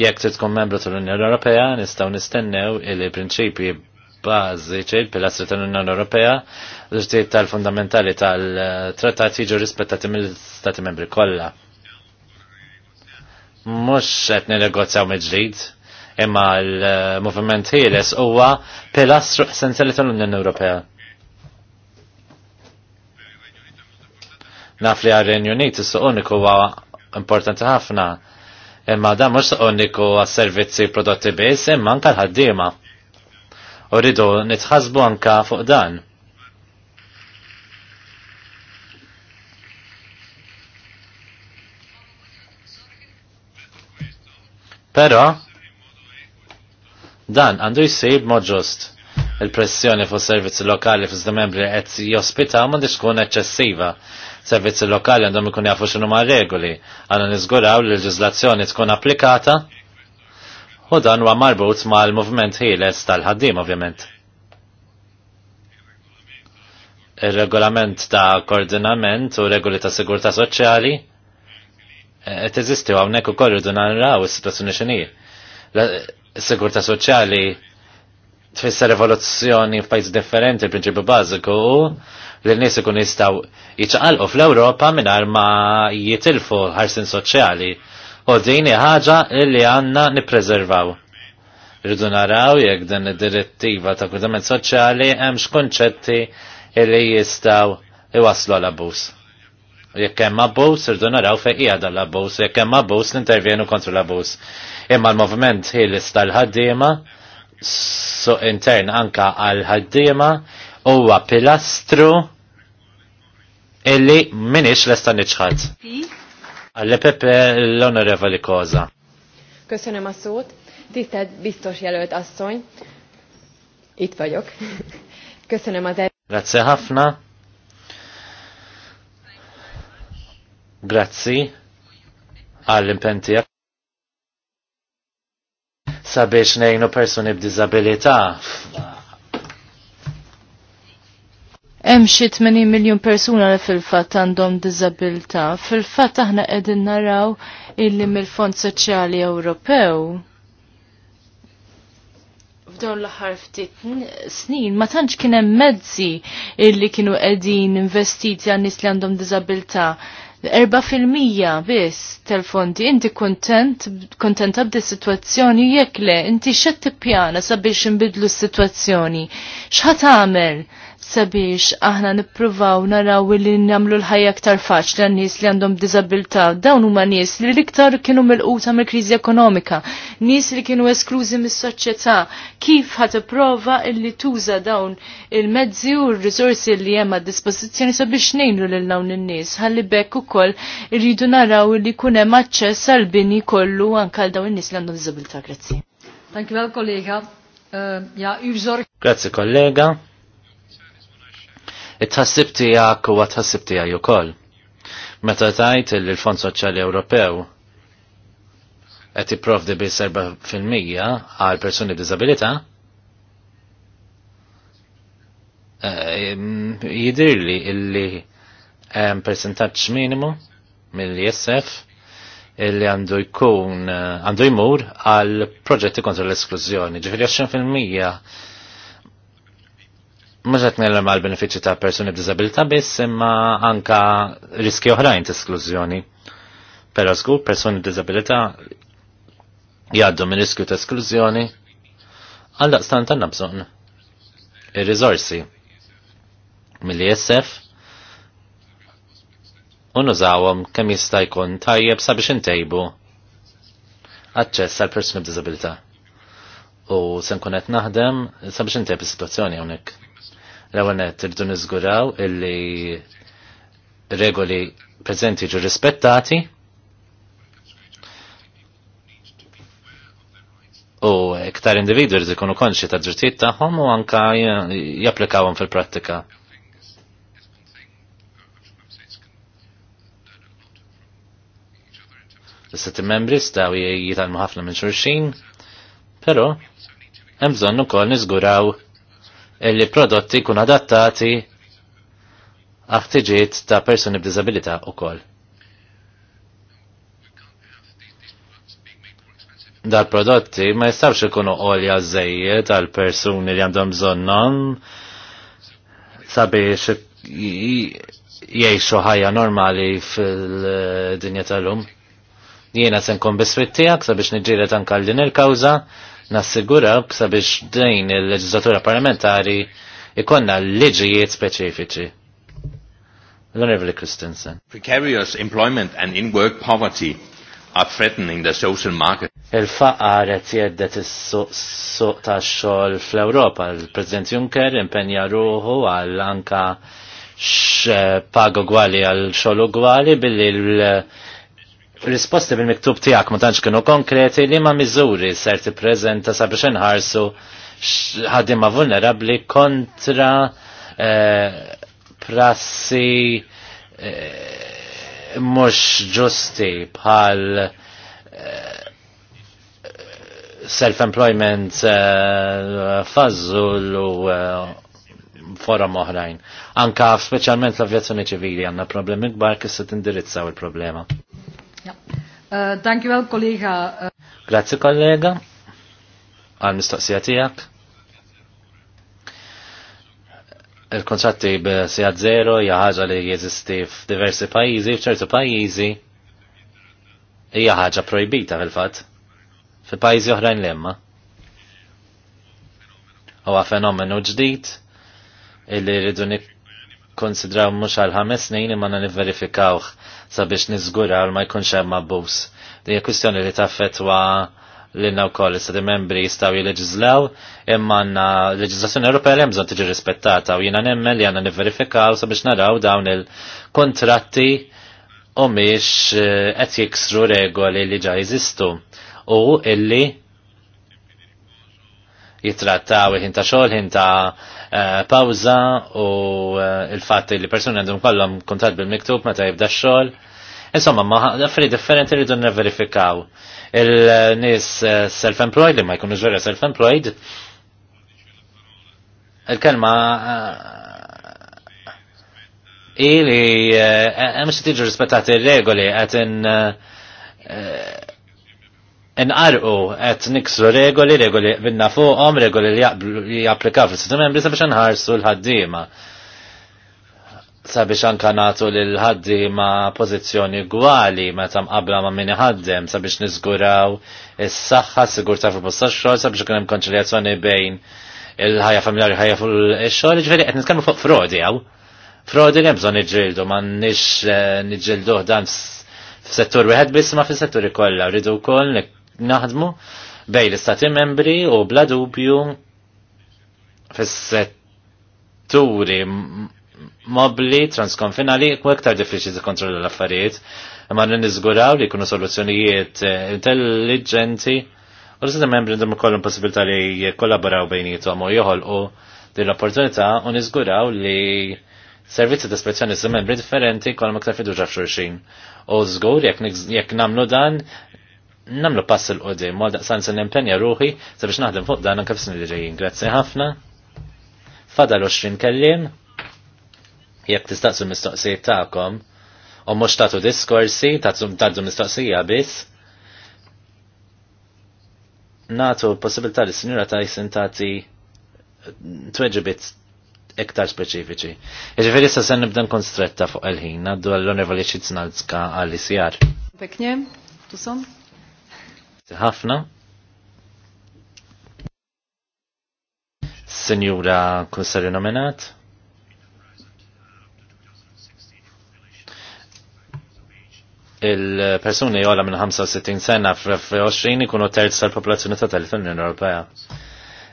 Jekk se tkun membru tal-Unjoni Ewropea nistgħu nistennew il prinċipji bażi l-pilastri tal-Unjoni Ewropea l ġdid tal-fundamentali tal-trattat jiġu rispettati mill-Stati membri kollha. Mhux qed nirregozzaw mill-ġdid, imma l-movement ħieles huwa pilastru essenzjali tal-Unjoni Ewropea. Naf li għal-Renju Unit is-suq uniku huwa importanti ħafna Imma da mhux uniku għas-servizzi prodotti biss imma anke l-ħaddiema. U rridu nitħasbu anka fuq dan. Pero, dan għandu jisib mod ġust il-pressjoni fuq servizzi lokali fu zdomembri membri qed jospita m'għandix tkun eċċessiva. Servizzi lokali għandhom ikun jafu xinu ma' regoli, għanna niżguraw li l-leġiżlazzjoni tkun applikata u dan huwa marbut mal-movement ħieles tal-ħaddim ovvjament. Ir-regolament ta' koordinament u regoli ta' sigurtà soċjali eh, qed eżisti hawnhekk ukoll irdu naraw is-sitwazzjoni x'inhi. Sigurtà soċjali tfisser rivoluzzjoni f'pajjiż differenti, il-prinċipju bażiku li n-nies ikun jistgħu jiċċaqalqu fl-Ewropa mingħajr ma jitilfu ħarsin soċjali. U din hi ħaġa li għandna nippreservaw. Rridu naraw jekk din id-direttiva ta' kudament soċjali hemm konċetti li jistgħu iwaslu l abbuż. Jekk hemm abbuż, rridu naraw fejn hija dan l-abbuż, jekk hemm abbuż nintervjenu kontru l-abbuż. Imma l-movement ħieles tal-ħaddiema so intern anka għal ħaddiema huwa pilastru illi minix l-esta niċħad. Għalli Pepe l-onorevoli koza.
Köszönöm a szót. Tisztelt biztos jelölt asszony. Itt vagyok. Köszönöm az el... Grazie
ħafna. Grazzi għall-impentijak sabiex nejnu persuni b'dizabilità.
Hemm xi 80 miljun persuna li fil-fatt għandhom diżabilità. Fil-fatt aħna qegħdin naraw illi mill-Fond Soċjali Ewropew f'dawn l-aħħar ftit snin ma tantx kien hemm mezzi illi kienu qegħdin investiti għan nies li għandhom diżabilità fil-mija biss tal-fondi. Inti kontent, kontenta b'di situazzjoni jekk le, inti t tippjana sabiex nbidlu s-situazzjoni. X'ħat tagħmel sabiex aħna nippruvaw naraw li nagħmlu l-ħajja aktar faċli għan nies li għandhom diżabilità. Dawn huma nies li l-iktar kienu mill-quta mill-kriżi ekonomika, nies li kienu esklużi mis-soċjetà. Kif ħat ipprova illi tuża dawn il-mezzi u r-riżorsi li hemm għad dispożizzjoni sabiex ngħinu lil dawn in-nies. Ħalli bekk ukoll irridu naraw li kun hemm aċċess għall bini kollu anke għal dawn in-nies li għandhom diżabilità. Grazzi.
Dank kollega. Uh, ja,
Grazie kollega it-tħassib tiegħek huwa tħassib tiegħi kol. Meta tajt il-Fond Soċjali Ewropew qed jipprovdi bi 7% għal persuni b'diżabilità, eh, jidirli illi percentaġġ minimu mill-ISF illi għandu jkun eh, għandu jmur għal proġetti kontra l-esklużjoni. Ġifieri 20% Mux għat nellem għal benefiċi ta' personi b'dizabilta biss imma anka riski oħrajn ta' esklużjoni. Pero zgu, personi b'dizabilita jgħaddu minn riskju ta' esklużjoni għal daqstan ta' nabżon. il rizorsi mill-ISF unużawhom kemm jista' jkun tajjeb sabiex intejbu aċċess għal persuni b'diżabilità. U se nkun qed naħdem sabiex intejb is-sitwazzjoni hawnhekk. L-għanet irdu nizguraw illi regoli prezenti ġu rispettati u iktar individu irdu jkunu konċi ta' drittijiet tagħhom u anka japplikawhom fil-prattika. l-istati membri staw jitalmu ħafna minn xurxin, pero hemm bżonn nizguraw illi prodotti kun adattati aħtiġiet ta' persuni b'dizabilità u koll. Dal-prodotti ma jistawx ikunu olja zejjed għal persuni li għandhom bżonnon sabiex jiexu ħajja normali fil-dinja tal-lum. Jiena se nkun biswittijak sabiex nġiret anka din il-kawza nassigura sabiex dejn il-leġislatura parlamentari ikonna liġijiet speċifiċi. L-Onorevoli Christensen. Precarious employment and in-work poverty are threatening the social market. Il-faqar qed jeddet is-suq tax-xogħol fl-Ewropa. Il-President Juncker impenja ruħu għal anka x-pago gwali għal xogħol gwali billi l- risposti bil-miktub tijak ma tantx kienu konkreti li ma miżuri ser tippreżenta sabiex nħarsu ħadima vulnerabli kontra eh, prassi mux eh, mhux ġusti bħal eh, self-employment fazzul u forum oħrajn. Anka specialment l-avjazzjoni ċivili għanna problemi kbar kif se tindirizzaw il-problema.
Thank eh, you, kollega. Eh.
Grazzi, kollega, għal mistoqsija tijak. Il-kontratti b'sijat zero ħaġa li jeżisti f'diversi pajjiżi, f'ċertu pajjiżi hija ħaġa projbita fil-fatt. Fi pajjiżi oħrajn lemma. Huwa fenomenu ġdid illi rridu nikkonsidraw mhux għal ħames snin imma nivverifikawh sabiex nizguraw ma jkunx hemm abbuż. hija kwistjoni li taffetwa l-inna u koll membri jistaw jileġizlaw imma għanna leġizlazzjoni Ewropea li bżonn tiġi rispettata u jina nemmen li għanna niverifikaw sabiex naraw dawn il-kontratti u miex eh, qed jiksru regoli li ġa jeżistu u illi jitrattaw ħin ta' xogħol ħin ta' Eh, pawza u eh, il fatti li persuni għandhom kollom kuntat bil-miktub meta jibda xol. xogħol Insomma, ma affari differenti dunna verifikaw. Il-nies eh, self-employed li ma jkunux ġverja self-employed, il-kelma ili hemm xi tiġi rispettati regoli qed in nqarqu qed niksu regoli, regoli minna fuqhom, regoli li japplika fl-istati membri sabiex nħarsu l-ħaddiema. Sabiex anka nagħtu lil ħaddiema pożizzjoni gwali meta mqabbla ma' min iħaddem sabiex niżguraw is-saħħa, sigurtà fil-posta xogħol sabiex ikun hemm konċiljazzjoni bejn il-ħajja familjari ħajja fil-xogħol, ġifieri qed nitkellmu fuq frodi hawn. Frodi li bżonn niġġieldu, ma eh, nix dan f'settur wieħed biss ma fis-setturi kollha rridu wkoll naħdmu bej l-istati membri u bla dubju fis-setturi mobli transkonfinali u aktar diffiċli ti kontrollu l-affarijiet imma nizguraw li jkunu soluzzjonijiet eh, intelligenti u l-istati membri ndem ikollhom possibilità li jikkollaboraw bejnietom u joħolqu din l-opportunità u niżguraw li servizzi ta' spezzjoni membri differenti kolom iktar fiduċa f'xurxin. U żgur jekk namlu dan, namlu pass il-qodim, għal daqsan se impenja ruħi, sabiex naħdem fuq dan anka f'snin li ġejjin. Grazzi ħafna. Fadal 20 kellim. Jekk tistaqsu mistoqsijiet tagħkom u mhux tagħtu diskorsi, tatu mistoqsija biss. Natu possibilità li sinjura ta' jisintati tweġibit iktar speċifiċi. Iġifieri issa se nibden konstretta fuq il-ħin, naddu għall-onorevoli Ċitznalska għal-ISR.
Pekne, tu som?
ħafna. Senjura Kussarju nominat. Il-persuni jola minn 65 sena f-20 ikunu terz tal-popolazzjoni ta' tal-Unjoni Ewropea.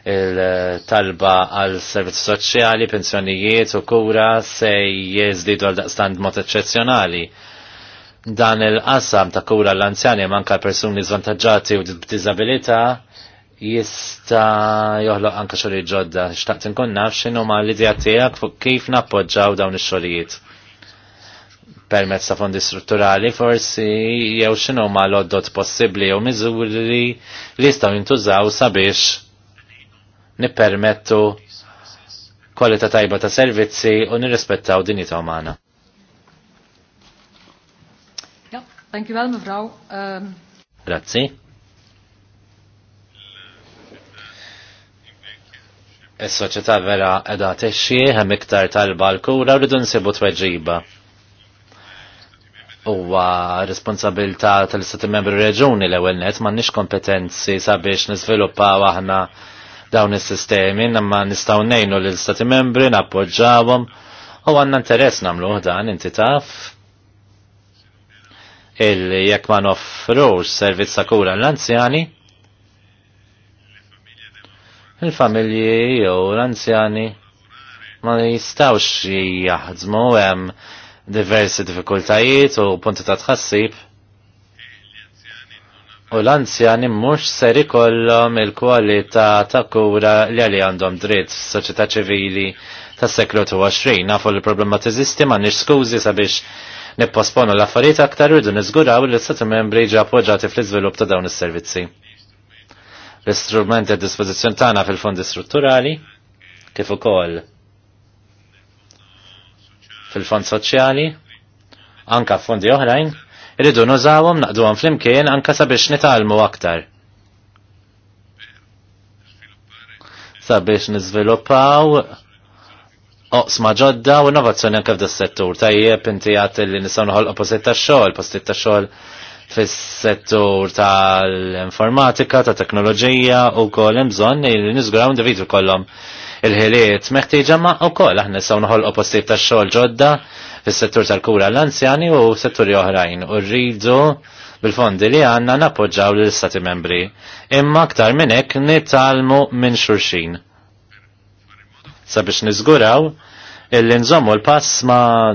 Il-talba għal servizzi soċjali, pensjonijiet u kura se jeżdidu għal daqstand mod eccezzjonali dan il-qasam ta' kura l-anzjani manka persuni zvantagġati u disabilita jista joħloq anka xogħli ġodda. Xtaqt inkun naf x'inhu ma l-idea tiegħek fuq kif nappoġġaw dawn ix-xogħlijiet. Permezz ta' fondi strutturali forsi jew xinu ma l-oddot possibbli jew miżuri li jistgħu jintużaw sabiex nippermettu kwalità tajba ta' servizzi u nirrispettaw dinjità umana.
Thank you well, mevrouw. Um... Ehm,
Grazie. Is-soċjetà vera qiegħda tixxi hemm iktar talba l-kura u rridu nsibu tweġiba. Huwa responsabilità tal-istati membru reġuni l-ewwel nett m'għandniex kompetenzi sabiex niżviluppaw aħna dawn is-sistemi, imma nistgħu ngħinu lill istati membri nappoġġawhom u għandna interess nagħmluh dan inti taf il-jekk ma noffrux servizz ta' kura l-anzjani, il-familji jew l-anzjani ma jistawx jaħdmu hemm diversi diffikultajiet u punti ta' tħassib. U l-anzjani mhux ser ikollhom il-kwalità ta' kura li għali għandhom dritt f'soċjetà ċivili tas-seklu 20. Nafu li problema teżisti ma' skużi sabiex nipposponu l-affarijiet aktar rridu niżguraw li l-Istati membri ġa appoġġati fl-iżvilupp ta' dawn is-servizzi. L-istrumenti a dispożizzjoni tagħna fil-fondi strutturali kif ukoll fil-fond soċjali anka fondi oħrajn irridu nużawhom naqduhom flimkien anka sabiex nitalmu aktar. Sabiex niżviluppaw oqsma ġodda u innovazzjoni anke f'da settur tajjeb inti għat li nisaw noħolqu postijiet tax-xogħol, postijiet tax-xogħol fis-settur tal-informatika, ta' teknoloġija u kol hemm bżonn li niżguraw individwi kollhom il-ħiliet meħtieġa ma' ukoll aħna nistgħu noħolqu postijiet tax-xogħol ġodda fis-settur tal-kura l-anzjani u setturi oħrajn u rridu bil-fondi li għanna nappoġġaw l istati membri. Imma aktar minn hekk nitalmu minn xurxin sabiex niżguraw illi nżommu l-pass ma,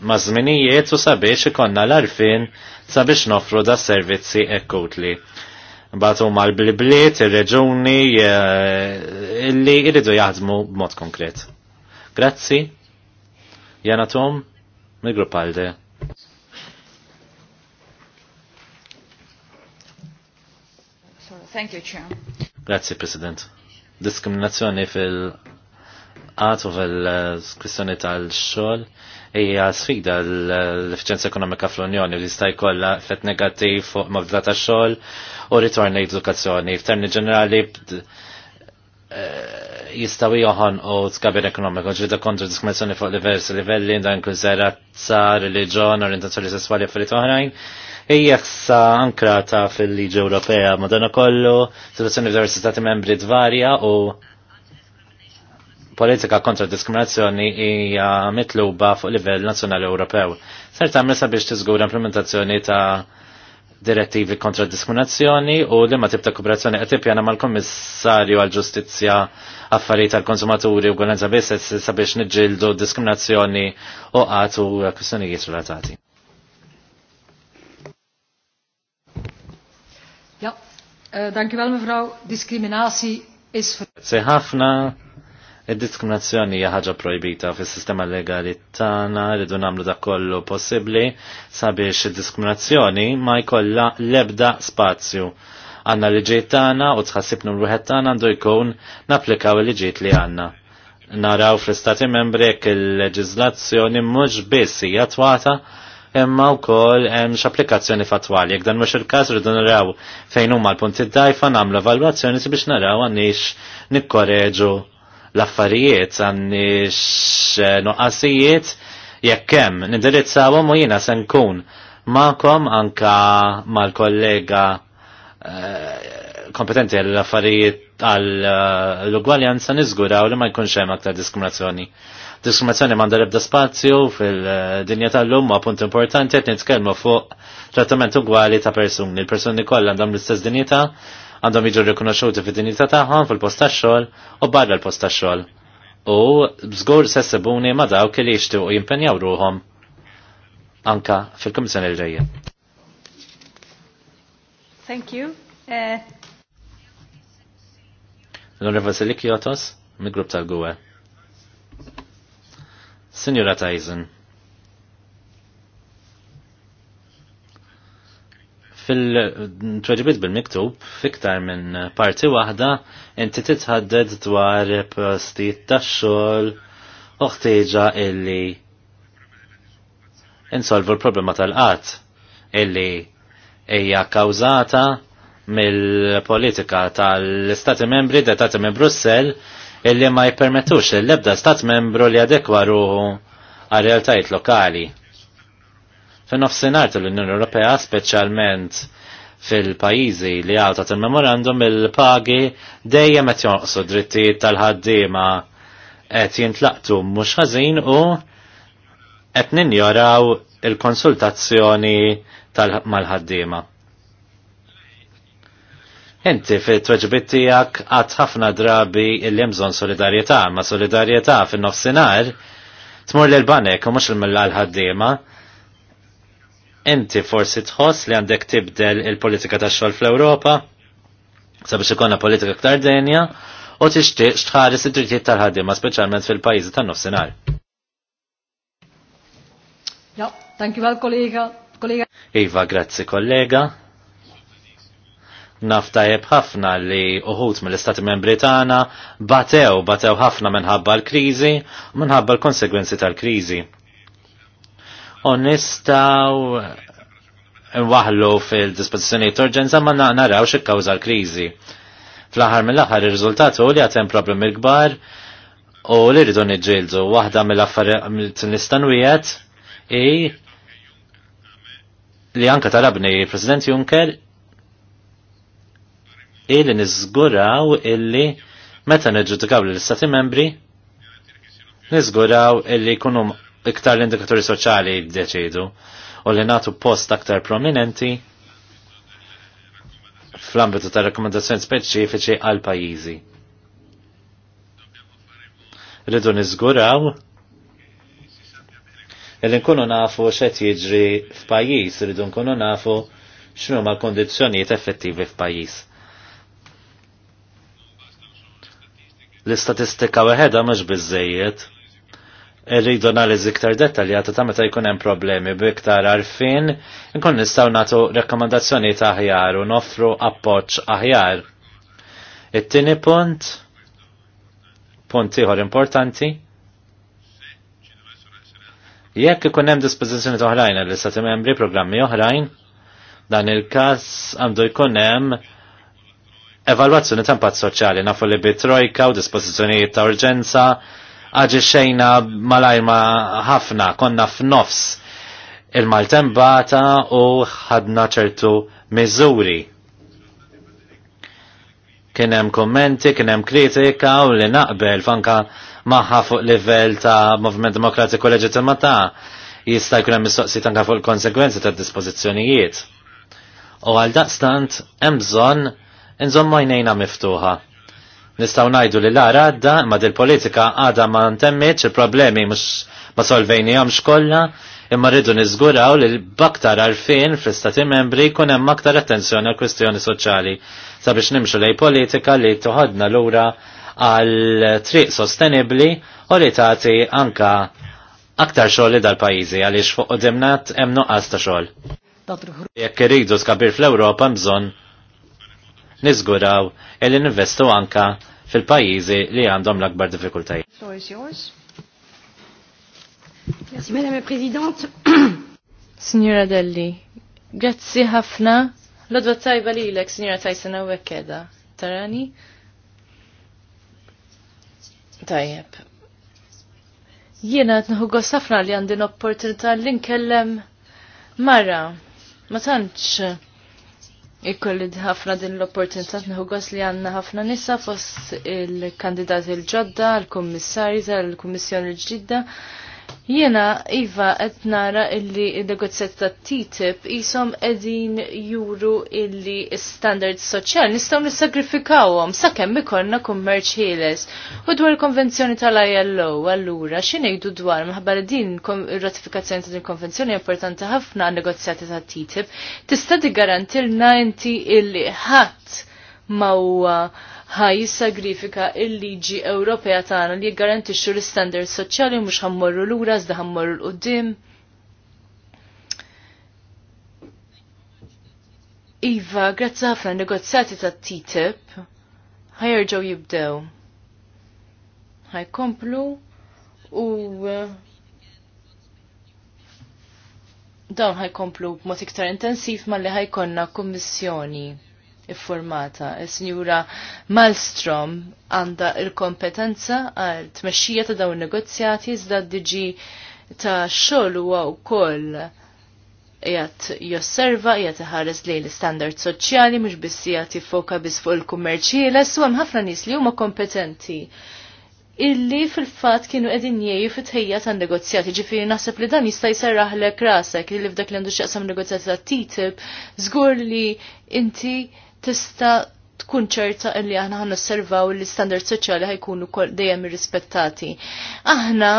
ma zminijiet u sabiex ikonna l-arfin sabiex nofru da servizzi ekkutli. Batu mal blibliet il-reġuni eh, illi irridu jaħdmu b'mod konkret. Grazzi. Jana Tom, mi grupp għalde. Thank you, Chair. Grazie, President. Diskriminazzjoni fil- għatu fil-kwistjoni eh, tal-xol hija sfida l-efficienza ekonomika fl-Unjoni li jista' jkollha effett negattiv fuq mobdla ta' xogħol u ritorn edukazzjoni. F'termini ġenerali eh, jistaw joħon u tkabir ekonomiku ġrida kontra diskriminazzjoni fuq diversi livelli da inkluż razza, reliġjon, orientazzjoni sesswali u affarijiet oħrajn. Hija sa' ankrata fil-liġi Ewropea madonna kollu, situazzjoni f'diversi stati membri tvarja u politika kontra diskriminazzjoni hija mitluba fuq livell nazzjonali Ewropew. Ser tagħmel sabiex tiżgur implementazzjoni ta' direttivi kontra diskriminazzjoni u li ma tib kooperazzjoni qed tippjana mal-Kommissarju għall Ġustizzja Affarijiet tal konsumaturi u Gwenza Biss sabiex niġġieldu diskriminazzjoni u qatt u kwistjonijiet relatati.
Ja, uh, eh, dankjewel mevrouw. Discriminatie is...
Grazie ħafna Id-diskriminazzjoni hija ħaġa projbita fis-sistema legali tagħna, rridu nagħmlu dak kollu possibbli sabiex id-diskriminazzjoni ma jkollha l-ebda spazju. Għanna liġiet tagħna u tħassibnu l-wieħed tagħna għandu jkun napplikaw il-liġiet li għandna. Naraw fl-istati membri jekk il-leġiżlazzjoni mhux biss hija twata imma wkoll hemm x'applikazzjoni fatwali. Jekk dan mhux il-każ rridu naraw fejn huma l-punti d-dajfa nagħmlu evalwazzjoni sabiex naraw għandix nikkoreġu l-affarijiet għandix noqqasijiet jekk hemm nindirizzawhom u jiena se nkun magħkom anka mal-kollega eh, kompetenti għall-affarijiet għall-ugwaljanza niżguraw li ma jkunx hemm aktar diskriminazzjoni diskriminazzjoni manda ebda spazju fil-dinja tal-lum ma punt importanti qed nitkellmu fuq trattament ugwali ta' persuni. Il-persuni kollha għandhom l-istess dinjità, għandhom jiġu rikonoxxuti fid-dinjità tagħhom fil-post tax-xogħol u barra l-post tax-xogħol. U bżgur se sebuni ma dawk li jixtiequ jimpenjaw ruhom anka fil-Kummissjoni l-ġejja.
Thank you. Uh... Eh,
L-Onorevole Silik Jotos, mi grupp tal-Gwe. Signora Tyson. fil-tweġibit bil-miktub fiktar minn parti waħda inti titħadded dwar postijiet tax-xogħol u ħtieġa illi insolvu l-problema tal-qatt illi hija kawżata mill-politika tal-Stati membri detati minn Brussell illi ma jippermettux l-ebda Stat membru li adekwaru għal realtajiet lokali Fin-nofsinhar tal-Unjoni Ewropea speċjalment fil pajjiżi li għalta il-memorandum il-pagi dejjem qed jonqsu drittijiet tal-ħaddiema qed jintlaqtu mhux ħażin u qed ninjoraw il-konsultazzjoni tal-mal-ħaddiema. Inti fit tweġbit tiegħek għad ħafna drabi il bżonn solidarjetà, ma solidarjetà fin-nofsinhar tmur lil banek u mhux il-mill ħaddiema Inti forsi tħoss li għandek tibdel il-politika ta' xogħol fl-Ewropa sabiex ikonna politika aktar denja u tixtieq tħares id-drittijiet tal-ħaddiema speċjalment fil-pajjiżi tan-nofsinhar.
Ja, thank you well, kollega. kollega.
Iva, grazzi kollega. Nafta jeb ħafna li uħut mill-Istati Membri tagħna batew batew ħafna minħabba l-kriżi u minħabba l-konsegwenzi tal-kriżi u waħlu fil-dispozizjoni t-urġenza ma naraw xe kawza l-krizi. Fl-ħar mill-ħar il-rizultat u li għatem problemi gbar u li rridu nġildu. Waħda mill-istanwijiet i li anka talabni President Juncker i li nizguraw illi meta neġudikaw l-istati membri nizguraw illi kunum iktar l-indikatori soċjali jiddeċidu u li natu post aktar prominenti fl-ambitu ta' rekomendazzjoni speċifiċi għal pajjiżi. Ridu niżguraw li nkunu nafu x'qed jiġri f'pajjiż, ridu nkunu nafu x'inhu ma' kondizjoniet effettivi f'pajjiż. L-istatistika weħeda mhux biżejjed rridu analiżi iktar dettaljata ta' meta jkun hemm problemi b'iktar arfin, nkun nistgħu nagħtu rakkomandazzjoni ta' aħjar u noffru appoġġ aħjar. It-tieni punt, punt ieħor importanti, jekk ikun hemm dispożizzjoni oħrajn għall istati membri programmi oħrajn, dan il-każ għandu jkun hemm evalwazzjoni ta' impatt soċjali nafu li bit trojka u dispożizzjonijiet ta' urġenza aġi xejna malajma ħafna, konna f'nofs il-maltembata u ħadna ċertu miżuri. Kienem kommenti, kienem kritika u li naqbel fanka maħħa fuq livell ta' Movement Demokratiku Leġitimata jista' jkun hemm mistoqsijiet anke fuq il-konsekwenzi tad-dispożizzjonijiet. U għal daqstant hemm bżonn inżomm miftuħa Nistaw najdu li l-għara għadda ma dil-politika għadha ma ntemmiċ il-problemi mux ma solvejnijom xkolla imma rridu nizguraw li l-baktar għarfin fl-istati membri kun hemm aktar attenzjoni għal kwestjoni soċjali sabiex nimxu lej politika li toħodna lura għal triq sostenibli u li tagħti anka aktar xogħol dal-pajjiżi għaliex fuq qudimnat hemm nuqqas ta' xogħol. Jekk iridu skabir fl-Ewropa bżonn niżguraw il-investu anka fil-pajjiżi li għandhom l-akbar diffikultajiet.
Madame Signora Delli, grazzi ħafna. L-odva tajba li l-ek, Signora Tyson, u għekeda. Tarani? Tajjeb. Jiena nħu ħafna li għandin opportunità li nkellem marra. Ma tantx Ikkolli ħafna din l-opportunità nħu li għanna ħafna nisa fost il-kandidati l-ġodda, l-kommissari tal-kommissjoni l ġidda Jena, Iva, qed nara illi negozjat ta' TTIP jisom edin juru illi standards soċjali nistgħu nissagrifikawhom sakemm ikollna kummerċ ħieles. U dwar konvenzjoni tal-ILO, allura x'ingħidu dwar maħbar din ir-ratifikazzjoni ta' din konvenzjoni importanti ħafna negozjati ta' TTIP tista' tigarantilna inti illi ħadd ma' ħaj jissagrifika il-liġi Ewropea tagħna li jgarantixxu l-istandards soċjali mhux ħammorru lura iżda ħammorru l-qudiem. Iva, grazzi ħafna negozjati ta' TTIP ħajerġgħu jibdew. Ħajkomplu u eh, dawn ħajkomplu b'mod iktar intensiv malli ħajkonna kummissjoni iffurmata. Is-Sinjura Malmstrom għandha il-kompetenza għal tmexxija ta' dawn negozjati iżda d-diġi ta' xogħol huwa wkoll jgħat josserva, jgħat ħares li l-standard soċjali, mux biss jgħat jifoka biss fuq il-kummerċiela, su għam ħafna nis li huma kompetenti illi fil-fat kienu edin jieju fit-ħejja ta' negozjati, ġifiri naħseb li dan jista' jserraħ l rasek, illi f'dak li għandu xieqsam negozjati ta' TTIP, zgur li inti tista' tkun ċerta illi aħna ħanna osservaw li standard soċjali ħajkunu dejjem irrispettati. Aħna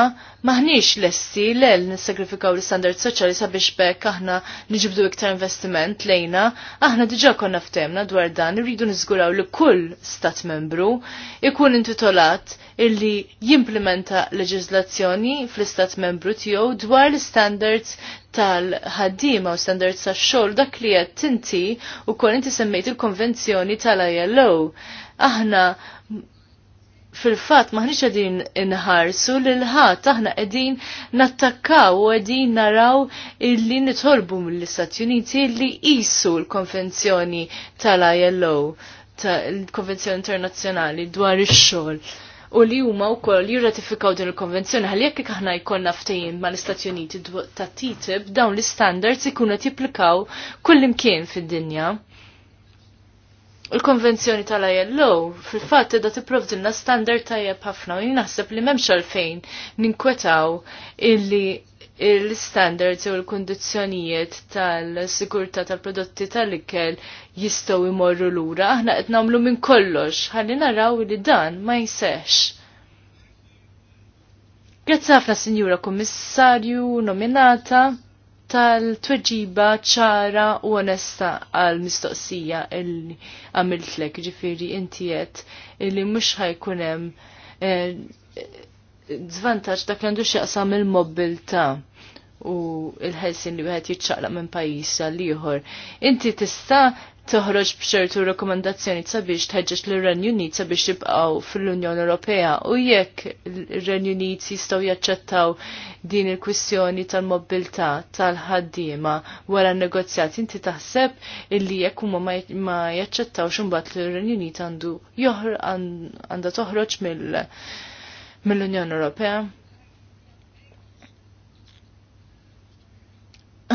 maħniex lesti l-el nissagrifikaw l standard soċjali sabiex bekk aħna niġibdu iktar investiment lejna, aħna diġa konna ftemna dwar dan irridu niżguraw li kull stat membru ikun intitolat illi jimplementa leġiżlazzjoni fl-istat membru tiegħu dwar l-standards tal-ħaddiema u standards tax-xogħol dak li qed tinti wkoll inti semmejt il-konvenzjoni tal-ILO. Aħna fil fatt maħniċ għedin inħarsu l-ħat, aħna għedin nattakkaw u għedin naraw illi nitolbu mill-Istati Uniti illi jisu l-konvenzjoni tal-ILO, tal-konvenzjoni internazjonali dwar ix-xogħol u li huma wkoll jirratifikaw din il-konvenzjoni ħalli jekk aħna jkollna ftehim mal-Istati Uniti ta' TTIP dawn l-istandards ikunu qed jipplikaw kullimkien fid-dinja. Il-konvenzjoni tal-ILO fil-fatt edha tipprovdilna standard tajjeb ħafna u naħseb li m'hemmx għalfejn ninkwetaw illi il-standards u l-kondizjonijiet tal-sigurta tal-prodotti tal-ikel jistow imorru l-ura, aħna qed nagħmlu minn kollox, ħalli naraw li dan ma jsex. Grazzi ħafna Sinjura Kommissarju nominata tal-tweġiba ċara u onesta għal mistoqsija illi għamiltlek ġifiri intijet illi mux ħajkunem eh, zvantaċ dak li għandu xieqsam il-mobilta u il-ħelsin li wieħed jiċċaqlaq minn pajjiż għal ieħor. Inti tista' toħroġ b'ċertu rekomendazzjoni sabiex tħeġġeġ l renju Unit sabiex jibqgħu fil unjoni Ewropea u jekk ir-Renju Unit jistgħu jaċċettaw din il-kwistjoni tal-mobilità tal-ħaddiema wara n-negozjat inti taħseb illi jekk huma ma jaċċettawx imbagħad li r-Renju Unit għandu joħr għandha toħroġ mill-Unjoni Ewropea.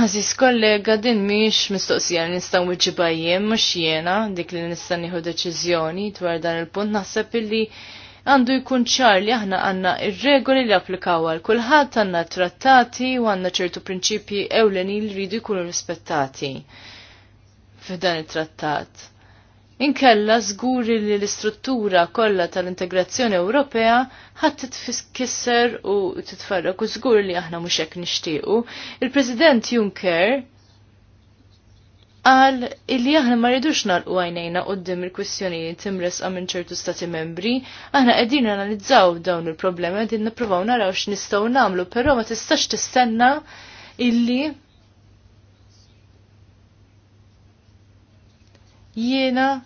Aziz kollega din miex mistoqsija li nistaw iġibajjem mux jena dik li nista' nieħu deċiżjoni dwar dan il-punt naħseb illi għandu jkun ċar li aħna għanna ir-regoli li applikaw għal kulħadd għandna trattati u għandna ċertu prinċipji ewleni li rridu jkunu rispettati f'dan it-trattat. Inkella żguri li l-istruttura kollha tal-integrazzjoni Ewropea ħadd titkisser u titfarrok u żgur li aħna mhux hekk nixtiequ. Il-President Juncker qal illi aħna ma rridux nalqu għajnejna qudiem il-kwistjonijiet imresqa minn ċertu stati membri, aħna qegħdin analizzaw dawn il-problemi qegħdin nippruvaw naraw x'nistgħu nagħmlu, però ma tistax tistenna illi jiena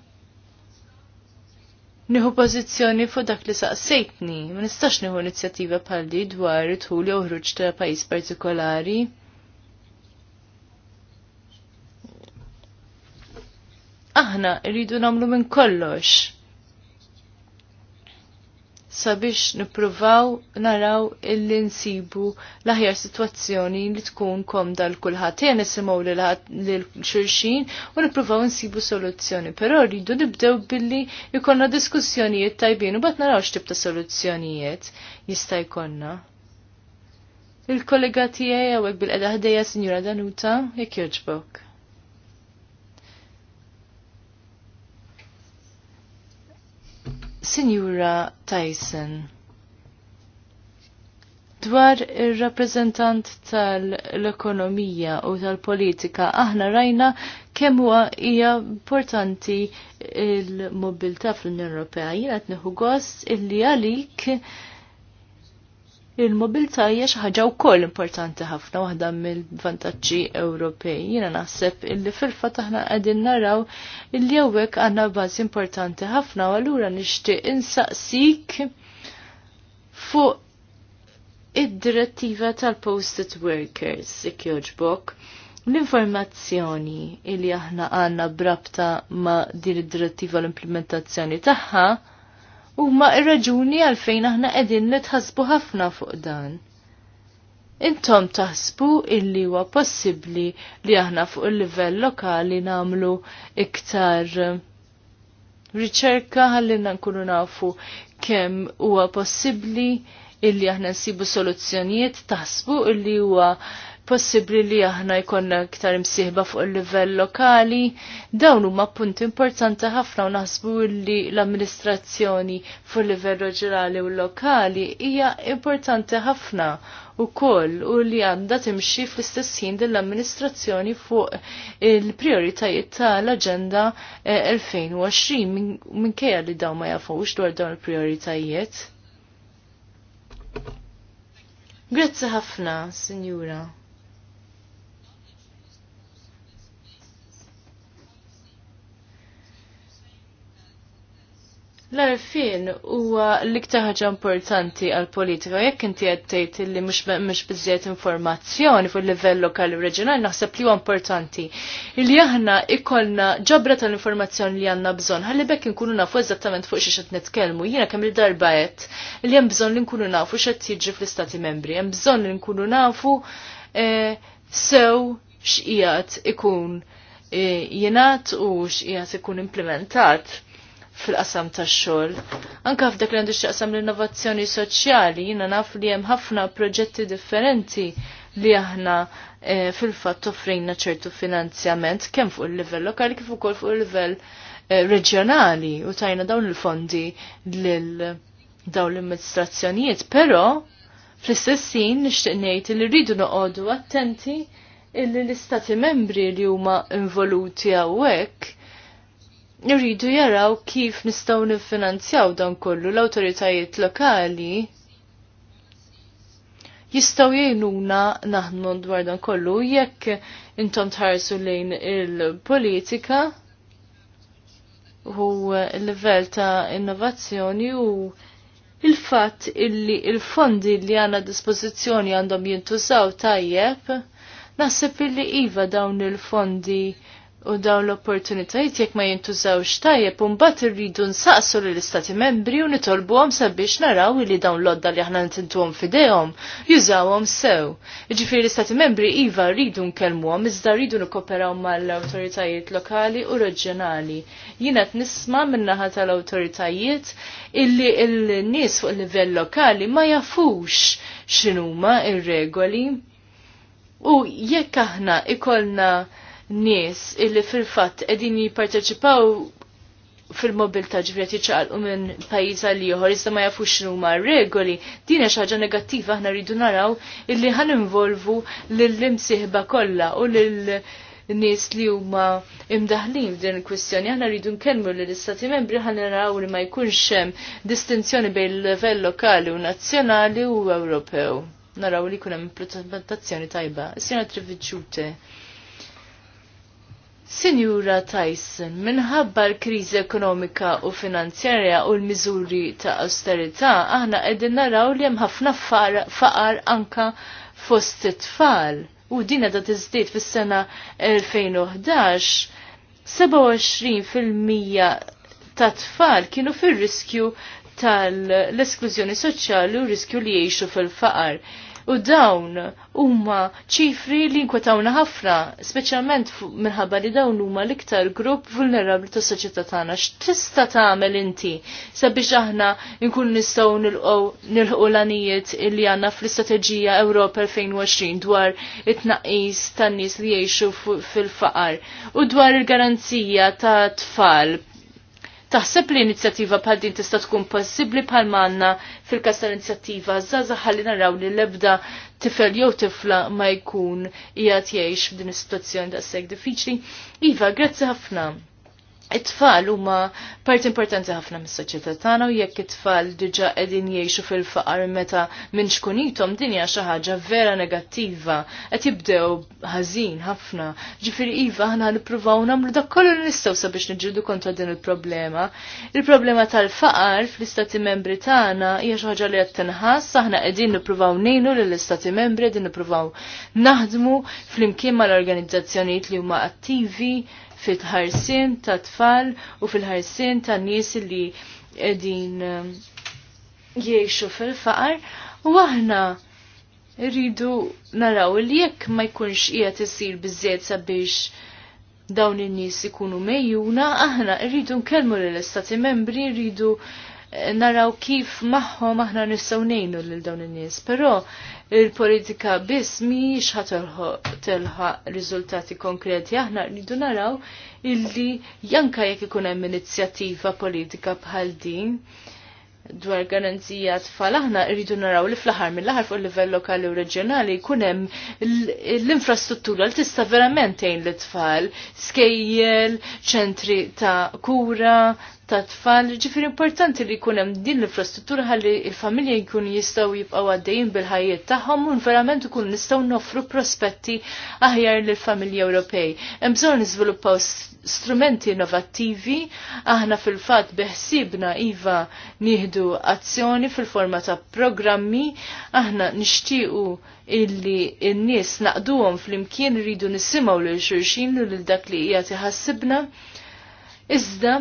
Niħu pozizjoni fuq dak li saqsejtni, ma nistax nieħu inizjattiva bħal di dwar it-tul jew ħruġ ta' pajjiż partikolari. Aħna rridu nagħmlu minn kollox sabiex nippruvaw naraw illi nsibu l-aħjar situazzjoni li tkun komda l-kulħat. Jena nisimaw l-xurxin u nippruvaw nsibu soluzzjoni. Pero rridu nibdew billi jikonna diskussjonijiet tajbin u bat naraw xtib ta' soluzzjonijiet jista' jkonna. Il-kollega tijaj għawek bil-qeda ħdeja, Signora Danuta, jek joġbok. Signora Tyson. Dwar ir-rappreżentant tal-ekonomija u tal-politika aħna rajna kemm huwa hija importanti il-mobilità fl-Unjoni Ewropea. Jiena qed nieħu gost illi għalik il mobilta hija xi ħaġa wkoll importanti ħafna waħda mill-vantaġġi Ewropej. Jiena naħseb illi fil-fatt aħna qegħdin naraw illi hawnhekk għandna bażi importanti ħafna u allura nixtieq insaqsik fuq id-direttiva tal-posted workers ikjoġbok l-informazzjoni illi aħna għandna brabta ma' din id-direttiva l-implementazzjoni tagħha huma ir-raġuni għalfejn aħna qegħdin nitħasbu ħafna fuq dan. Intom taħsbu illi huwa possibbli li aħna fuq il-livell lokali nagħmlu iktar eh, riċerka ħallinna nkunu nafu kemm huwa possibbli illi aħna nsibu soluzzjonijiet taħsbu illi huwa possibbli li aħna jkollna iktar imsieħba fuq il-livell lokali, dawn huma punti importanti ħafna u naħsbu li l-amministrazzjoni fuq il-livell reġjonali u lokali hija importanti ħafna u koll u li għanda timxi fl-istess ħin dell-amministrazzjoni fuq il-prioritajiet tal-Aġenda 2020 eh, minkejja min li dawn ma jafux dwar dawn il-prioritajiet. Grazzi ħafna, Sinjura. L-arfin huwa l-iktar ħaġa importanti għal politika jekk inti qed tgħid li mhux biżżejjed informazzjoni fuq livell lokali u reġjonali naħseb li huwa importanti. Illi aħna ikollna ġabra tal-informazzjoni li għandna bżonn ħalli bekk inkunu nafu eżattament fuq xi qed nitkellmu. Jiena kemm il-darba qed li hemm bżonn li nkunu nafu x'qed jiġri fl-Istati Membri, hemm bżonn li nkunu nafu e, sew x'qiegħed ikun e, jingħad u x'qiegħed ikun implementat fil-qasam tax-xogħol. Anke f'dak li għandu x'jaqsam l-innovazzjoni soċjali, jiena naf li hemm ħafna proġetti differenti li aħna eh, fil-fatt offrejna ċertu finanzjament kemm fuq il-livell lokali kif ukoll fuq il-livell eh, reġjonali u tajna dawn il-fondi lil dawn l-amministrazzjonijiet, però fl-istess jien nixtieq ngħid li rridu noqogħdu attenti illi l-istati membri li huma involuti hawnhekk irridu jaraw kif nistgħu niffinanzjaw dan kollu l-awtoritajiet lokali jistgħu jgħinuna naħdmu dwar dan kollu jekk intom tħarsu lejn il-politika u l-livell ta' innovazzjoni u il-fatt illi il-fondi li għanna dispożizzjoni għandhom jintużaw tajjeb naħseb illi iva dawn il-fondi u dawn l-opportunitajiet jekk ma jintużawx tajjeb u mbagħad irridu nsaqsu lill-istati membri u nitolbuhom sabiex naraw li dawn l-odda li aħna ntintuhom f'idejhom jużawhom sew. Jiġifieri l-istati membri iva rridu nkellmuhom iżda rridu nikkoperaw mal-awtoritajiet lokali u reġjonali. Jiena qed nisma' min-naħa tal-awtoritajiet illi l-nies fuq il-livell lokali ma jafux x'inhuma ir-regoli u jekk aħna ikolna nies illi fil-fatt qegħdin jipparteċipaw fil-mobilta ġifri u minn pajjiż għal ieħor iżda ma jafux x'numa regoli, dina xaġa xi ħaġa negattiva aħna rridu naraw illi ħan involvu l imsieħba kollha u lil nies li huma imdaħlin f'din il-kwistjoni. Aħna rridu nkellmu li l-istati membri ħan naraw li ma jkunx hemm distinzjoni bejn il-livell lokali u nazzjonali u Ewropew naraw li kunem implementazzjoni tajba. Sina Triviċute, Sinjura Tyson, minħabba l-kriżi ekonomika u finanzjarja u l-miżuri ta' austerità, aħna qegħdin naraw li hemm ħafna faqar anka fost it-tfal. U dina da tiżdied fis-sena 2011, 27% ta' tfal kienu fir-riskju tal-esklużjoni soċjali u riskju li jgħixu fil-faqar. U dawn huma ċifri li nkwetawna ħafna, speċjalment minħabba li dawn huma l-iktar grupp vulnerabbli tas-soċjetà tagħna. X'tista' tagħmel inti sabiex aħna nkun nistgħu nilqgħu nilħqu l-anijiet li għandna fl-Istrateġija Ewropa 2020 dwar it-tnaqqis tan-nies li jgħixu fil-faqar u dwar il-garanzija ta' tfal Taħseb li inizjattiva bħal din tista' tkun possibbli bħal manna fil-każ tal-inizjattiva żgħażha ħalli naraw li l-ebda tifel jew tifla ma jkun qiegħed jgħix f'din is-sitwazzjoni daqshekk diffiċli. Iva, grazzi ħafna it-tfal huma part importanti ħafna mis-soċjetà tagħna u jekk it-tfal diġà qegħdin jgħixu fil-faqar meta minn xkunitom dinja xi ħaġa vera negattiva qed jibdew ħażin ħafna. Ġifieri iva aħna nippruvaw nagħmlu dak kollu li nistgħu sabiex niġġieldu kontra din il-problema. Il-problema tal-faqar fl-istati membri tagħna hija xi ħaġa li qed tinħass aħna qegħdin nippruvaw ngħinu lill-istati membri qegħdin nippruvaw naħdmu flimkien mal-organizzazzjonijiet li huma attivi fil-ħarsin ta' tfal u fil-ħarsin ta' nies li edin um, jiexu fil-faqar u aħna rridu naraw li jekk ma jkunx qiegħed isir biżejjed sabiex dawn in-nies ikunu mejjuna, aħna rridu nkellmu lill-istati membri, rridu eh, naraw kif magħhom aħna nistgħu ngħinu lil dawn in-nies. Però il-politika biss miex ħatelħa riżultati konkreti. Aħna rridu naraw illi janka jekk ikun hemm inizjattiva politika bħal din dwar garanzija tfal aħna rridu naraw li fl-aħħar mill-aħħar fuq livell lokali u reġjonali jkun hemm l-infrastruttura li tista' verament tgħin l-tfal, skejjel, ċentri ta' kura, ta' tfal, ġifir importanti li jkun hemm din l-infrastruttura għalli il-familja jkun jistgħu jibqaw għaddejjin bil-ħajjiet tagħhom u verament kun nistgħu nofru prospetti aħjar lill-familji Ewropej. Mżon bżonn niżviluppaw strumenti innovattivi, aħna fil-fatt beħsibna iva nieħdu azzjoni fil-forma ta' programmi, aħna nixtiequ illi n-nies naqduhom fl-imkien rridu nisimgħu lil xulxin lil dak li hija tiħassibna. Iżda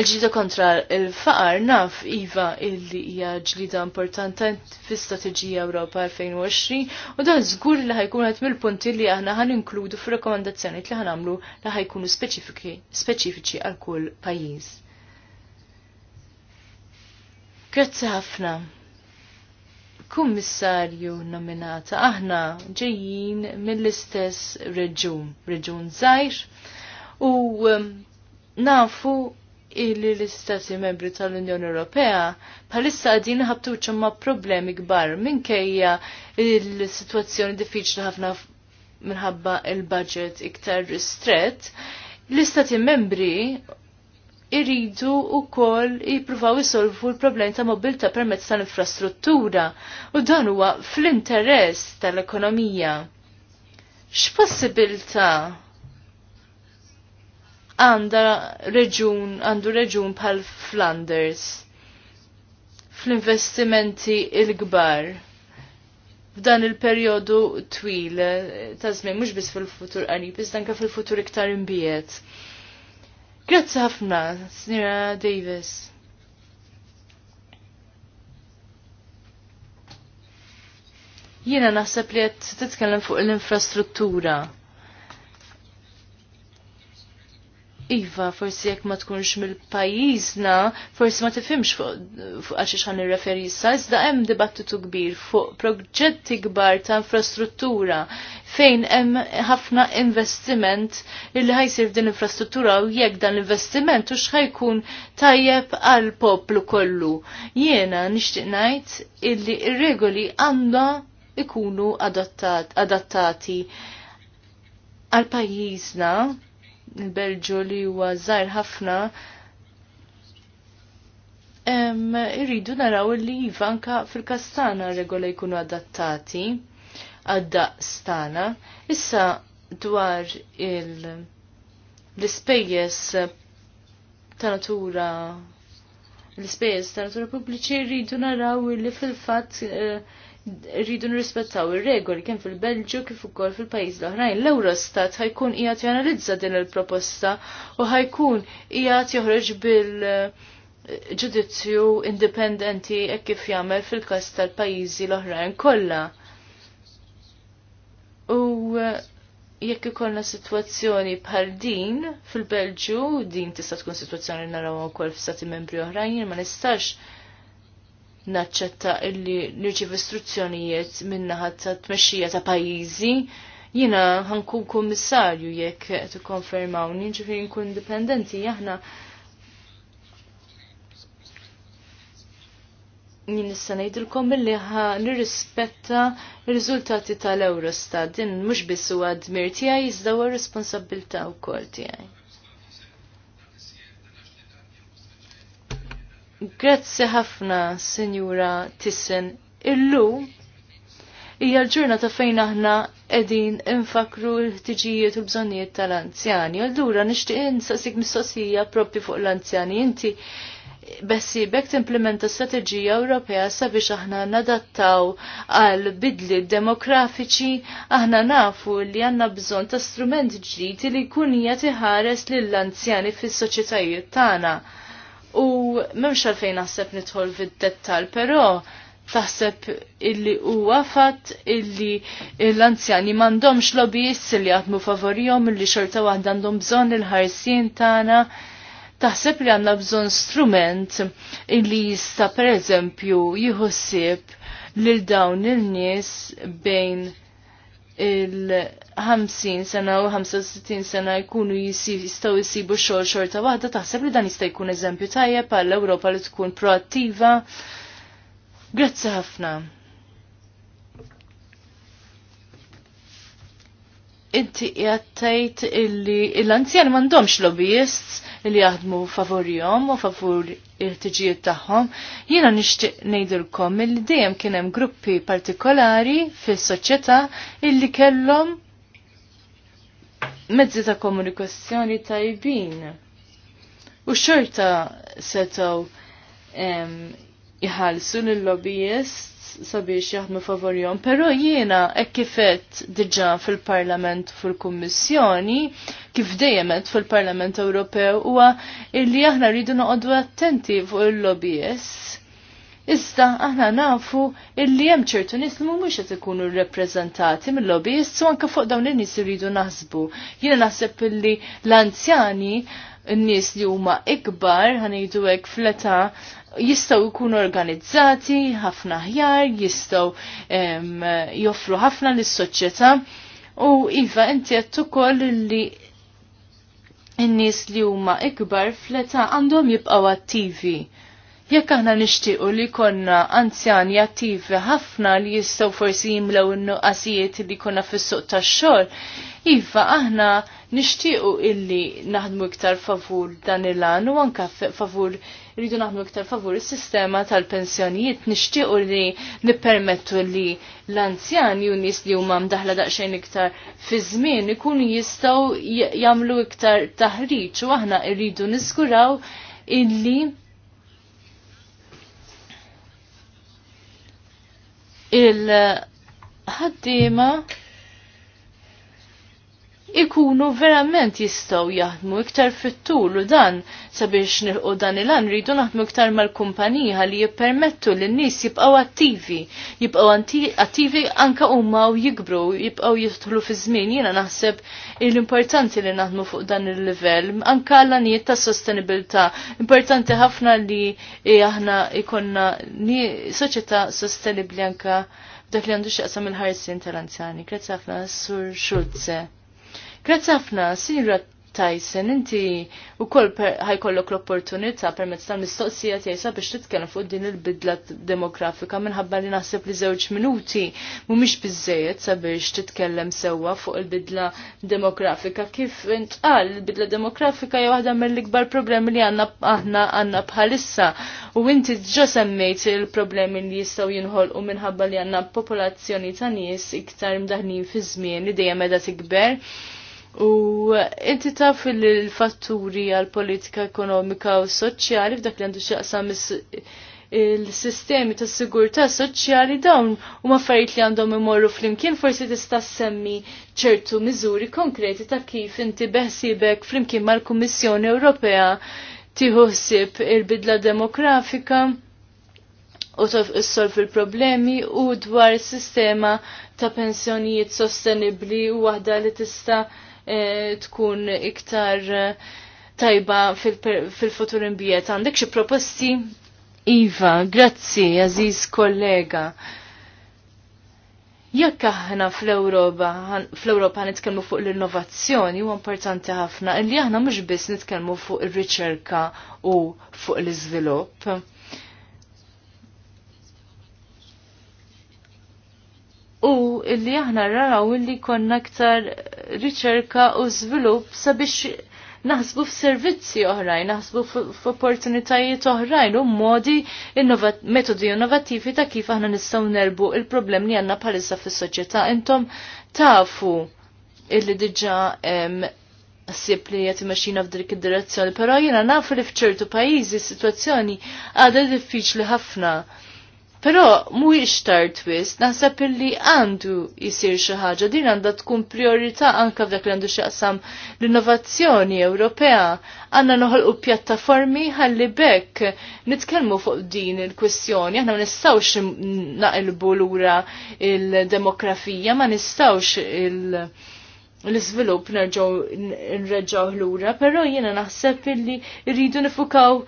Il-ġlida kontra il-faqar naf iva illi hija ġlida importanti fl-Istrateġija Ewropa 2020 u dan żgur li ħajkun qed mill-punti li aħna ħan inkludu fir-rakkomandazzjoni li ħanamlu li ħajkunu speċifiċi għal kull pajjiż. Grazzi ħafna. Kummissarju nominata aħna ġejjin mill-istess reġun, reġun żgħir u um, nafu illi l-istati membri tal-Unjoni Ewropea bħalissa għadin ħabtu ma' problemi kbar minkejja l situazzjoni diffiċli ħafna minħabba il-budget iktar ristret, l-istati membri irridu u kol jipruvaw jisolvu l problemi ta' mobilta permezz tal-infrastruttura u dan huwa fl-interess tal-ekonomija. X'possibilta' għanda reġun, għandu reġun bħal Flanders fl-investimenti il-gbar f'dan il-perjodu twil ta' żmien mhux biss fil-futur qarib, iżda anke fil-futur iktar imbiet. Grazzi ħafna, Snira Davis. Jiena naħseb li qed titkellem fuq l-infrastruttura. Iva, forsi jekk ma tkunx mill-pajjiżna, forsi ma tifhimx fuq għax xan nirreferi issa, iżda hemm dibattitu kbir fuq proġetti kbar ta' infrastruttura fejn hemm ħafna investiment illi ħajsir din infrastruttura u jekk dan l-investiment u jkun tajjeb għal poplu kollu. Jiena nixtieq ngħid illi ir-regoli għandha ikunu adattati għal pajjiżna il-Belġu li huwa żgħar ħafna irridu naraw li iva anka fil-kastana regola jkunu adattati għad-daqstana. Issa dwar l-ispejjeż ta' natura l-ispejjeż ta' natura pubbliċi rridu naraw li fil-fatt uh, rridu nirrispettaw ir-regoli kemm fil-Belġju kif ukoll fil-pajjiż l-oħrajn. L-Eurostat ħajkun qiegħed janalizza din il-proposta u ħajkun qiegħed joħroġ bil ġudizzju indipendenti e kif jagħmel fil-każ tal-pajjiżi l-oħrajn kollha. U eh, jekk ikollna sitwazzjoni bħal din fil-Belġju, din tista' tkun sitwazzjoni naraw ukoll f'stati membri oħrajn, ma nistax naċċetta illi nirċiv istruzzjonijiet minna ta' tmexxija ta' pajjiżi. Jiena ħankun kummissarju jekk qed ikkonfermawni, ġifieri nkun indipendenti aħna jien issa ngħidilkom billi nirrispetta r-riżultati tal-Eurostat. Din mhux biss huwa dmir tiegħi iżda huwa responsabilità wkoll tiegħi. Grazzi ħafna, Sinjura Tissen. Illum hija l-ġurnata fejn aħna qegħdin infakru l-ħtiġijiet u bżonnijiet tal-anzjani. Allura nixtieq insaqsik mistoqsija proprju fuq l-anzjani. Inti bessibek timplementa strateġija Ewropea sabiex aħna nadattaw għal bidli demografiċi, aħna nafu li għanna bżon ta' strument ġdid li kunija tiħares lill-anzjani fis-soċjetajiet tagħna u memx għalfejn naħseb nidħol fid-dettal, però taħseb illi huwa għafat illi l-anzjani m'għandhomx lobbyists li jaħdmu favorijom illi xorta waħda għandhom bżonn il-ħarsien tagħna. Taħseb li għandna bżonn strument illi jista' pereżempju eżempju ssieb lil dawn il-nies bejn il-50 sena u 65 sena jkunu jistaw jisibu xogħol xorta wahda taħseb li dan jista' jkun eżempju tajjeb għall Ewropa li tkun proattiva. Grazzi ħafna. Inti qiegħed illi l-anzjan m'għandhomx lobbyists, li jaħdmu favorjom u favur il-tiġijiet tagħhom. Jiena nixtieq ngħidilkom li dejjem kien hemm gruppi partikolari fis-soċjetà illi kellhom mezzi ta' komunikazzjoni tajbin. U xorta setaw jħalsu lill lobbyist sabiex jaħmu favorjom, pero jiena hekk kifet diġà fil-Parlament fil-Kummissjoni, kif dejjemet fil-Parlament Ewropew huwa illi aħna rridu noqogħdu attenti fuq il-lobbies. Iżda aħna nafu illi hemm ċertu nies li mhumiex qed ikunu rrepreżentati mill-lobbies u anke fuq dawn in-nies iridu naħsbu. Jiena naħseb illi l-anzjani n-nies li huma ikbar ħanejdu hekk fleta jistaw jkunu organizzati ħafna ħjar, jistaw joffru ħafna l-soċjetà u iva inti għattu ukoll li n-nies li huma ikbar fleta għandhom jibqgħu attivi. Jekk aħna nixtiequ li konna anzjani attivi ħafna li jistgħu forsi jimlew in-nuqqasijiet li konna fis-suq tax-xogħol, iva aħna nixtiequ illi naħdmu iktar favur dan il-għan u anka favur rridu naħdmu iktar favur is-sistema tal-pensjonijiet nixtiequ li nippermettu li l-anzjan u nies li huma mdaħla daqsxejn iktar fi żmien ikunu jistgħu jagħmlu iktar taħriġ u aħna rridu niżguraw illi il-ħaddiema il ħaddiema ikunu verament jistaw jaħdmu iktar fit-tul u dan sabiex nilqu dan il-għan rridu naħdmu iktar mal-kumpanija li jippermettu li n-nis jibqaw attivi, jibqaw attivi anka umma u jikbru, jibqaw jitħlu fi żmien jiena naħseb l-importanti li naħdmu fuq dan il-livell, anka l-għanijiet ta' sostenibilità, importanti ħafna li e, aħna ikonna soċjetà sostenibli anka dak li għandu xaqsam il-ħarsin tal-anzjani. Grazie ħafna, Sur Schulze. Grazie ħafna, signora Tyson, inti u koll ħajkollok l-opportunità permezz tal-mistoqsija tiegħi biex titkellem fuq din il-bidla demografika minħabba li naħseb li żewġ minuti mhumiex biżejjed sabiex titkellem sewwa fuq il-bidla demografika. Kif intqal il-bidla demografika hija waħda mill-ikbar problemi li għandna aħna għandna bħalissa. U inti ġo semmejt il-problemi li jistgħu jinħolqu minħabba li għandna popolazzjoni ta' nies iktar imdaħnin fi żmien li dejjem meda tikber. U inti taf il-fatturi għal-politika ekonomika u soċjali f'dak li għandu xaqsam il-sistemi ta' sigurtà soċjali dawn u affarijiet li għandhom imorru flimkien forsi tista' semmi ċertu miżuri konkreti ta' kif inti beħsibek flimkien mal-Kummissjoni Ewropea tieħu ħsieb il-bidla demografika u solf il-problemi u dwar sistema ta' pensjonijiet sostenibbli u waħda li tista' E, tkun iktar e, tajba fil-futur imbiet. Għandek xi proposti? Iva, grazzi, aziz kollega. Jekk aħna fl-Ewropa fl-Ewropa nitkellmu fuq l-innovazzjoni huwa importanti ħafna illi aħna mhux biss nitkellmu fuq ir-riċerka u fuq l-iżvilupp. U illi aħna raraw illi konna aktar riċerka u żvilupp sabiex naħsbu f'servizzi oħrajn, naħsbu f'opportunitajiet oħrajn u modi innovat metodi innovattivi ta' kif aħna nistgħu nerbu il-problem li għandna bħalissa fis-soċjetà. Intom tafu illi diġà sib li jgħati maċina f'dik id-direzzjoni, pero jena nafu li fċertu pajizi situazzjoni għada diffiċli ħafna. Però mhuwiex iċtar twist, naħseb illi għandu jisir xi ħaġa din għandha tkun priorita anke f'dak li għandu x'jaqsam l-innovazzjoni Ewropea. noħol noħolqu pjattaformi ħalli bekk nitkellmu fuq din il-kwestjoni, aħna nistawx nistgħux l lura il-demografija, ma nistawx il-, l-izvilup nerġaw l-ura, pero jena naħseb illi rridu nifukaw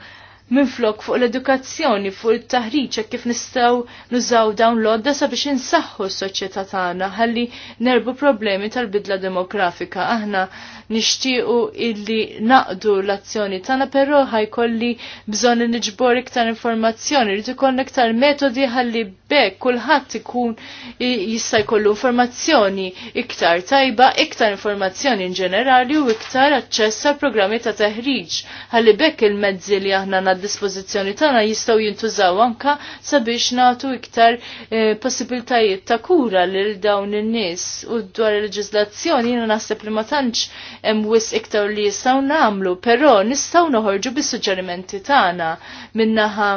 minflok fuq l-edukazzjoni, fuq il-taħriċ, kif nistaw nużaw dawn l-odda sabiex insaħħu s-soċjetà tagħna ħalli nerbu problemi tal-bidla demografika. Aħna nixtiequ illi naqdu l-azzjoni tagħna però ħajkolli bżonn niġbor iktar informazzjoni, rid ikollna iktar metodi ħalli bekk kulħadd ikun jista' jkollu informazzjoni iktar tajba, iktar informazzjoni in ġenerali u iktar aċċess għal programmi ta' teħriġ ħalli bekk il-mezzi li aħna dispożizzjoni tagħna jistgħu jintużaw anka sabiex nagħtu iktar eh, possibiltajiet ta' kura lil dawn in-nies u dwar il-leġiżlazzjoni jiena naħseb li ma tantx hemm wis iktar li jistgħu nagħmlu, però nistgħu noħorġu bis-suġġerimenti tagħna minnaħa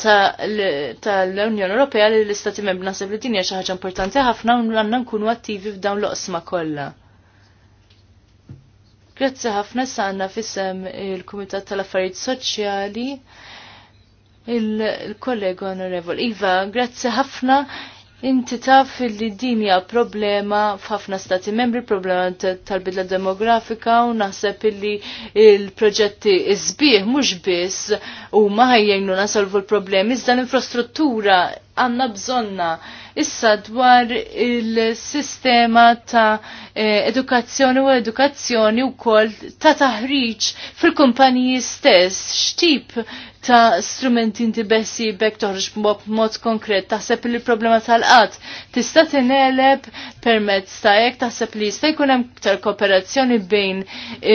tal-Unjoni Ewropea li l-Istati Membri naħseb li din hija xi ħaġa importanti ħafna u għandna nkunu attivi f'dawn l-oqsma kollha. Grazzi ħafna sanna fissem il-Kumitat tal-Affarijiet Soċjali il-kollega onorevol. Iva, grazzi ħafna. Inti taf li din hija problema f'ħafna stati membri, problema tal-bidla demografika u naħseb illi il-proġetti iżbieħ mhux biss u ma ħajjejnu nasolvu l-problemi iżda l-infrastruttura għandna bżonna Issa dwar il-sistema ta' eh, edukazzjoni u edukazzjoni u kol ta' taħriġ fil-kumpaniji stess, xtip ta' strumenti inti bessi bek toħroġ b'mod konkret, taħseb li problema tal-qatt tista' tineleb permezz ta' jekk taħseb li jista' jkun hemm iktar kooperazzjoni bejn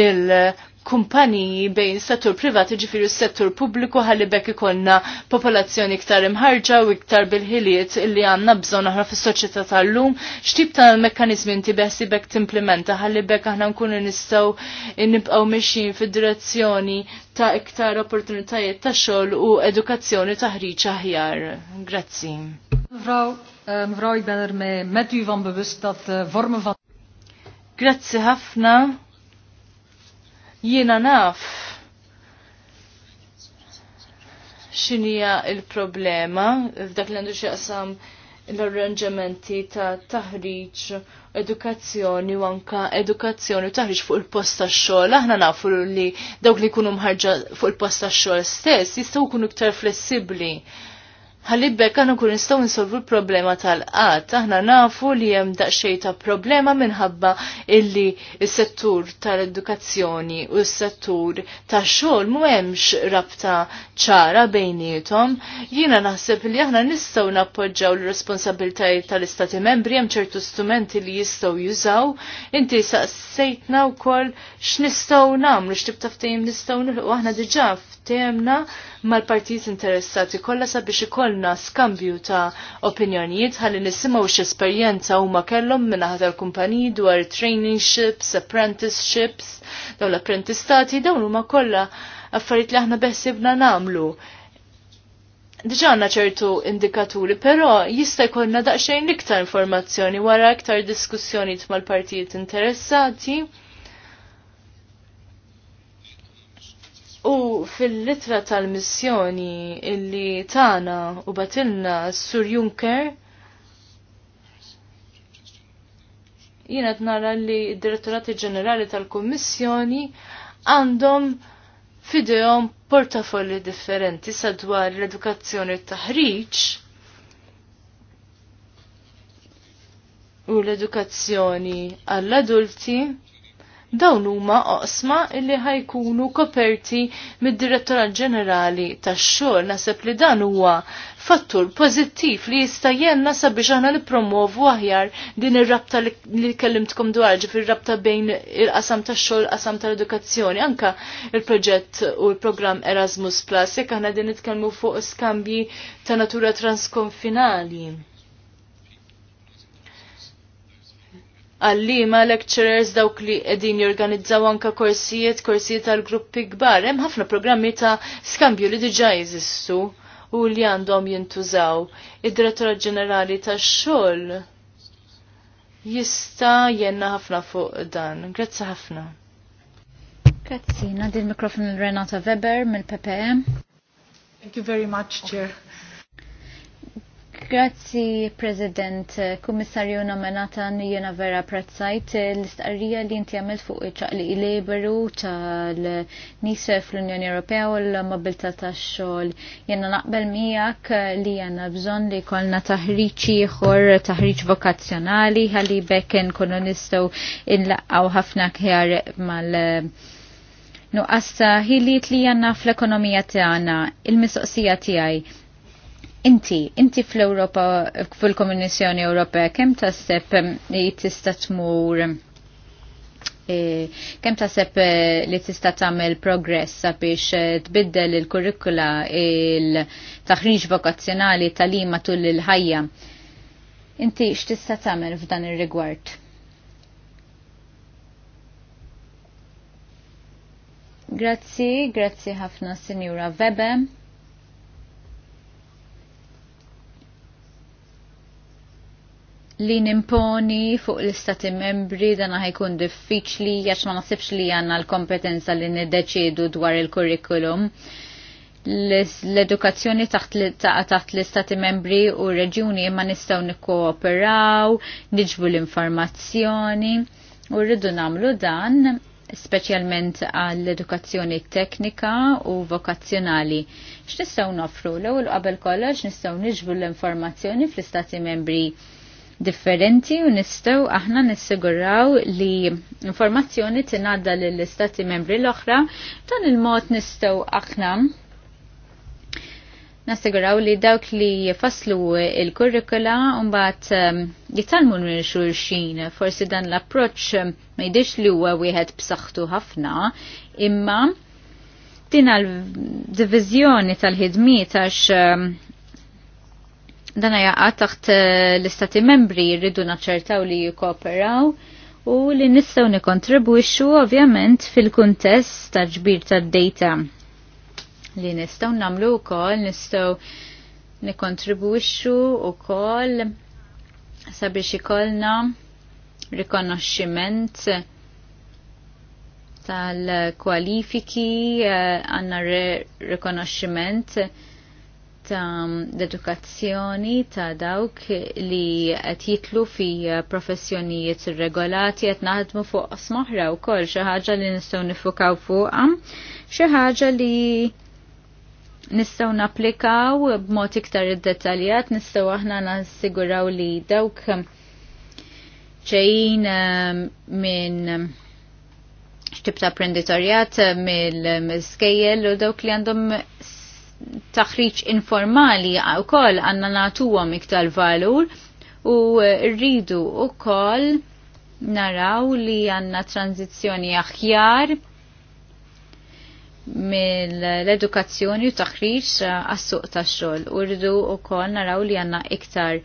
il- kumpaniji bejn settur privati ġifiri settur pubbliku ħalli bekk ikonna popolazzjoni iktar imħarġa u iktar bil-ħiliet illi għanna bżon aħna fis-soċjetà tal-lum, x'tib ta' mekkanizmi inti beħsi bekk timplementa ħalli bekk aħna nkunu nistgħu nibqaw mixjin fid-direzzjoni ta' iktar opportunitajiet ta' xogħol u edukazzjoni ta' ħriġ aħjar. Grazzi. Mevrouw, eh,
mevrouw, ik ben er met u van bewust dat eh, vormen van Grazzi ħafna.
Jiena naf xinija il-problema f'dak li għandu xieqsam l-arranġamenti ta' taħriġ, edukazzjoni u anka edukazzjoni u taħriġ fuq il-post tax-xogħol. Aħna nafu li dawk li jkunu mħarġa fuq il-post tax-xogħol stess jistgħu jkunu iktar flessibbli ħalibbek kanu kun nistaw nsolvu l-problema tal-qat. Aħna nafu li hemm daqsxejn ta' problema minħabba illi s-settur tal-edukazzjoni u s-settur tax-xogħol m'hemmx rabta ċara bejnietom. Jiena naħseb li aħna nistgħu nappoġġaw l responsabilta tal-Istati Membri hemm ċertu strumenti li jistgħu jużaw. Inti saqsejtna wkoll x'nistgħu nagħmlu x'tib taftejjem nistgħu nilħu aħna diġà temna mal-partijiet interessati kollha sabiex ikollna skambju ta' opinjonijiet ħalli nisimgħu x'esperjenza huma kellhom minn minaħa tal-kumpaniji dwar traineeships, apprenticeships, dawn l-apprentistati dawn huma kollha affarijiet li aħna beħsibna nagħmlu. Diġanna ċertu indikaturi, pero jista' jkollna daqsxejn iktar informazzjoni wara iktar diskussjonijiet mal-partijiet interessati. U fil-litra tal-missjoni illi tana u batilna Sur Juncker, jiena nara li d-Direttorati Ġenerali tal-Kommissjoni għandhom fidejhom portafolli differenti sadwar l-edukazzjoni taħriġ u l-edukazzjoni għall-adulti. Dawn huma oqsma illi ħajkunu koperti mid-Direttorat Ġenerali tax-xogħol naħseb li dan huwa fattur pozittiv li jista' jenna sabiex aħna nippromovu aħjar din ir-rabta li kellimtkom dwar ġifir rabta bejn il-qasam tax-xogħol qasam tal-edukazzjoni anka il-proġett u l-programm Erasmus Plus jekk aħna din nitkellmu fuq skambji ta' natura transkonfinali. għallima lecturers dawk li edin jorganizzaw anka korsijiet, korsijiet għal gruppi gbar. Hemm ħafna programmi ta' skambju li diġa jeżistu u li għandhom jintużaw. Id-Direttura Ġenerali ta' xogħol jista' jenna ħafna fuq dan. Grazzi ħafna.
Grazzi, nadi l-mikrofon l-Renata Weber mill-PPM. Thank you very much, Chair. Grazzi, President. Kummissarju nomenata jena vera prezzajt l-istqarrija li inti għamilt fuq ċaqli liberu tal-nis fl-Unjoni Ewropea u l-mobilta tax-xogħol. Jena naqbel miegħek li jena bżonn li kolna taħriċi ieħor taħriġ vokazzjonali ħalli bekken kunu nistgħu inlaqgħu ħafna kħjar mal- Nuqqas ħiliet li janna fl-ekonomija tagħna, il-mistoqsija tiegħi Inti, inti fl-Europa, fil-Komunizjoni Ewropea, kem taseb li tista tmur E, kem taseb e, li tista' tagħmel progress sabiex e, tbiddel il-kurrikula il-taħriġ vokazzjonali tal Lima tul il-ħajja. Inti x'tista' tagħmel f'dan ir-rigward? Grazzi, grazzi ħafna Sinjura Webem. li nimponi fuq l-istati membri dan ħajkun diffiċli għax ma nasibx li għanna l-kompetenza li nideċidu dwar il-kurrikulum. L-edukazzjoni taħt l-istati membri u reġjuni ma nistaw nikkooperaw, niġbu l-informazzjoni u rridu namlu dan specialment għall-edukazzjoni teknika u vokazzjonali. X'nistgħu nofru l-ewwel qabel kollox nistgħu niġbu l-informazzjoni fl-istati membri differenti u nistgħu aħna nissiguraw li informazzjoni tinadda lill-istati membri l-oħra dan il-mod nistgħu aħna nassiguraw li dawk li faslu il-kurrikula mbagħad um, jitalmu minn Forsi dan l-approċċ ma jidhirx li huwa wieħed b'saħħtu ħafna, imma din għal-divizjoni tal-ħidmiet għax um, Dan jaqa taħt eh, l-istati membri jirridu naċċertaw li jikoperaw u li nistgħu nikontribwixxu ovvjament fil-kuntest ta' ġbir tad-data li nistgħu nagħmlu wkoll nistgħu nikontribwixxu wkoll sabiex ikollna rikonoxximent tal-kwalifiki eh, għanna rikonoxximent -re ta' edukazzjoni ta' dawk li qed jitlu fi professjonijiet irregolati qed naħdmu fuq smaħra wkoll xi ħaġa li nistgħu nifukaw fuqha, xi ħaġa li nistgħu napplikaw b'mod iktar iddettaljat, nistgħu aħna nassiguraw li dawk ġejjin ehm, minn xtib ta' apprenditorjat mill-skejjel u dawk li għandhom taħriġ informali u koll għanna natuwom iktar valur u rridu u koll naraw li għanna tranzizjoni aħjar mill-edukazzjoni u taħriġ għas-suq tax-xogħol. u wkoll naraw li għandna iktar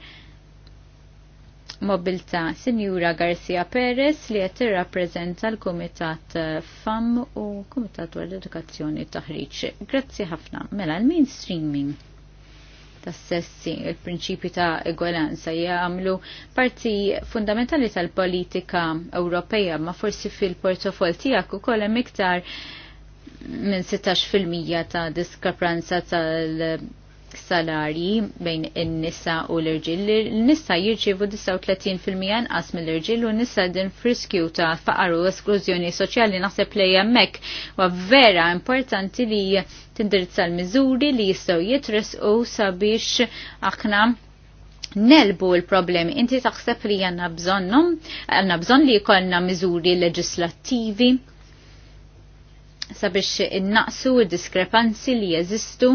mobilta Sinjura Garcia Perez li qed tirrappreżenta l-Kumitat FAM u Kumitat dwar l-Edukazzjoni Taħriċ. Grazzi ħafna. Mela l-mainstreaming ta' sessi il-prinċipju ta' egwalanza jgħamlu parti fundamentali tal-politika Ewropeja ma' forsi fil-portofol tiegħek ukoll hemm iktar minn 16% ta' diskrepanza tal- salarji bejn in-nisa u l-irġiel. L-nisa jirċivu 39% nqas mill-irġiel u n-nisa din friskju ta' faqar u esklużjoni soċjali naħseb li hemmhekk wa vera importanti li tindirizza l-miżuri li jistgħu jitresqu sabiex aħna nelbu l-problemi. Inti taħseb li għanna bżonnhom għanna bżon li jkollna miżuri leġislattivi sabiex innaqsu diskrepanzi li jeżistu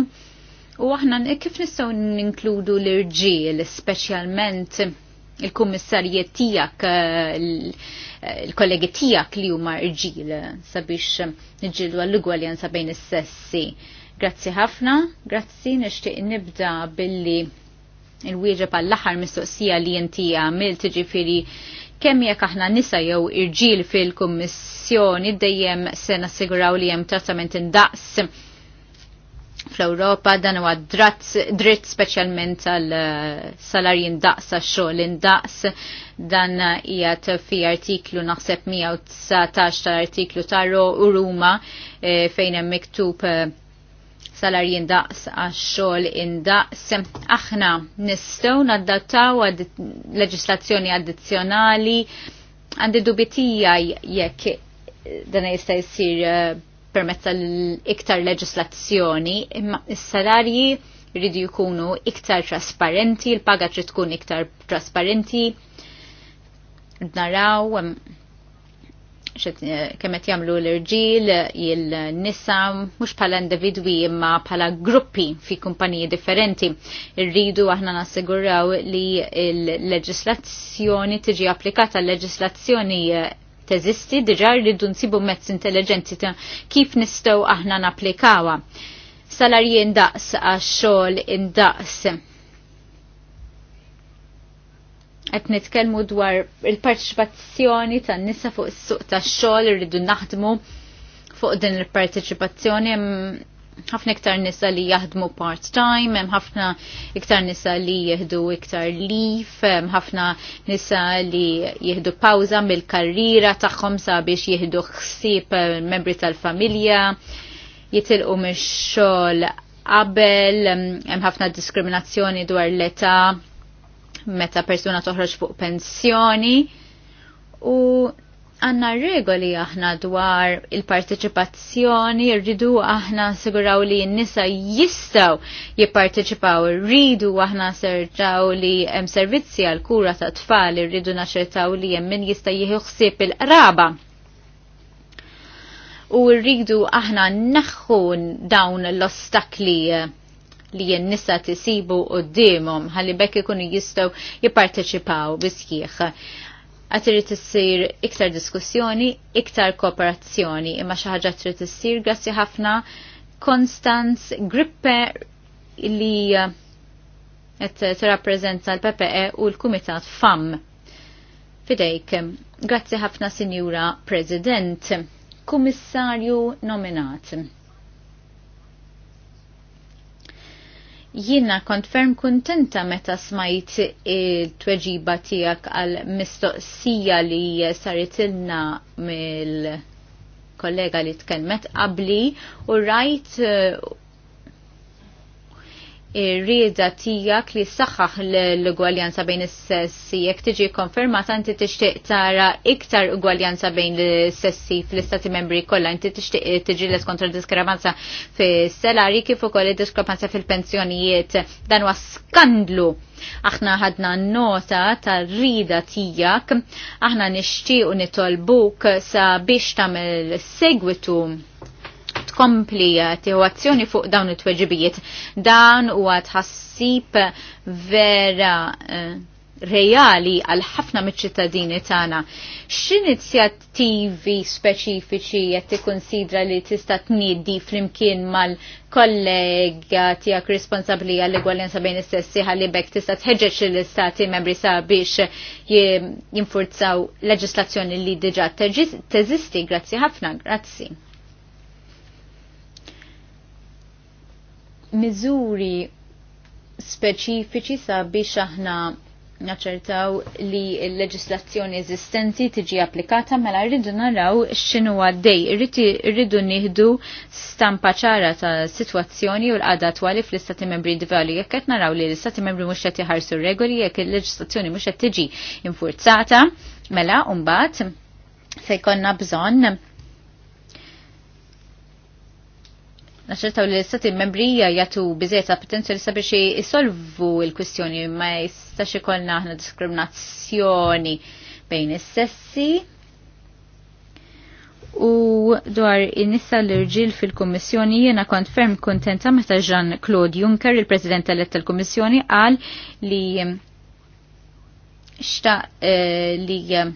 U aħna kif nistgħu ninkludu l-irġiel, speċjalment il-kummissarijiet tiegħek eh, il-kollegi tiegħek li huma irġiel sabiex niġġieldu għall-ugwaljanza bejn is-sessi. Grazzi ħafna, grazzi nixtieq nibda billi il-wieġeb għall-aħħar mistoqsija li inti għamilt tiġifieri kemm jekk aħna nisa jew irġiel fil-kummissjoni dejjem se nassiguraw li hemm trattament indaqs fl-Europa dan huwa dritt speċjalment għal eh, salarji indaqs għax xogħol indaqs dan qiegħed fi artiklu naħseb 119 tal-artiklu ta' Ruma eh, fejn hemm miktub eh, salarji indaqs għax xogħol indaqs. Aħna nistgħu naddattaw għad leġislazzjoni addizzjonali għandi dubitija jekk dan jista' jsir permezz tal-iktar leġislazzjoni, imma s-salarji rridu jkunu iktar trasparenti, il-paga trid tkun iktar trasparenti. Naraw eh, kemm qed jagħmlu l-irġiel, il-nisa mhux bħala individwi imma bħala gruppi fi kumpaniji differenti. Irridu aħna nassiguraw li l-leġislazzjoni tiġi applikata l-leġislazzjoni eh, teżisti diġà rridu nsibu mezz intelligenti ta' kif nistgħu aħna naplikawa. Salarji indaqs għax xogħol indaqs. Qed nitkellmu dwar il-parteċipazzjoni tan-nisa fuq is-suq tax-xogħol irridu naħdmu fuq din il-parteċipazzjoni ħafna iktar nisa li jaħdmu part-time, hemm ħafna iktar nisa li jieħdu iktar leaf, hemm ħafna nisa li jieħdu pawza mill-karriera tagħhom sabiex jieħdu ħsieb eh, membri tal-familja, jitilqu mix-xogħol qabel, hemm ħafna diskriminazzjoni dwar l-età meta persuna toħroġ fuq pensjoni u għanna regoli aħna dwar il-parteċipazzjoni, rridu aħna siguraw li n-nisa jistaw jipparteċipaw, rridu aħna serġaw li jem servizzi għal kura ta' tfal, rridu naċertaw li jem min jista jħuxsib il-qraba. U rridu aħna naħħu dawn l-ostakli li jennisa tisibu u d-dimum, għalli bekk ikunu jistaw jipparteċipaw bisħieħ għat trid issir iktar diskussjoni, iktar kooperazzjoni, imma xi ħaġa trid issir grazzi ħafna Konstanz Grippe li qed eh, tirrappreżenta l-PPE u l-Kumitat FAM. Fidejk, grazzi ħafna Sinjura President, Kummissarju nominat. Jiena kont ferm kuntenta meta smajt il-tweġiba tiegħek għal mistoqsija li saritilna mill kollega li tkellmet qabli u rajt ir-rieda tijak li s-saxħax l-gwaljanza bejn is-sessi. Jek tiġi konfermata inti tixtieq tara iktar gwaljanza bejn s sessi fl-istati membri kollha, inti tixtieq tiġi les kontra diskrepanza fis-salari kif ukoll id-diskrepanza fil-pensjonijiet. Dan huwa skandlu. Aħna ħadna nota ta' rida tijak, aħna nixtiequ nitolbuk sa biex tagħmel segwitu tkompli tieħu azzjoni fuq dawn it-tweġibiet. Dan huwa tħassib vera eh, reali għal ħafna miċ-ċittadini tagħna. X'inizjattivi speċifiċi qed tikkunsidra li tista' tniedi flimkien mal-kollega tiegħek responsabbli għall-egwaljanza bejn is-sessi ħalli bekk tista' tħeġġeġ lill-istati membri sabiex jinfurzaw leġislazzjoni li diġà teżisti. Grazzi ħafna, grazzi. miżuri speċifiċi sabiex aħna naċertaw li l-leġislazzjoni eżistenti tiġi applikata mela rridu naraw x'inhu għaddej. Rridu nieħdu stampa ċara ta' sitwazzjoni u l-qada twali fl-istati membri individwali. Jekk qed naraw li l-istati membri mhux qed jħarsu regoli jekk il-leġislazzjoni mhux qed tiġi infurzata, mela mbagħad se jkollna bżonn naċċertaw li l-istati membrija jatu bizeta li sabiex jisolvu il-kwistjoni ma jistax ikollna aħna diskriminazzjoni bejn is-sessi u dwar in-nisa l-irġil fil-Kummissjoni jiena kont ferm kontenta meta Jean Claude Juncker, il-President elett tal-Kummissjoni, qal li xta eh, li eh,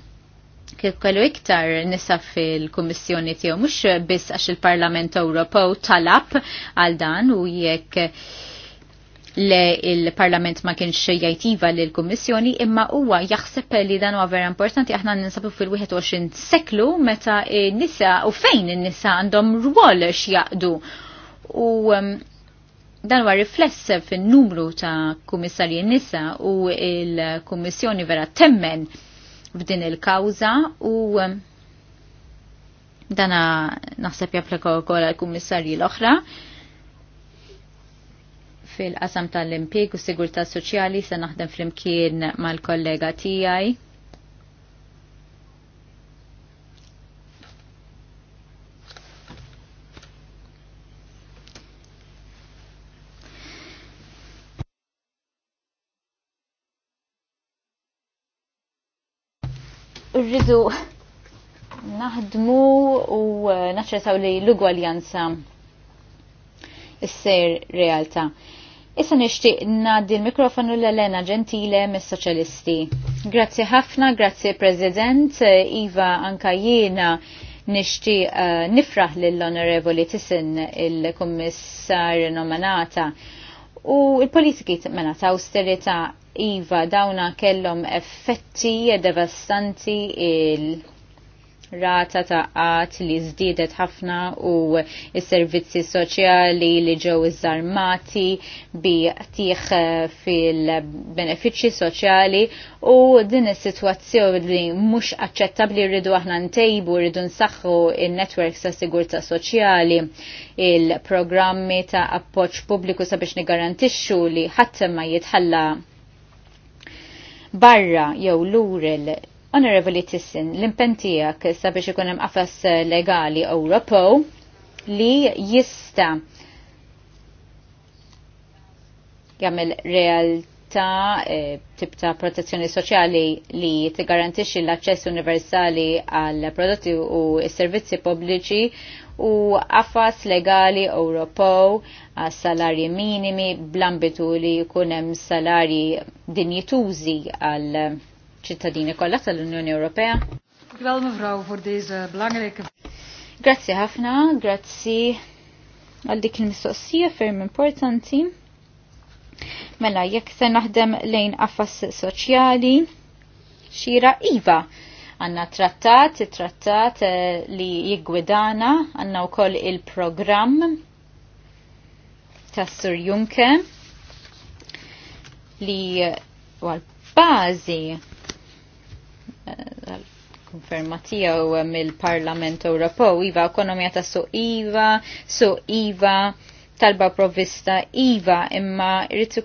kif kellu iktar nisa fil-Kummissjoni tiegħu mhux biss għax il-Parlament Ewropew talab għal dan u jekk le il-Parlament ma kienx jajtiva l kummissjoni imma huwa jaħseb li dan huwa vera importanti aħna ninsabu fil-21 seklu meta nisa u fejn in-nisa għandhom rwol x'jaqdu. U um, dan huwa rifless fin-numru ta' kummissarji nisa u il-Kummissjoni vera temmen f'din il-kawza u um, dana naħseb japplika wkoll għall-kummissarji l-oħra fil-qasam tal-impjeg u sigurtà soċjali se naħdem flimkien mal-kollega tiegħi rridu naħdmu u eh, naċċessaw li l-ugwaljanza issir realtà. Issa nixtieq ngħaddi l-mikrofonu l-Elena Gentile mis-Soċjalisti. Grazzi ħafna, grazzi President, Iva anka jiena nixtieq uh, nifraħ lill-Onorevoli Tisin il-Kummissar nominata u l-politiki mela ta' austerita Iva dawna kellhom effetti devastanti il- rata ta' qat li żdiedet ħafna u s-servizzi soċjali li ġew iżarmati bi tieħ fil-benefiċċji soċjali u din is-sitwazzjoni mhux aċċettabbli rridu aħna ntejbu rridu nsaħħu in-networks ta' sigurtà soċjali il-programmi ta' appoġġ pubbliku sabiex nigarantixxu li ħadd ma jitħalla barra jew lurel Honorable Tissin, l-impentijak sabiex ikun hemm legali Ewropew li jista jagħmel realtà tibta e, tip ta' protezzjoni soċjali li tigarantixxi l-aċċess universali għal prodotti u s-servizzi pubbliċi u qafas legali Ewropew għas minimi blambitu li jkun hemm dinjituzi dinjitużi għal ċittadini kollha tal-Unjoni Ewropea. Grazzi ħafna, grazzi għal dik il-mistoqsija ferm importanti. Mela, jekk se naħdem lejn qafas soċjali, xira iva Għanna trattat, trattat eh, li jiggwidana, għanna u koll il-program tas-Sur Junke li eh, għal-bazi eh, konfermatija u mill-Parlament Ewropew, iva ekonomija ta' so iva, su iva, talba provvista iva imma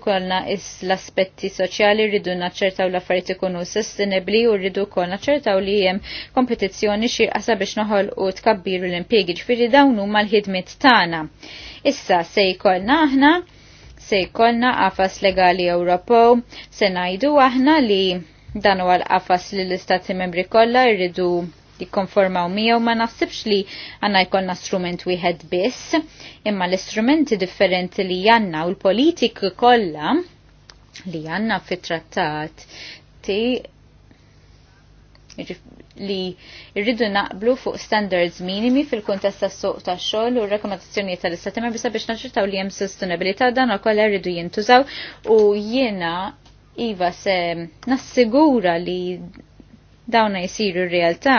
kolna is l-aspetti soċjali rridu naċċertaw l-affarijiet ikunu sostenibbli u rridu kol naċċertaw li hemm kompetizzjoni xirqa sabiex u tkabbiru l impiegi ġifieri dawn huma l-ħidmiet tagħna. Issa se jkollna aħna se jkollna għafas legali Ewropew se ngħidu aħna li dan huwa l-qafas li l-istati membri kollha jridu li konformaw miegħu ma naħsibx li għandna jkollna strument wieħed biss, imma l-istrumenti differenti li għandna u l-politik kollha li għandna fit-trattat li rridu naqblu fuq standards minimi fil-kuntest tas suq ta' xogħol u rekomendazzjonijiet tal-istati membri sabiex naċċertaw li hemm sustenabilità dan ukoll rridu jintużaw u jiena iva se nassigura li dawna jisiru r-realtà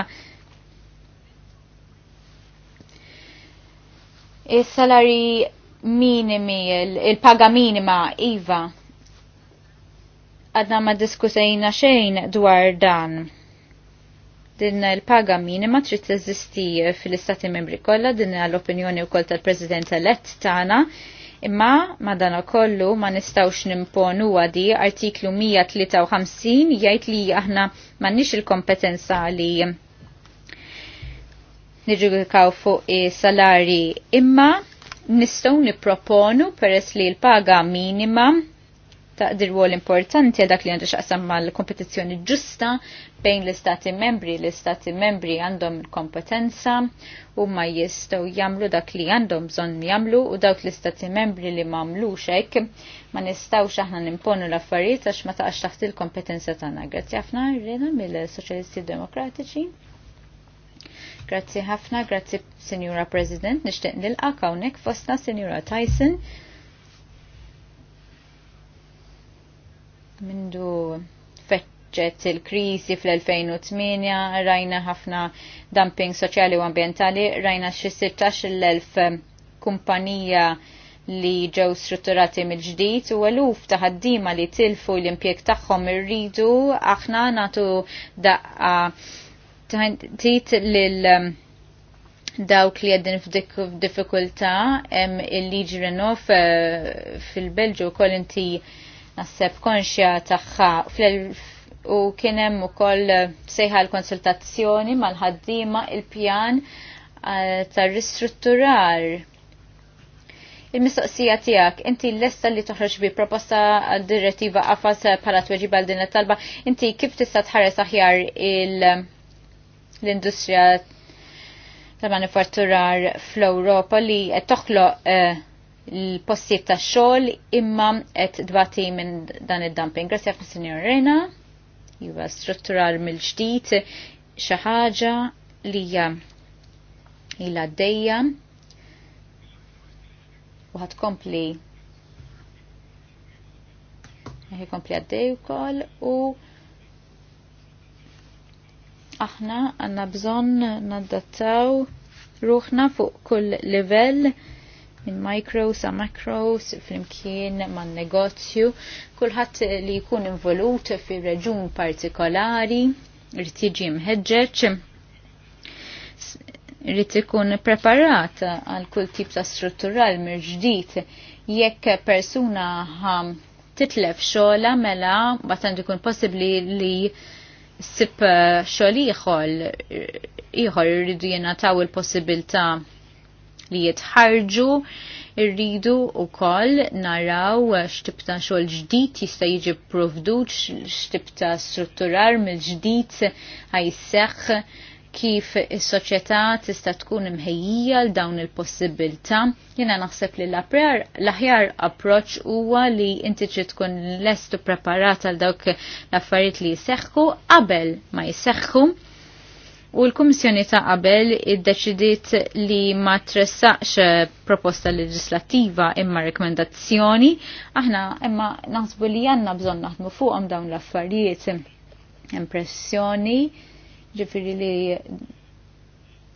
il-salari minimi, il-paga minima, Iva. Għadna ma diskusejna xejn dwar dan. Din il-paga minima trid teżisti fil-istati membri kollha, din l-opinjoni wkoll tal-President elett tagħna. Imma madana kollu ma nistawx nimponu għadi artiklu 153 jgħid li aħna m'għandniex il-kompetenza li nirġudikaw fuq salari imma nistgħu nipproponu peress li l-paga minima taqdir wol importanti dak li għandu xaqsam mal-kompetizzjoni ġusta bejn l-istati membri. L-istati membri għandhom kompetenza u ma jistaw jamlu dak li għandhom bżon jamlu u dawk l-istati membri li mlu xek ma nistaw xaħna nimponu l-affarijiet għax ma taqax taħt il-kompetenza tagħna. Grazie ħafna rrena mill-Soċjalisti Demokratiċi. Grazzi ħafna, grazzi Signora President, nishtiq nilqa kawnek fostna Signora Tyson. Mindu feċċet il-krisi fl-2008, rajna ħafna dumping soċjali u ambientali, rajna xi 16 kumpanija li ġew strutturati mill-ġdid u għaluf ta' li tilfu l-impjeg tagħhom irridu aħna nagħtu daqqa tit lil um, dawk li f'dik f'diffikultà hemm il-liġi Renof fil-Belġu wkoll inti naħseb konxja tagħha u kien hemm ukoll uh, sejħa l-konsultazzjoni mal-ħaddiema il-pjan uh, tar-ristrutturar il-mistoqsija tijak, inti l-lesta li toħroġ bi proposta direttiva għafas uh, pala tweġiba l-din talba inti kif tista tħares aħjar il- l-industrija tal-manifatturar fl-Europa li qed toħloq eh, l-postijiet ta' xogħol imma qed dbati minn dan id-dumping. Grazzi ħafna Sinjor Rena, jiva struttural mill-ġdid xi ħaġa li hija ilha dejja u ħatkompli ħikompli għaddej u koll u Aħna għanna bżon naddattaw ruħna fuq kull livell minn micro sa macro flimkien man negozju kulħadd li jkun involut fi reġun partikolari irid jiġi mħeġġeġ irid ikun preparat għal kull tip ta' struttural mir-ġdid jekk persuna titlef xola mela batan għandu jkun possibbli li, li sib eh, xogħol ieħor ieħor jena taw il possibilta li jitħarġu rridu u koll naraw xtibta xol ġdijt jista jiġi provduċ, xtibta strutturar mill ġdijt seħ kif is-soċjetà tista' tkun imħejjija l dawn il-possibilità. Jiena naħseb li l-aħjar approċ huwa li inti ġi tkun lestu preparat għal dawk l-affarijiet li jseħħu qabel ma jseħħu. U l-Kummissjoni ta' qabel iddeċidiet li ma tressaqx proposta leġislattiva imma rekomendazzjoni, aħna imma naħsbu li għandna bżonn naħdmu fuqhom dawn l-affarijiet impressjoni ġifiri li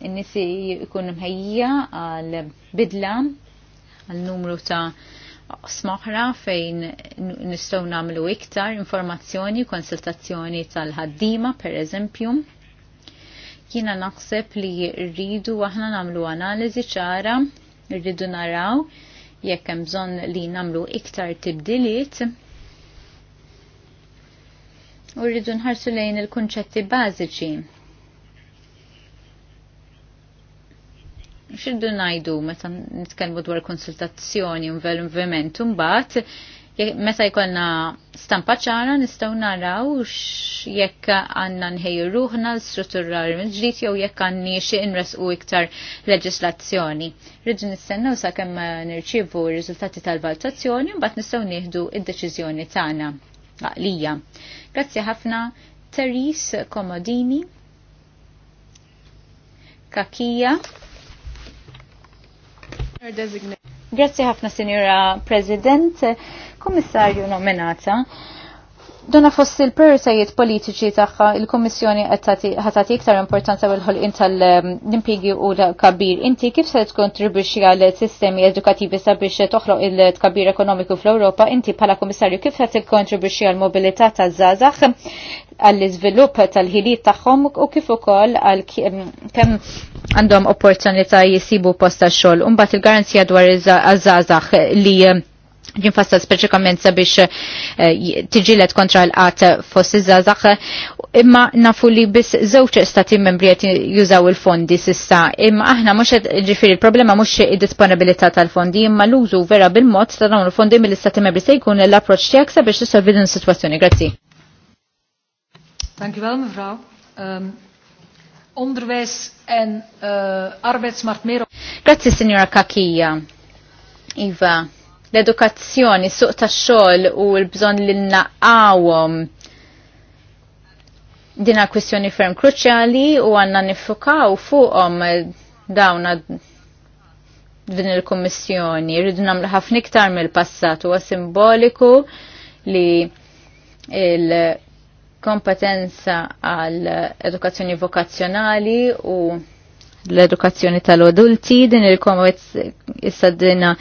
n-nisi jikun mħajja għal bidla għal numru ta' smaħra fejn nistaw namlu iktar informazzjoni, konsultazzjoni tal-ħaddima per eżempju. Jina naħseb li rridu aħna namlu analizi ċara, rridu naraw jekk hemm bżonn li namlu iktar tibdiliet u rridu nħarsu lejn il-kunċetti bażiċi. Xiddu najdu meta nitkellmu dwar konsultazzjoni u involviment imbagħad meta jkollna stampa ċara nistgħu naraw jekk għandna nħejju ruħna l-strutturar mill-ġdid jew jekk xi inresqu iktar leġislazzjoni. Rridu nistennew sakemm nirċievu r-riżultati tal-valutazzjoni mbagħad nistgħu nieħdu id-deċiżjoni tagħna għalija. Grazzi ħafna Teris Komodini, Kakija. Grazzi ħafna Signora President, Komissarju nominata. Duna fost il-prioritajiet politiċi tagħha il-Kummissjoni qed iktar importanza bil-ħolqien tal impigi u kabir. Inti kif se tkontribwixxi għal sistemi edukattivi sabiex toħloq il-tkabbir ekonomiku fl-Ewropa, inti bħala komissarju kif se tikkontribwixxi għal mobilità taż zazax għall-iżvilupp tal-ħiliet tagħhom u kif ukoll għal kemm għandhom opportunità jisibu posta xogħol. Imbagħad il-garanzija dwar iż-żgħażagħ li ġinfassa speċikament sabiex eh, tiġilet kontra l-qat fossi zazax. imma nafu li biss żewġ stati membri qed jużaw il-fondi sissa, imma aħna mhux qed il-problema mhux id-disponibilità tal-fondi, imma l-użu vera bil-mod ta' dawn il-fondi mill-istati membri se jkun l-approċċ tiegħek sabiex t-solvi din is-sitwazzjoni. Grazzi. Thank you well, mevrouw. Um, onderwijs en uh, arbeidsmarkt meer. Grazie signora Kakia. Iva l-edukazzjoni, suq ta' xogħol u l-bżonn li naqawhom dina kwestjoni ferm kruċjali u għanna nifukaw fuqhom dawna din il-kommissjoni. Rridu nagħmlu ħafna iktar mill-passat huwa simboliku li il-kompetenza għal edukazzjoni vokazzjonali u l-edukazzjoni tal-adulti din il-komwet issa dinna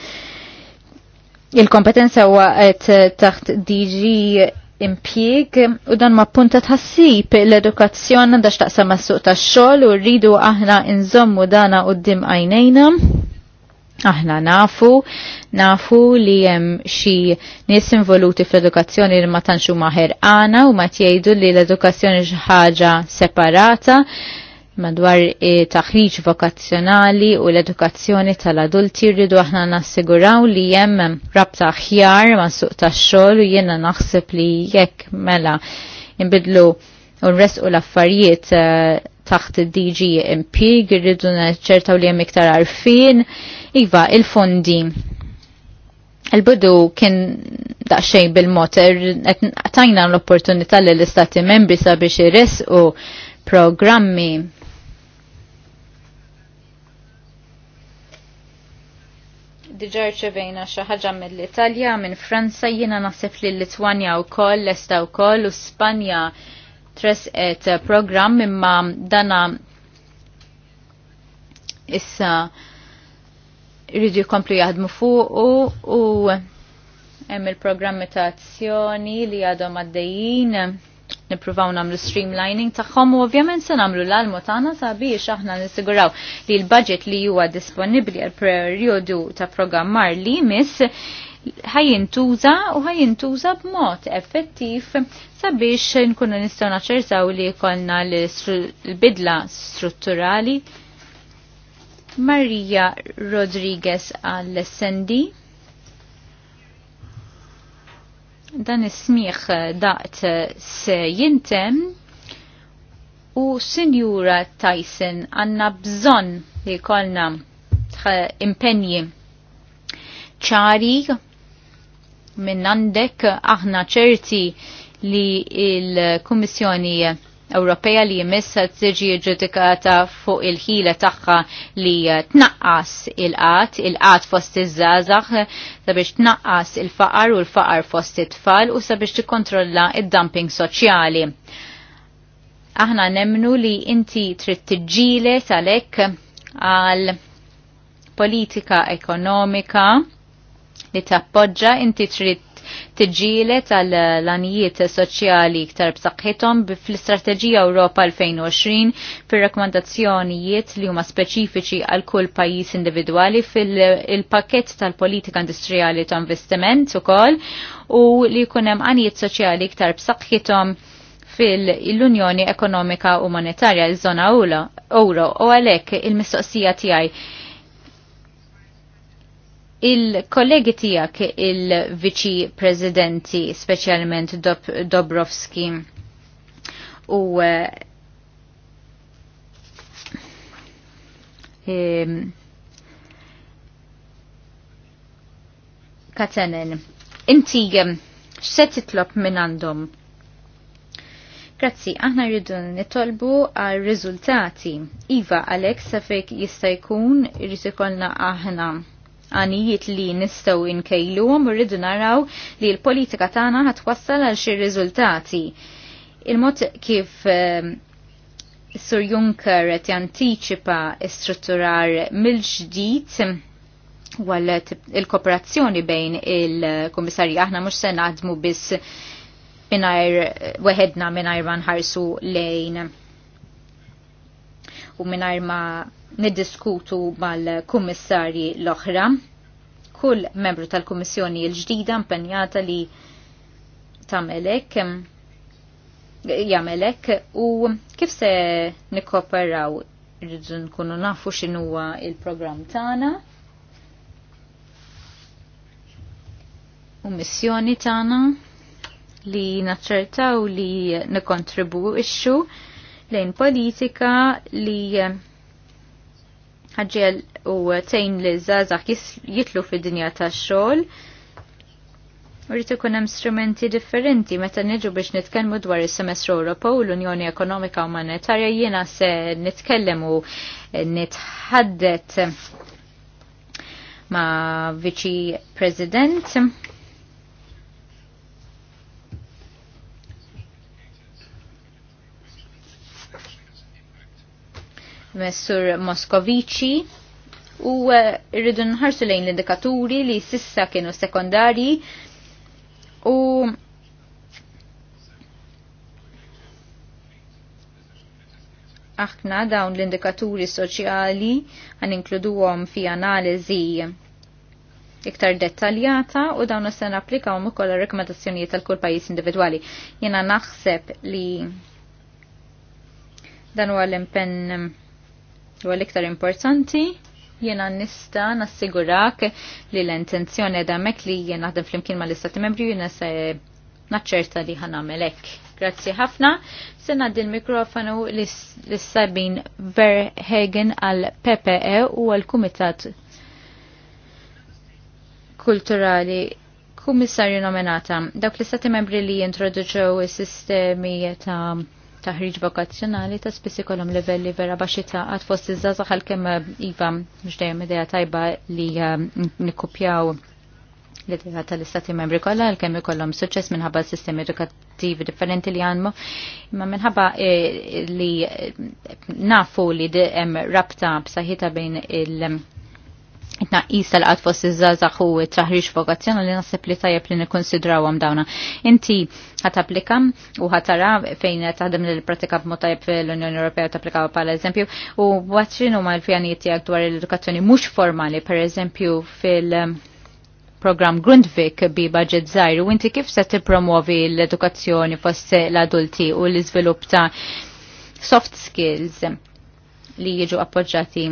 il-kompetenza huwa qed taħt DG impjieg u dan ma punta tħassib l-edukazzjoni għandha x'taqsam ma' suq tax-xogħol u rridu aħna nżommu dana quddiem għajnejna. Aħna nafu, nafu li hemm xi nies involuti fl-edukazzjoni li ma tantx huma ħerqana u ma tgħidu li l-edukazzjoni xi ħaġa separata madwar taħriġ vokazzjonali u l-edukazzjoni tal-adulti rridu aħna nassiguraw li jemm rabta aħjar ma' suq tax-xogħol u jiena naħseb li jekk mela inbidlu u nresqu l-affarijiet eh, taħt id-DG impig rridu naċċertaw li hemm iktar arfin iva il-fondi Il-bidu kien daqxej bil-mot, er, tajna l-opportunità l-istati membri sabiex irres u programmi diġa rċevejna xi ħaġa mill-Italja, minn Franza, jiena naħseb li u wkoll, l-Esta wkoll u Spanja tresqet programm imma dana issa rridu jkomplu jaħdmu fuq u hemm il-programmi ta' azzjoni li għadhom għaddejjin nippruvaw nagħmlu streamlining tagħhom u ovvjament se nagħmlu l-almu tagħna sabiex aħna nissiguraw li l-budget li huwa disponibbli għal perjodu ta' programmar li miss tuża u ħajintuża b'mod effettiv sabiex nkunu nistgħu naċċertaw li jkollna l-bidla strutturali. Maria Rodriguez għall-SND. Dan is-smieħ daqt se jintem u Sinjura Tyson għanna bżon li kolna impenji ċari minn għandek aħna ċerti li il-Kummissjoni Ewropea li jmissa tiġi ġudikata fuq il-ħila tagħha li tnaqqas il-qat, il-qat fost iż-żgħażagħ sabiex tnaqqas il-faqar u l-faqar fost it-tfal u sabiex tikkontrolla id-dumping soċjali. Aħna nemnu li inti trid tiġġielet għalhekk għal politika ekonomika li tappoġġa inti trid tiġġielet għal l-anijiet soċjali iktar b'saħħithom fl-Istrateġija Ewropa 2020 fir-rakkomandazzjonijiet li huma speċifiċi għal kull pajjiż individwali fil-pakett tal-politika industrijali ta' investiment ukoll u li jkun hemm għanijiet soċjali iktar b'saħħithom fil-Unjoni Ekonomika u Monetarja iż-żona euro u għalhekk il-mistoqsija tiegħi il-kollegi tijak il-viċi prezidenti, specialment Dob Dobrovski u um, inti xse titlob minn għandhom? Grazzi, aħna rridu nitolbu għal riżultati. Iva, Alex, sa fejk jista' jkun irrid ikollna aħna għanijiet li nistaw inkejlu u rridu naraw li l-politika tagħna wassal għal xi riżultati. Il-mod kif ehm, Sur Juncker qed jantiċipa strutturar mill-ġdid għal il-kooperazzjoni bejn il-komissarji aħna mhux se naħdmu biss mingħajr weħedna mingħajr ma nħarsu lejn u mingħajr ma niddiskutu mal-kummissarji l-oħra. Kull membru tal-Kummissjoni l-ġdida impenjata li tamelek jamelek u kif se nikoperaw rridu nkunu nafu x'inhuwa il-programm tagħna. U missjoni tagħna li naċċertaw li nikkontribwixxu lejn politika li ħagġel u tejn li zazax jitlu fid-dinja tax xogħol. Rritu kun hemm strumenti differenti meta niġu biex nitkellmu dwar is-semestru Ewropew u l-Unjoni Ekonomika u Monetarja jiena se nitkellem u nitħaddet ma' viċi President Messur Moskovici u eh, rridu nħarsu lejn l-indikaturi li sissa kienu sekondari u aħna dawn l-indikaturi soċjali għan għom fi analiżi iktar dettaljata u dawn se u ukoll rekomendazzjonijiet tal-kull pajjiż individwali. Jiena naħseb li dan huwa l-impenn u l-iktar importanti jena nista nassigurak li l-intenzjoni mek li jena naħdem fl-imkien ma l-istati membri jena se naċċerta li melek. Grazzi ħafna. Sena din l-mikrofonu l-Sabin Verhagen għal PPE u għal Kumitat Kulturali Kummissarju nominata. Dawk l-istati membri li jintroduċew is-sistemi ta' taħriġ vokazzjonali ta' spiss ikollhom livelli vera baxi ta' għad fost iż-żazax għalkemm eh, iva mhux dejjem idea tajba li eh, nikkupjaw l-idea tal-istati membri kollha għalkemm ikollhom suċċess minħabba s sistemi edukattivi differenti li għandmu, imma minħabba eh, li nafu li hemm rabta b'saħħitha bejn il- it-naqis tal-qat fost iż-żazax u t-taħriġ li naħseb li tajjeb li nikkonsidraw għam dawna. Inti applikam u ħatara fejn taħdem li l-pratika b'mod tajjeb l-Unjoni Ewropea tapplikaw bħala eżempju u waċċin ma l-pjanijiet tiegħek dwar l-edukazzjoni mhux formali, pereżempju fil- program Grundvik bi budget zaħir u inti kif se tippromovi l-edukazzjoni fost l-adulti u l-izvilup ta' soft skills li jiġu appoġġati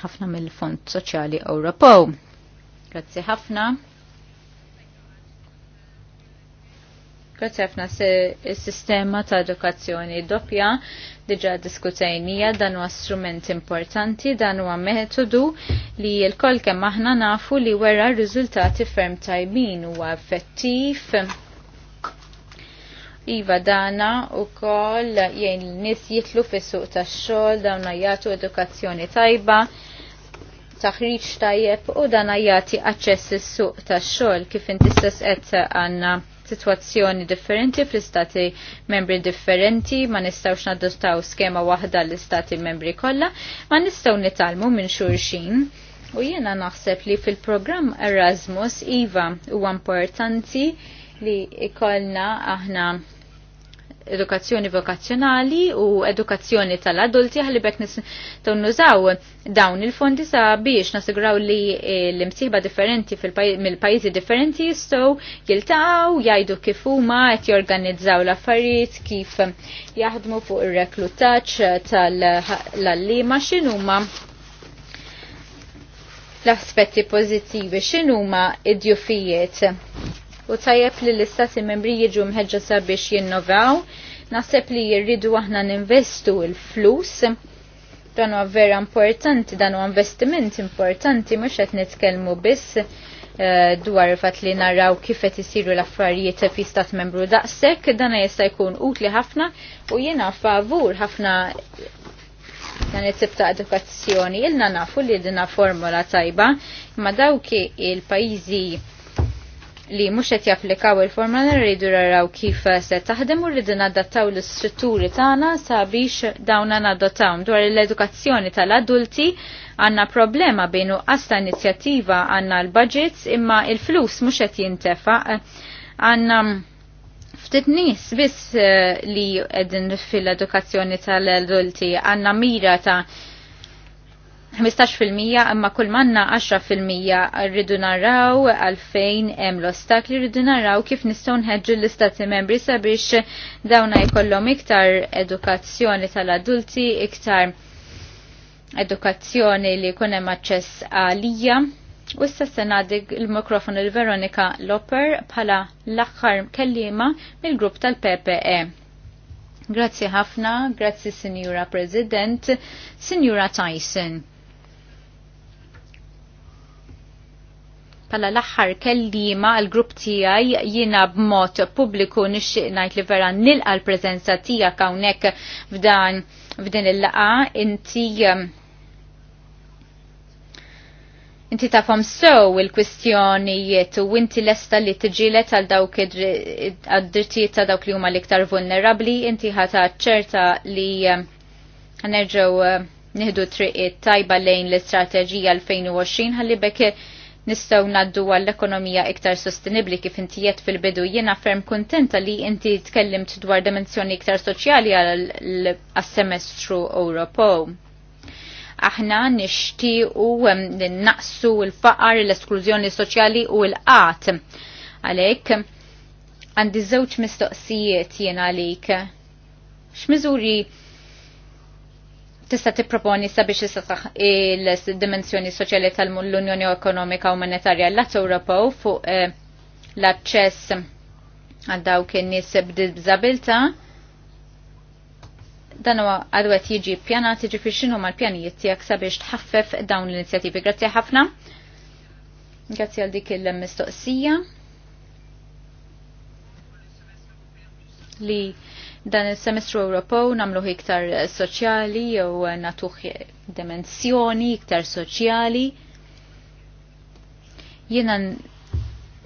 ħafna mill-Fond Soċjali Ewropew. Grazzi ħafna. Grazzi ħafna s-sistema ta' edukazzjoni doppja diġa diskutejnija dan huwa strument importanti, dan huwa metodu li l-koll kemm aħna nafu li wera r-riżultati ferm tajbin huwa effettiv Iva dana u koll jien nis jitlu fis suq tax xogħol dawn jagħtu edukazzjoni tajba taħriġ tajjeb u dan jagħti aċċess is-suq tax-xogħol kif inti stess qed għandna situazzjoni differenti fl-istati membri differenti, ma nistgħux nadottaw skema waħda l-istati membri kollha, ma nistgħu nitalmu minn xulxin. U jiena naħseb li fil-programm Erasmus Iva huwa importanti li ikollna aħna edukazzjoni vokazzjonali u edukazzjoni tal-adulti ħalibek nis nużaw dawn il-fondi biex nasiguraw li l-imsieħba differenti mill-pajjiżi differenti jistgħu jiltaw, jgħidu kif huma qed jorganizzaw l-affarijiet kif jaħdmu fuq ir-reklutaġġ tal-allima x'inhuma l-aspetti pożittivi x'inhuma id-djufijiet u tajjeb li l-istati membri jiġu mħeġġa sabiex jinnovaw. Naħseb li jirridu aħna ninvestu il-flus dan huwa vera importanti, dan huwa investiment importanti, mhux qed nitkellmu biss eh, dwar fat li narraw kif qed isiru l-affarijiet fi stat membru daqshekk, dan jista' jkun utli ħafna u jiena favur ħafna dan it-tip ta' edukazzjoni. Ilna nafu li dina formola tajba, ma dawki il-pajjiżi li mhux qed japplikaw il-formula rridu raraw kif se taħdem u rridu nadattaw l-istrutturi tagħna sabiex dawna nadattaw. dwar l-edukazzjoni tal-adulti għanna problema bejn għasta ta' inizjattiva għanna l-budgets imma il-flus mhux qed jintefa għanna ftit nis biss eh, li għedin fil-edukazzjoni tal-adulti għanna mira ta' 15% imma kull manna 10% rridu naraw għalfejn hemm l-ostakli rridu naraw kif nistgħu nħeġġu l-istati membri sabiex dawna jkollhom iktar edukazzjoni tal-adulti, iktar edukazzjoni li jkun hemm aċċess għalija. U issa se nadig il-mikrofon il Veronika Loper bħala l-aħħar kellima mill-grupp tal-PPE. Grazzi ħafna, grazie Signora President, Sinjura Tyson. Pala l-axħar kellima għal-grupp tijaj jina b'mod publiku nixi ngħid li vera nilqa l-preżenza tiegħek hawnhekk f'dan f'din il-laqa inti um, inti tafhom sew il-kwistjonijiet u inti lesta li tiġilet għal dawk id-drittijiet ta' dawk li huma l-iktar vulnerabbli, inti ħata ċerta li għanerġaw um, uh, nieħdu triqiet tajba lejn l-istrateġija 2020 għalli bekk nistaw naddu għall-ekonomija iktar sostenibli kif intijiet fil-bidu jiena ferm kontenta li inti tkellimt dwar dimensjoni iktar soċjali għal-semestru Ewropew. Aħna nixtiequ naqsu l-faqar, l-esklużjoni soċjali u l-qat. Għalek, għandi żewġ mistoqsijiet jiena għalek. X'miżuri tista' tipproponi sabiex isaħħaħ il-dimensjoni soċjali tal-Unjoni Ekonomika u Monetarja l-Att Ewropew fuq eh, l-aċċess għal dawk in-nies b'diżabilità. Dan huwa għadwet jiġi tiġi jiġifieri x'inhu mal-pjanijiet tiegħek sabiex tħaffef dawn l-inizjattivi. Grazzi ħafna. Grazzi għal dik il-mistoqsija li dan il-semestru Ewropew namluħ iktar soċjali jew natuħ dimensjoni iktar soċjali. Jiena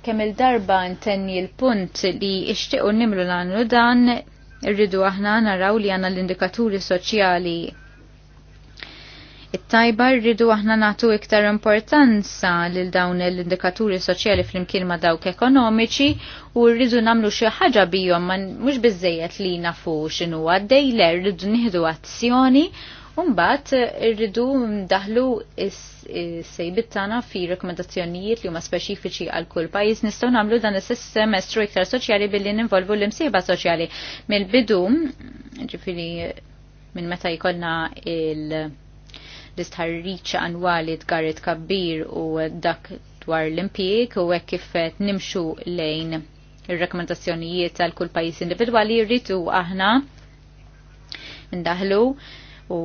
kemm il-darba ntenni l-punt li ixtiequ nimlu l dan irridu aħna naraw li għandna l-indikaturi soċjali it-tajba rridu aħna natu iktar importanza lil dawn l-indikaturi soċjali fl-imkien ma dawk ekonomiċi u rridu namlu xi ħaġa bihom ma mhux biżejjed li nafu x'inhu għaddej le rridu nieħdu azzjoni u mbagħad rridu ndaħlu s sejbit tana fi rekomendazzjonijiet li huma speċifiċi għal kull pajjiż nistgħu nagħmlu dan is-semestru iktar soċjali billi ninvolvu l-imsieba soċjali mill-bidu ġifiri minn meta jkollna il- l-istħarriċ annwali tgarret kabbir u dak dwar l-impijek u hekk kif nimxu lejn ir-rekomendazzjonijiet tal kull pajjiż individwali rritu aħna ndaħlu u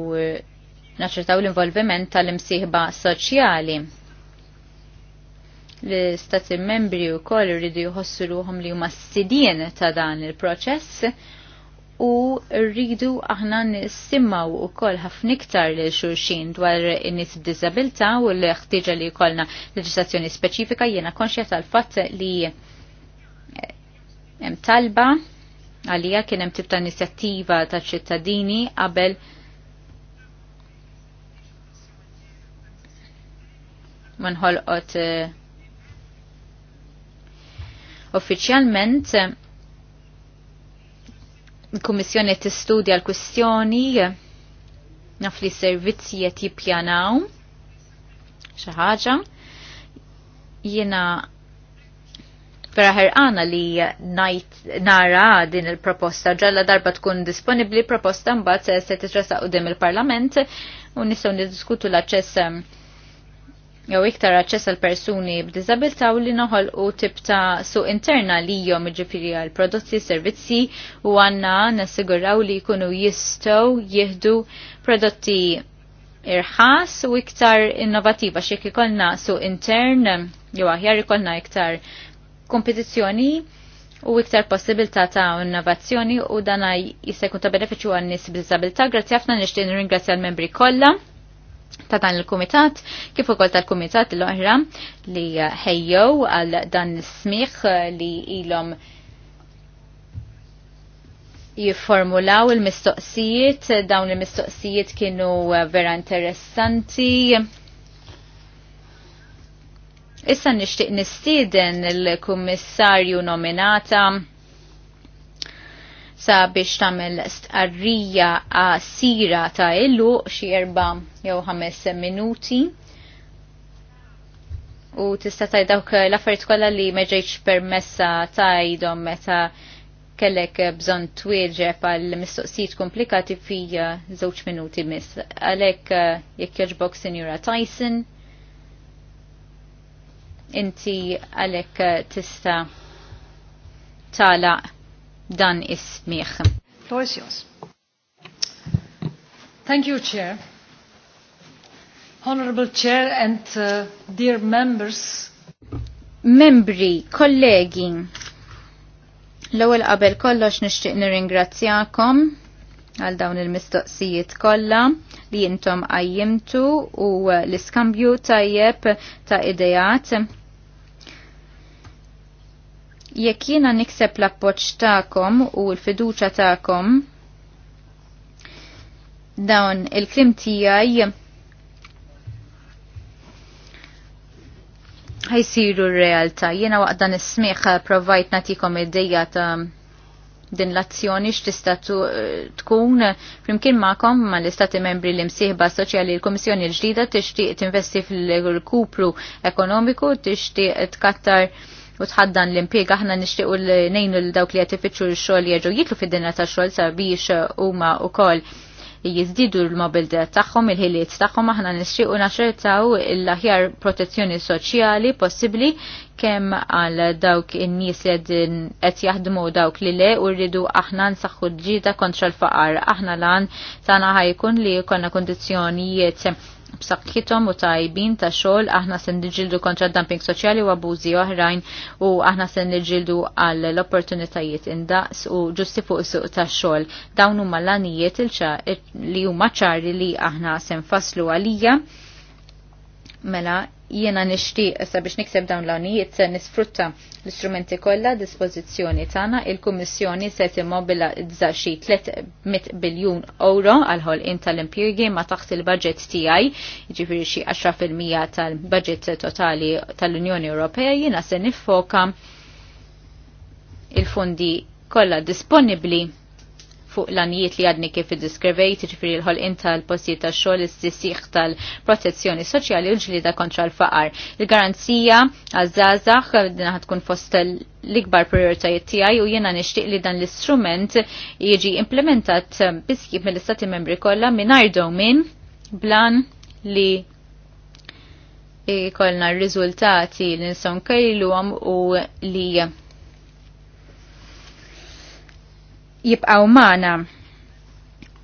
naċċertaw l-involviment tal-imsieħba soċjali l-istati membri u koll rridu jħossu ruħom li huma s-sidien ta' dan il-proċess u rridu aħna nisimmaw u koll ħafna iktar li xurxin dwar in-nies b'diżabilità u l-ħtieġa li jkollna leġislazzjoni speċifika jiena konxja tal-fatt li hemm talba għalija kien hemm tip inizjattiva ta' ċittadini qabel ma nħolqot eh, uffiċjalment uh, il-Kummissjoni tistudja l-kwistjoni naf li servizzi qed jippjanaw xi ħaġa. Jiena vera ħerqana li najt nara din il-proposta ġalla darba tkun disponibli proposta mbagħad se titrasaq qudiem il-Parlament u nistgħu niddiskutu l-aċċess jew iktar aċċess għal persuni b'diżabilità u li noħolqu tip ta' suq interna li jom ġifiri għal prodotti, servizzi u għanna nassiguraw li jkunu jistgħu jieħdu prodotti irħas u iktar innovativa xek ikolna suq intern jew aħjar ikolna iktar kompetizzjoni u iktar possibilità ta' innovazzjoni u dan jista' jkun ta' benefiċċju għan nies b'diżabilità. Grazzi ħafna nixtieq nirringrazzja l-membri kollha ta' dan il-Kumitat, kif ukoll tal-Kumitat l-oħra li ħejjew għal dan smiħ li ilhom jifformulaw il-mistoqsijiet, dawn il-mistoqsijiet kienu vera interessanti. Issa nixtieq nistiden il-kummissarju nominata sa biex tamel stqarrija għasira ta' illu xi erba jew ħames minuti u tista' taj dawk l-affarijiet kollha li ma ġejtx permessa tajdhom meta kellek bżon twieġeb għal mistoqsijiet komplikati fi uh, żewġ minuti miss. Għalek uh, jekk jogħġbok Sinjura Tyson, inti għalek uh, tista tala dan is-smieħ. Thank you, Chair.
Honorable Chair and uh, dear members.
Membri, kollegi, l-ewwel qabel kollox nixtieq nirringrazzjakom għal dawn il-mistoqsijiet kollha li intom qajjimtu u l-iskambju tajjeb ta' idejat Jekk jiena nikseb l-appoġġ tagħkom u l-fiduċja tagħkom dawn il-klim tiegħi ħajsiru r-realtà. Jiena waqt dan is-smieħ provajt nagħtikom id ta' din l-azzjoni x'tista' tkun flimkien magħkom mal-istati membri li msieħba soċjali l-Kummissjoni l-ġdida tixtieq tinvesti fil-kupru ekonomiku, tixtieq tkattar u tħaddan l-impiega aħna nixtiequ nejnu l dawk li qed ifittxu x-xogħol jitlu fid-dinja tax-xogħol sabiex uh, huma wkoll jizdidu l-mobilità tagħhom il-ħiliet tagħhom aħna nixtiequ naxertaw l-aħjar protezzjoni soċjali possibbli kemm għal dawk in-nies li qed jaħdmu dawk li le u rridu aħna nsaħħu ġida kontra l-faqar. Aħna lan sana ħajkun li jkollna kundizzjonijiet B'saqħithom u tajbin ta' xogħol aħna se niġildu kontra dumping soċjali u abużi oħrajn u aħna se niġildu għal l-opportunitajiet indaqs u ġusti fuq suq ta' xogħol. Dawn huma l-anijiet li huma ċari li aħna se nfasslu għalija mela jiena nixtieq sabiex nikseb dawn l-għonijiet se nisfrutta l-istrumenti kollha dispożizzjoni tagħna il-Kummissjoni se timmobilizza xi 300 biljun euro għal ħolqien tal-impjirgi ma taħt il-budget tiegħi, jiġifieri xi 10% tal-budget totali tal-Unjoni Ewropea jiena se niffoka il-fondi kollha disponibbli fuq l-anijiet li għadni kif id-diskrivejt, ġifiri l-ħolqin tal-postijiet tax-xogħol, is-sisiħ tal-protezzjoni soċjali u l-ġlida kontra l-faqar. Il-garanzija għaż-żgħażagħ din tkun fost l-ikbar prioritajiet tiegħi u jiena nixtieq li dan l-istrument jiġi implementat biskib mill-Istati Membri kollha mingħajr domin blan li kolna r-riżultati li nsaw nkejluhom u li jibqaw maħna.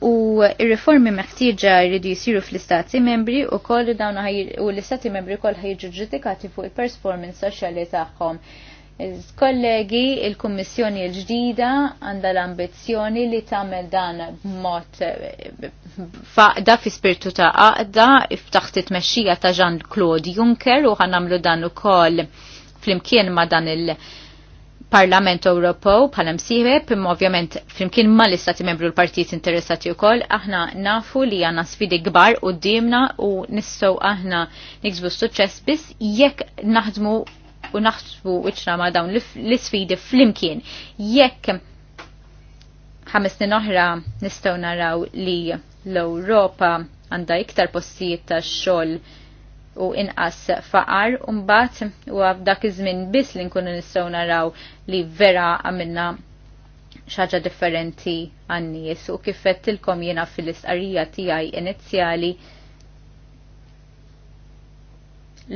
U il-reformi meħtieġa jridu jisiru fl-istati membri u koll dawna u l-istati membri koll ħajġu ġudikati fuq il-performance soċjali tagħhom. Kollegi, il-Kummissjoni l-ġdida għandha l-ambizzjoni li tagħmel dan b'mod faqda fi spirtu ta' għaqda iftaħt it-mexxija ta' Jean-Claude Juncker u ħanamlu dan ukoll flimkien ma' dan il- Parlament Ewropew bħala msieħeb imma ovvjament flimkien ma l-istati membru l-partijiet interessati wkoll aħna nafu li għandna sfidi kbar qudiemna u nistgħu aħna niksbu suċċess biss jekk naħdmu u naħsbu wiċċna ma' dawn l-isfidi flimkien. Jekk ħames snin oħra nistgħu naraw li l-Ewropa għandha iktar postijiet ta' xogħol u inqas faqar u mbagħad u f'dak iż-żmien biss li nkunu nistgħu naraw li vera għamilna xaġa differenti għan-nies u kif fettilkom jiena fil-istqarrija tiegħi inizjali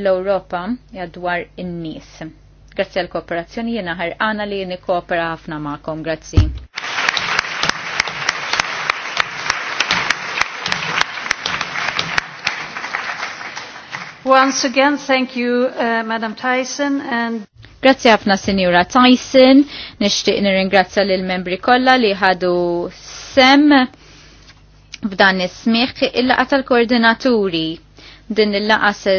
l-Ewropa jadwar in-nies. Grazzi għal kooperazzjoni jiena ħarqana li nikkoopera ħafna magħkom. Grazzi.
Once again, thank you, uh, Madam Tyson. And
Grazie ħafna Senjura Tyson, nixtieq nirringrazzja l membri kollha li ħadu sem f'dan is-smieħ il-laqa tal-koordinaturi. Din il-laqa se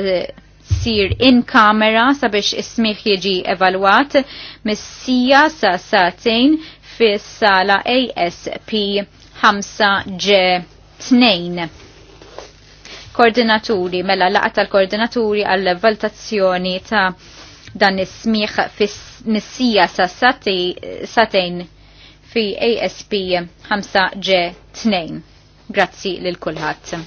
sir in kamera sabiex is jieġi jiġi evalwat mis-sija sa satin fis-sala ASP 5G 2 koordinaturi mela laqat tal-koordinaturi għall valtazzjoni ta' dan is-smieħ fis-nissija sa' satin fi ASP 5G 2. Grazzi lil kulħadd.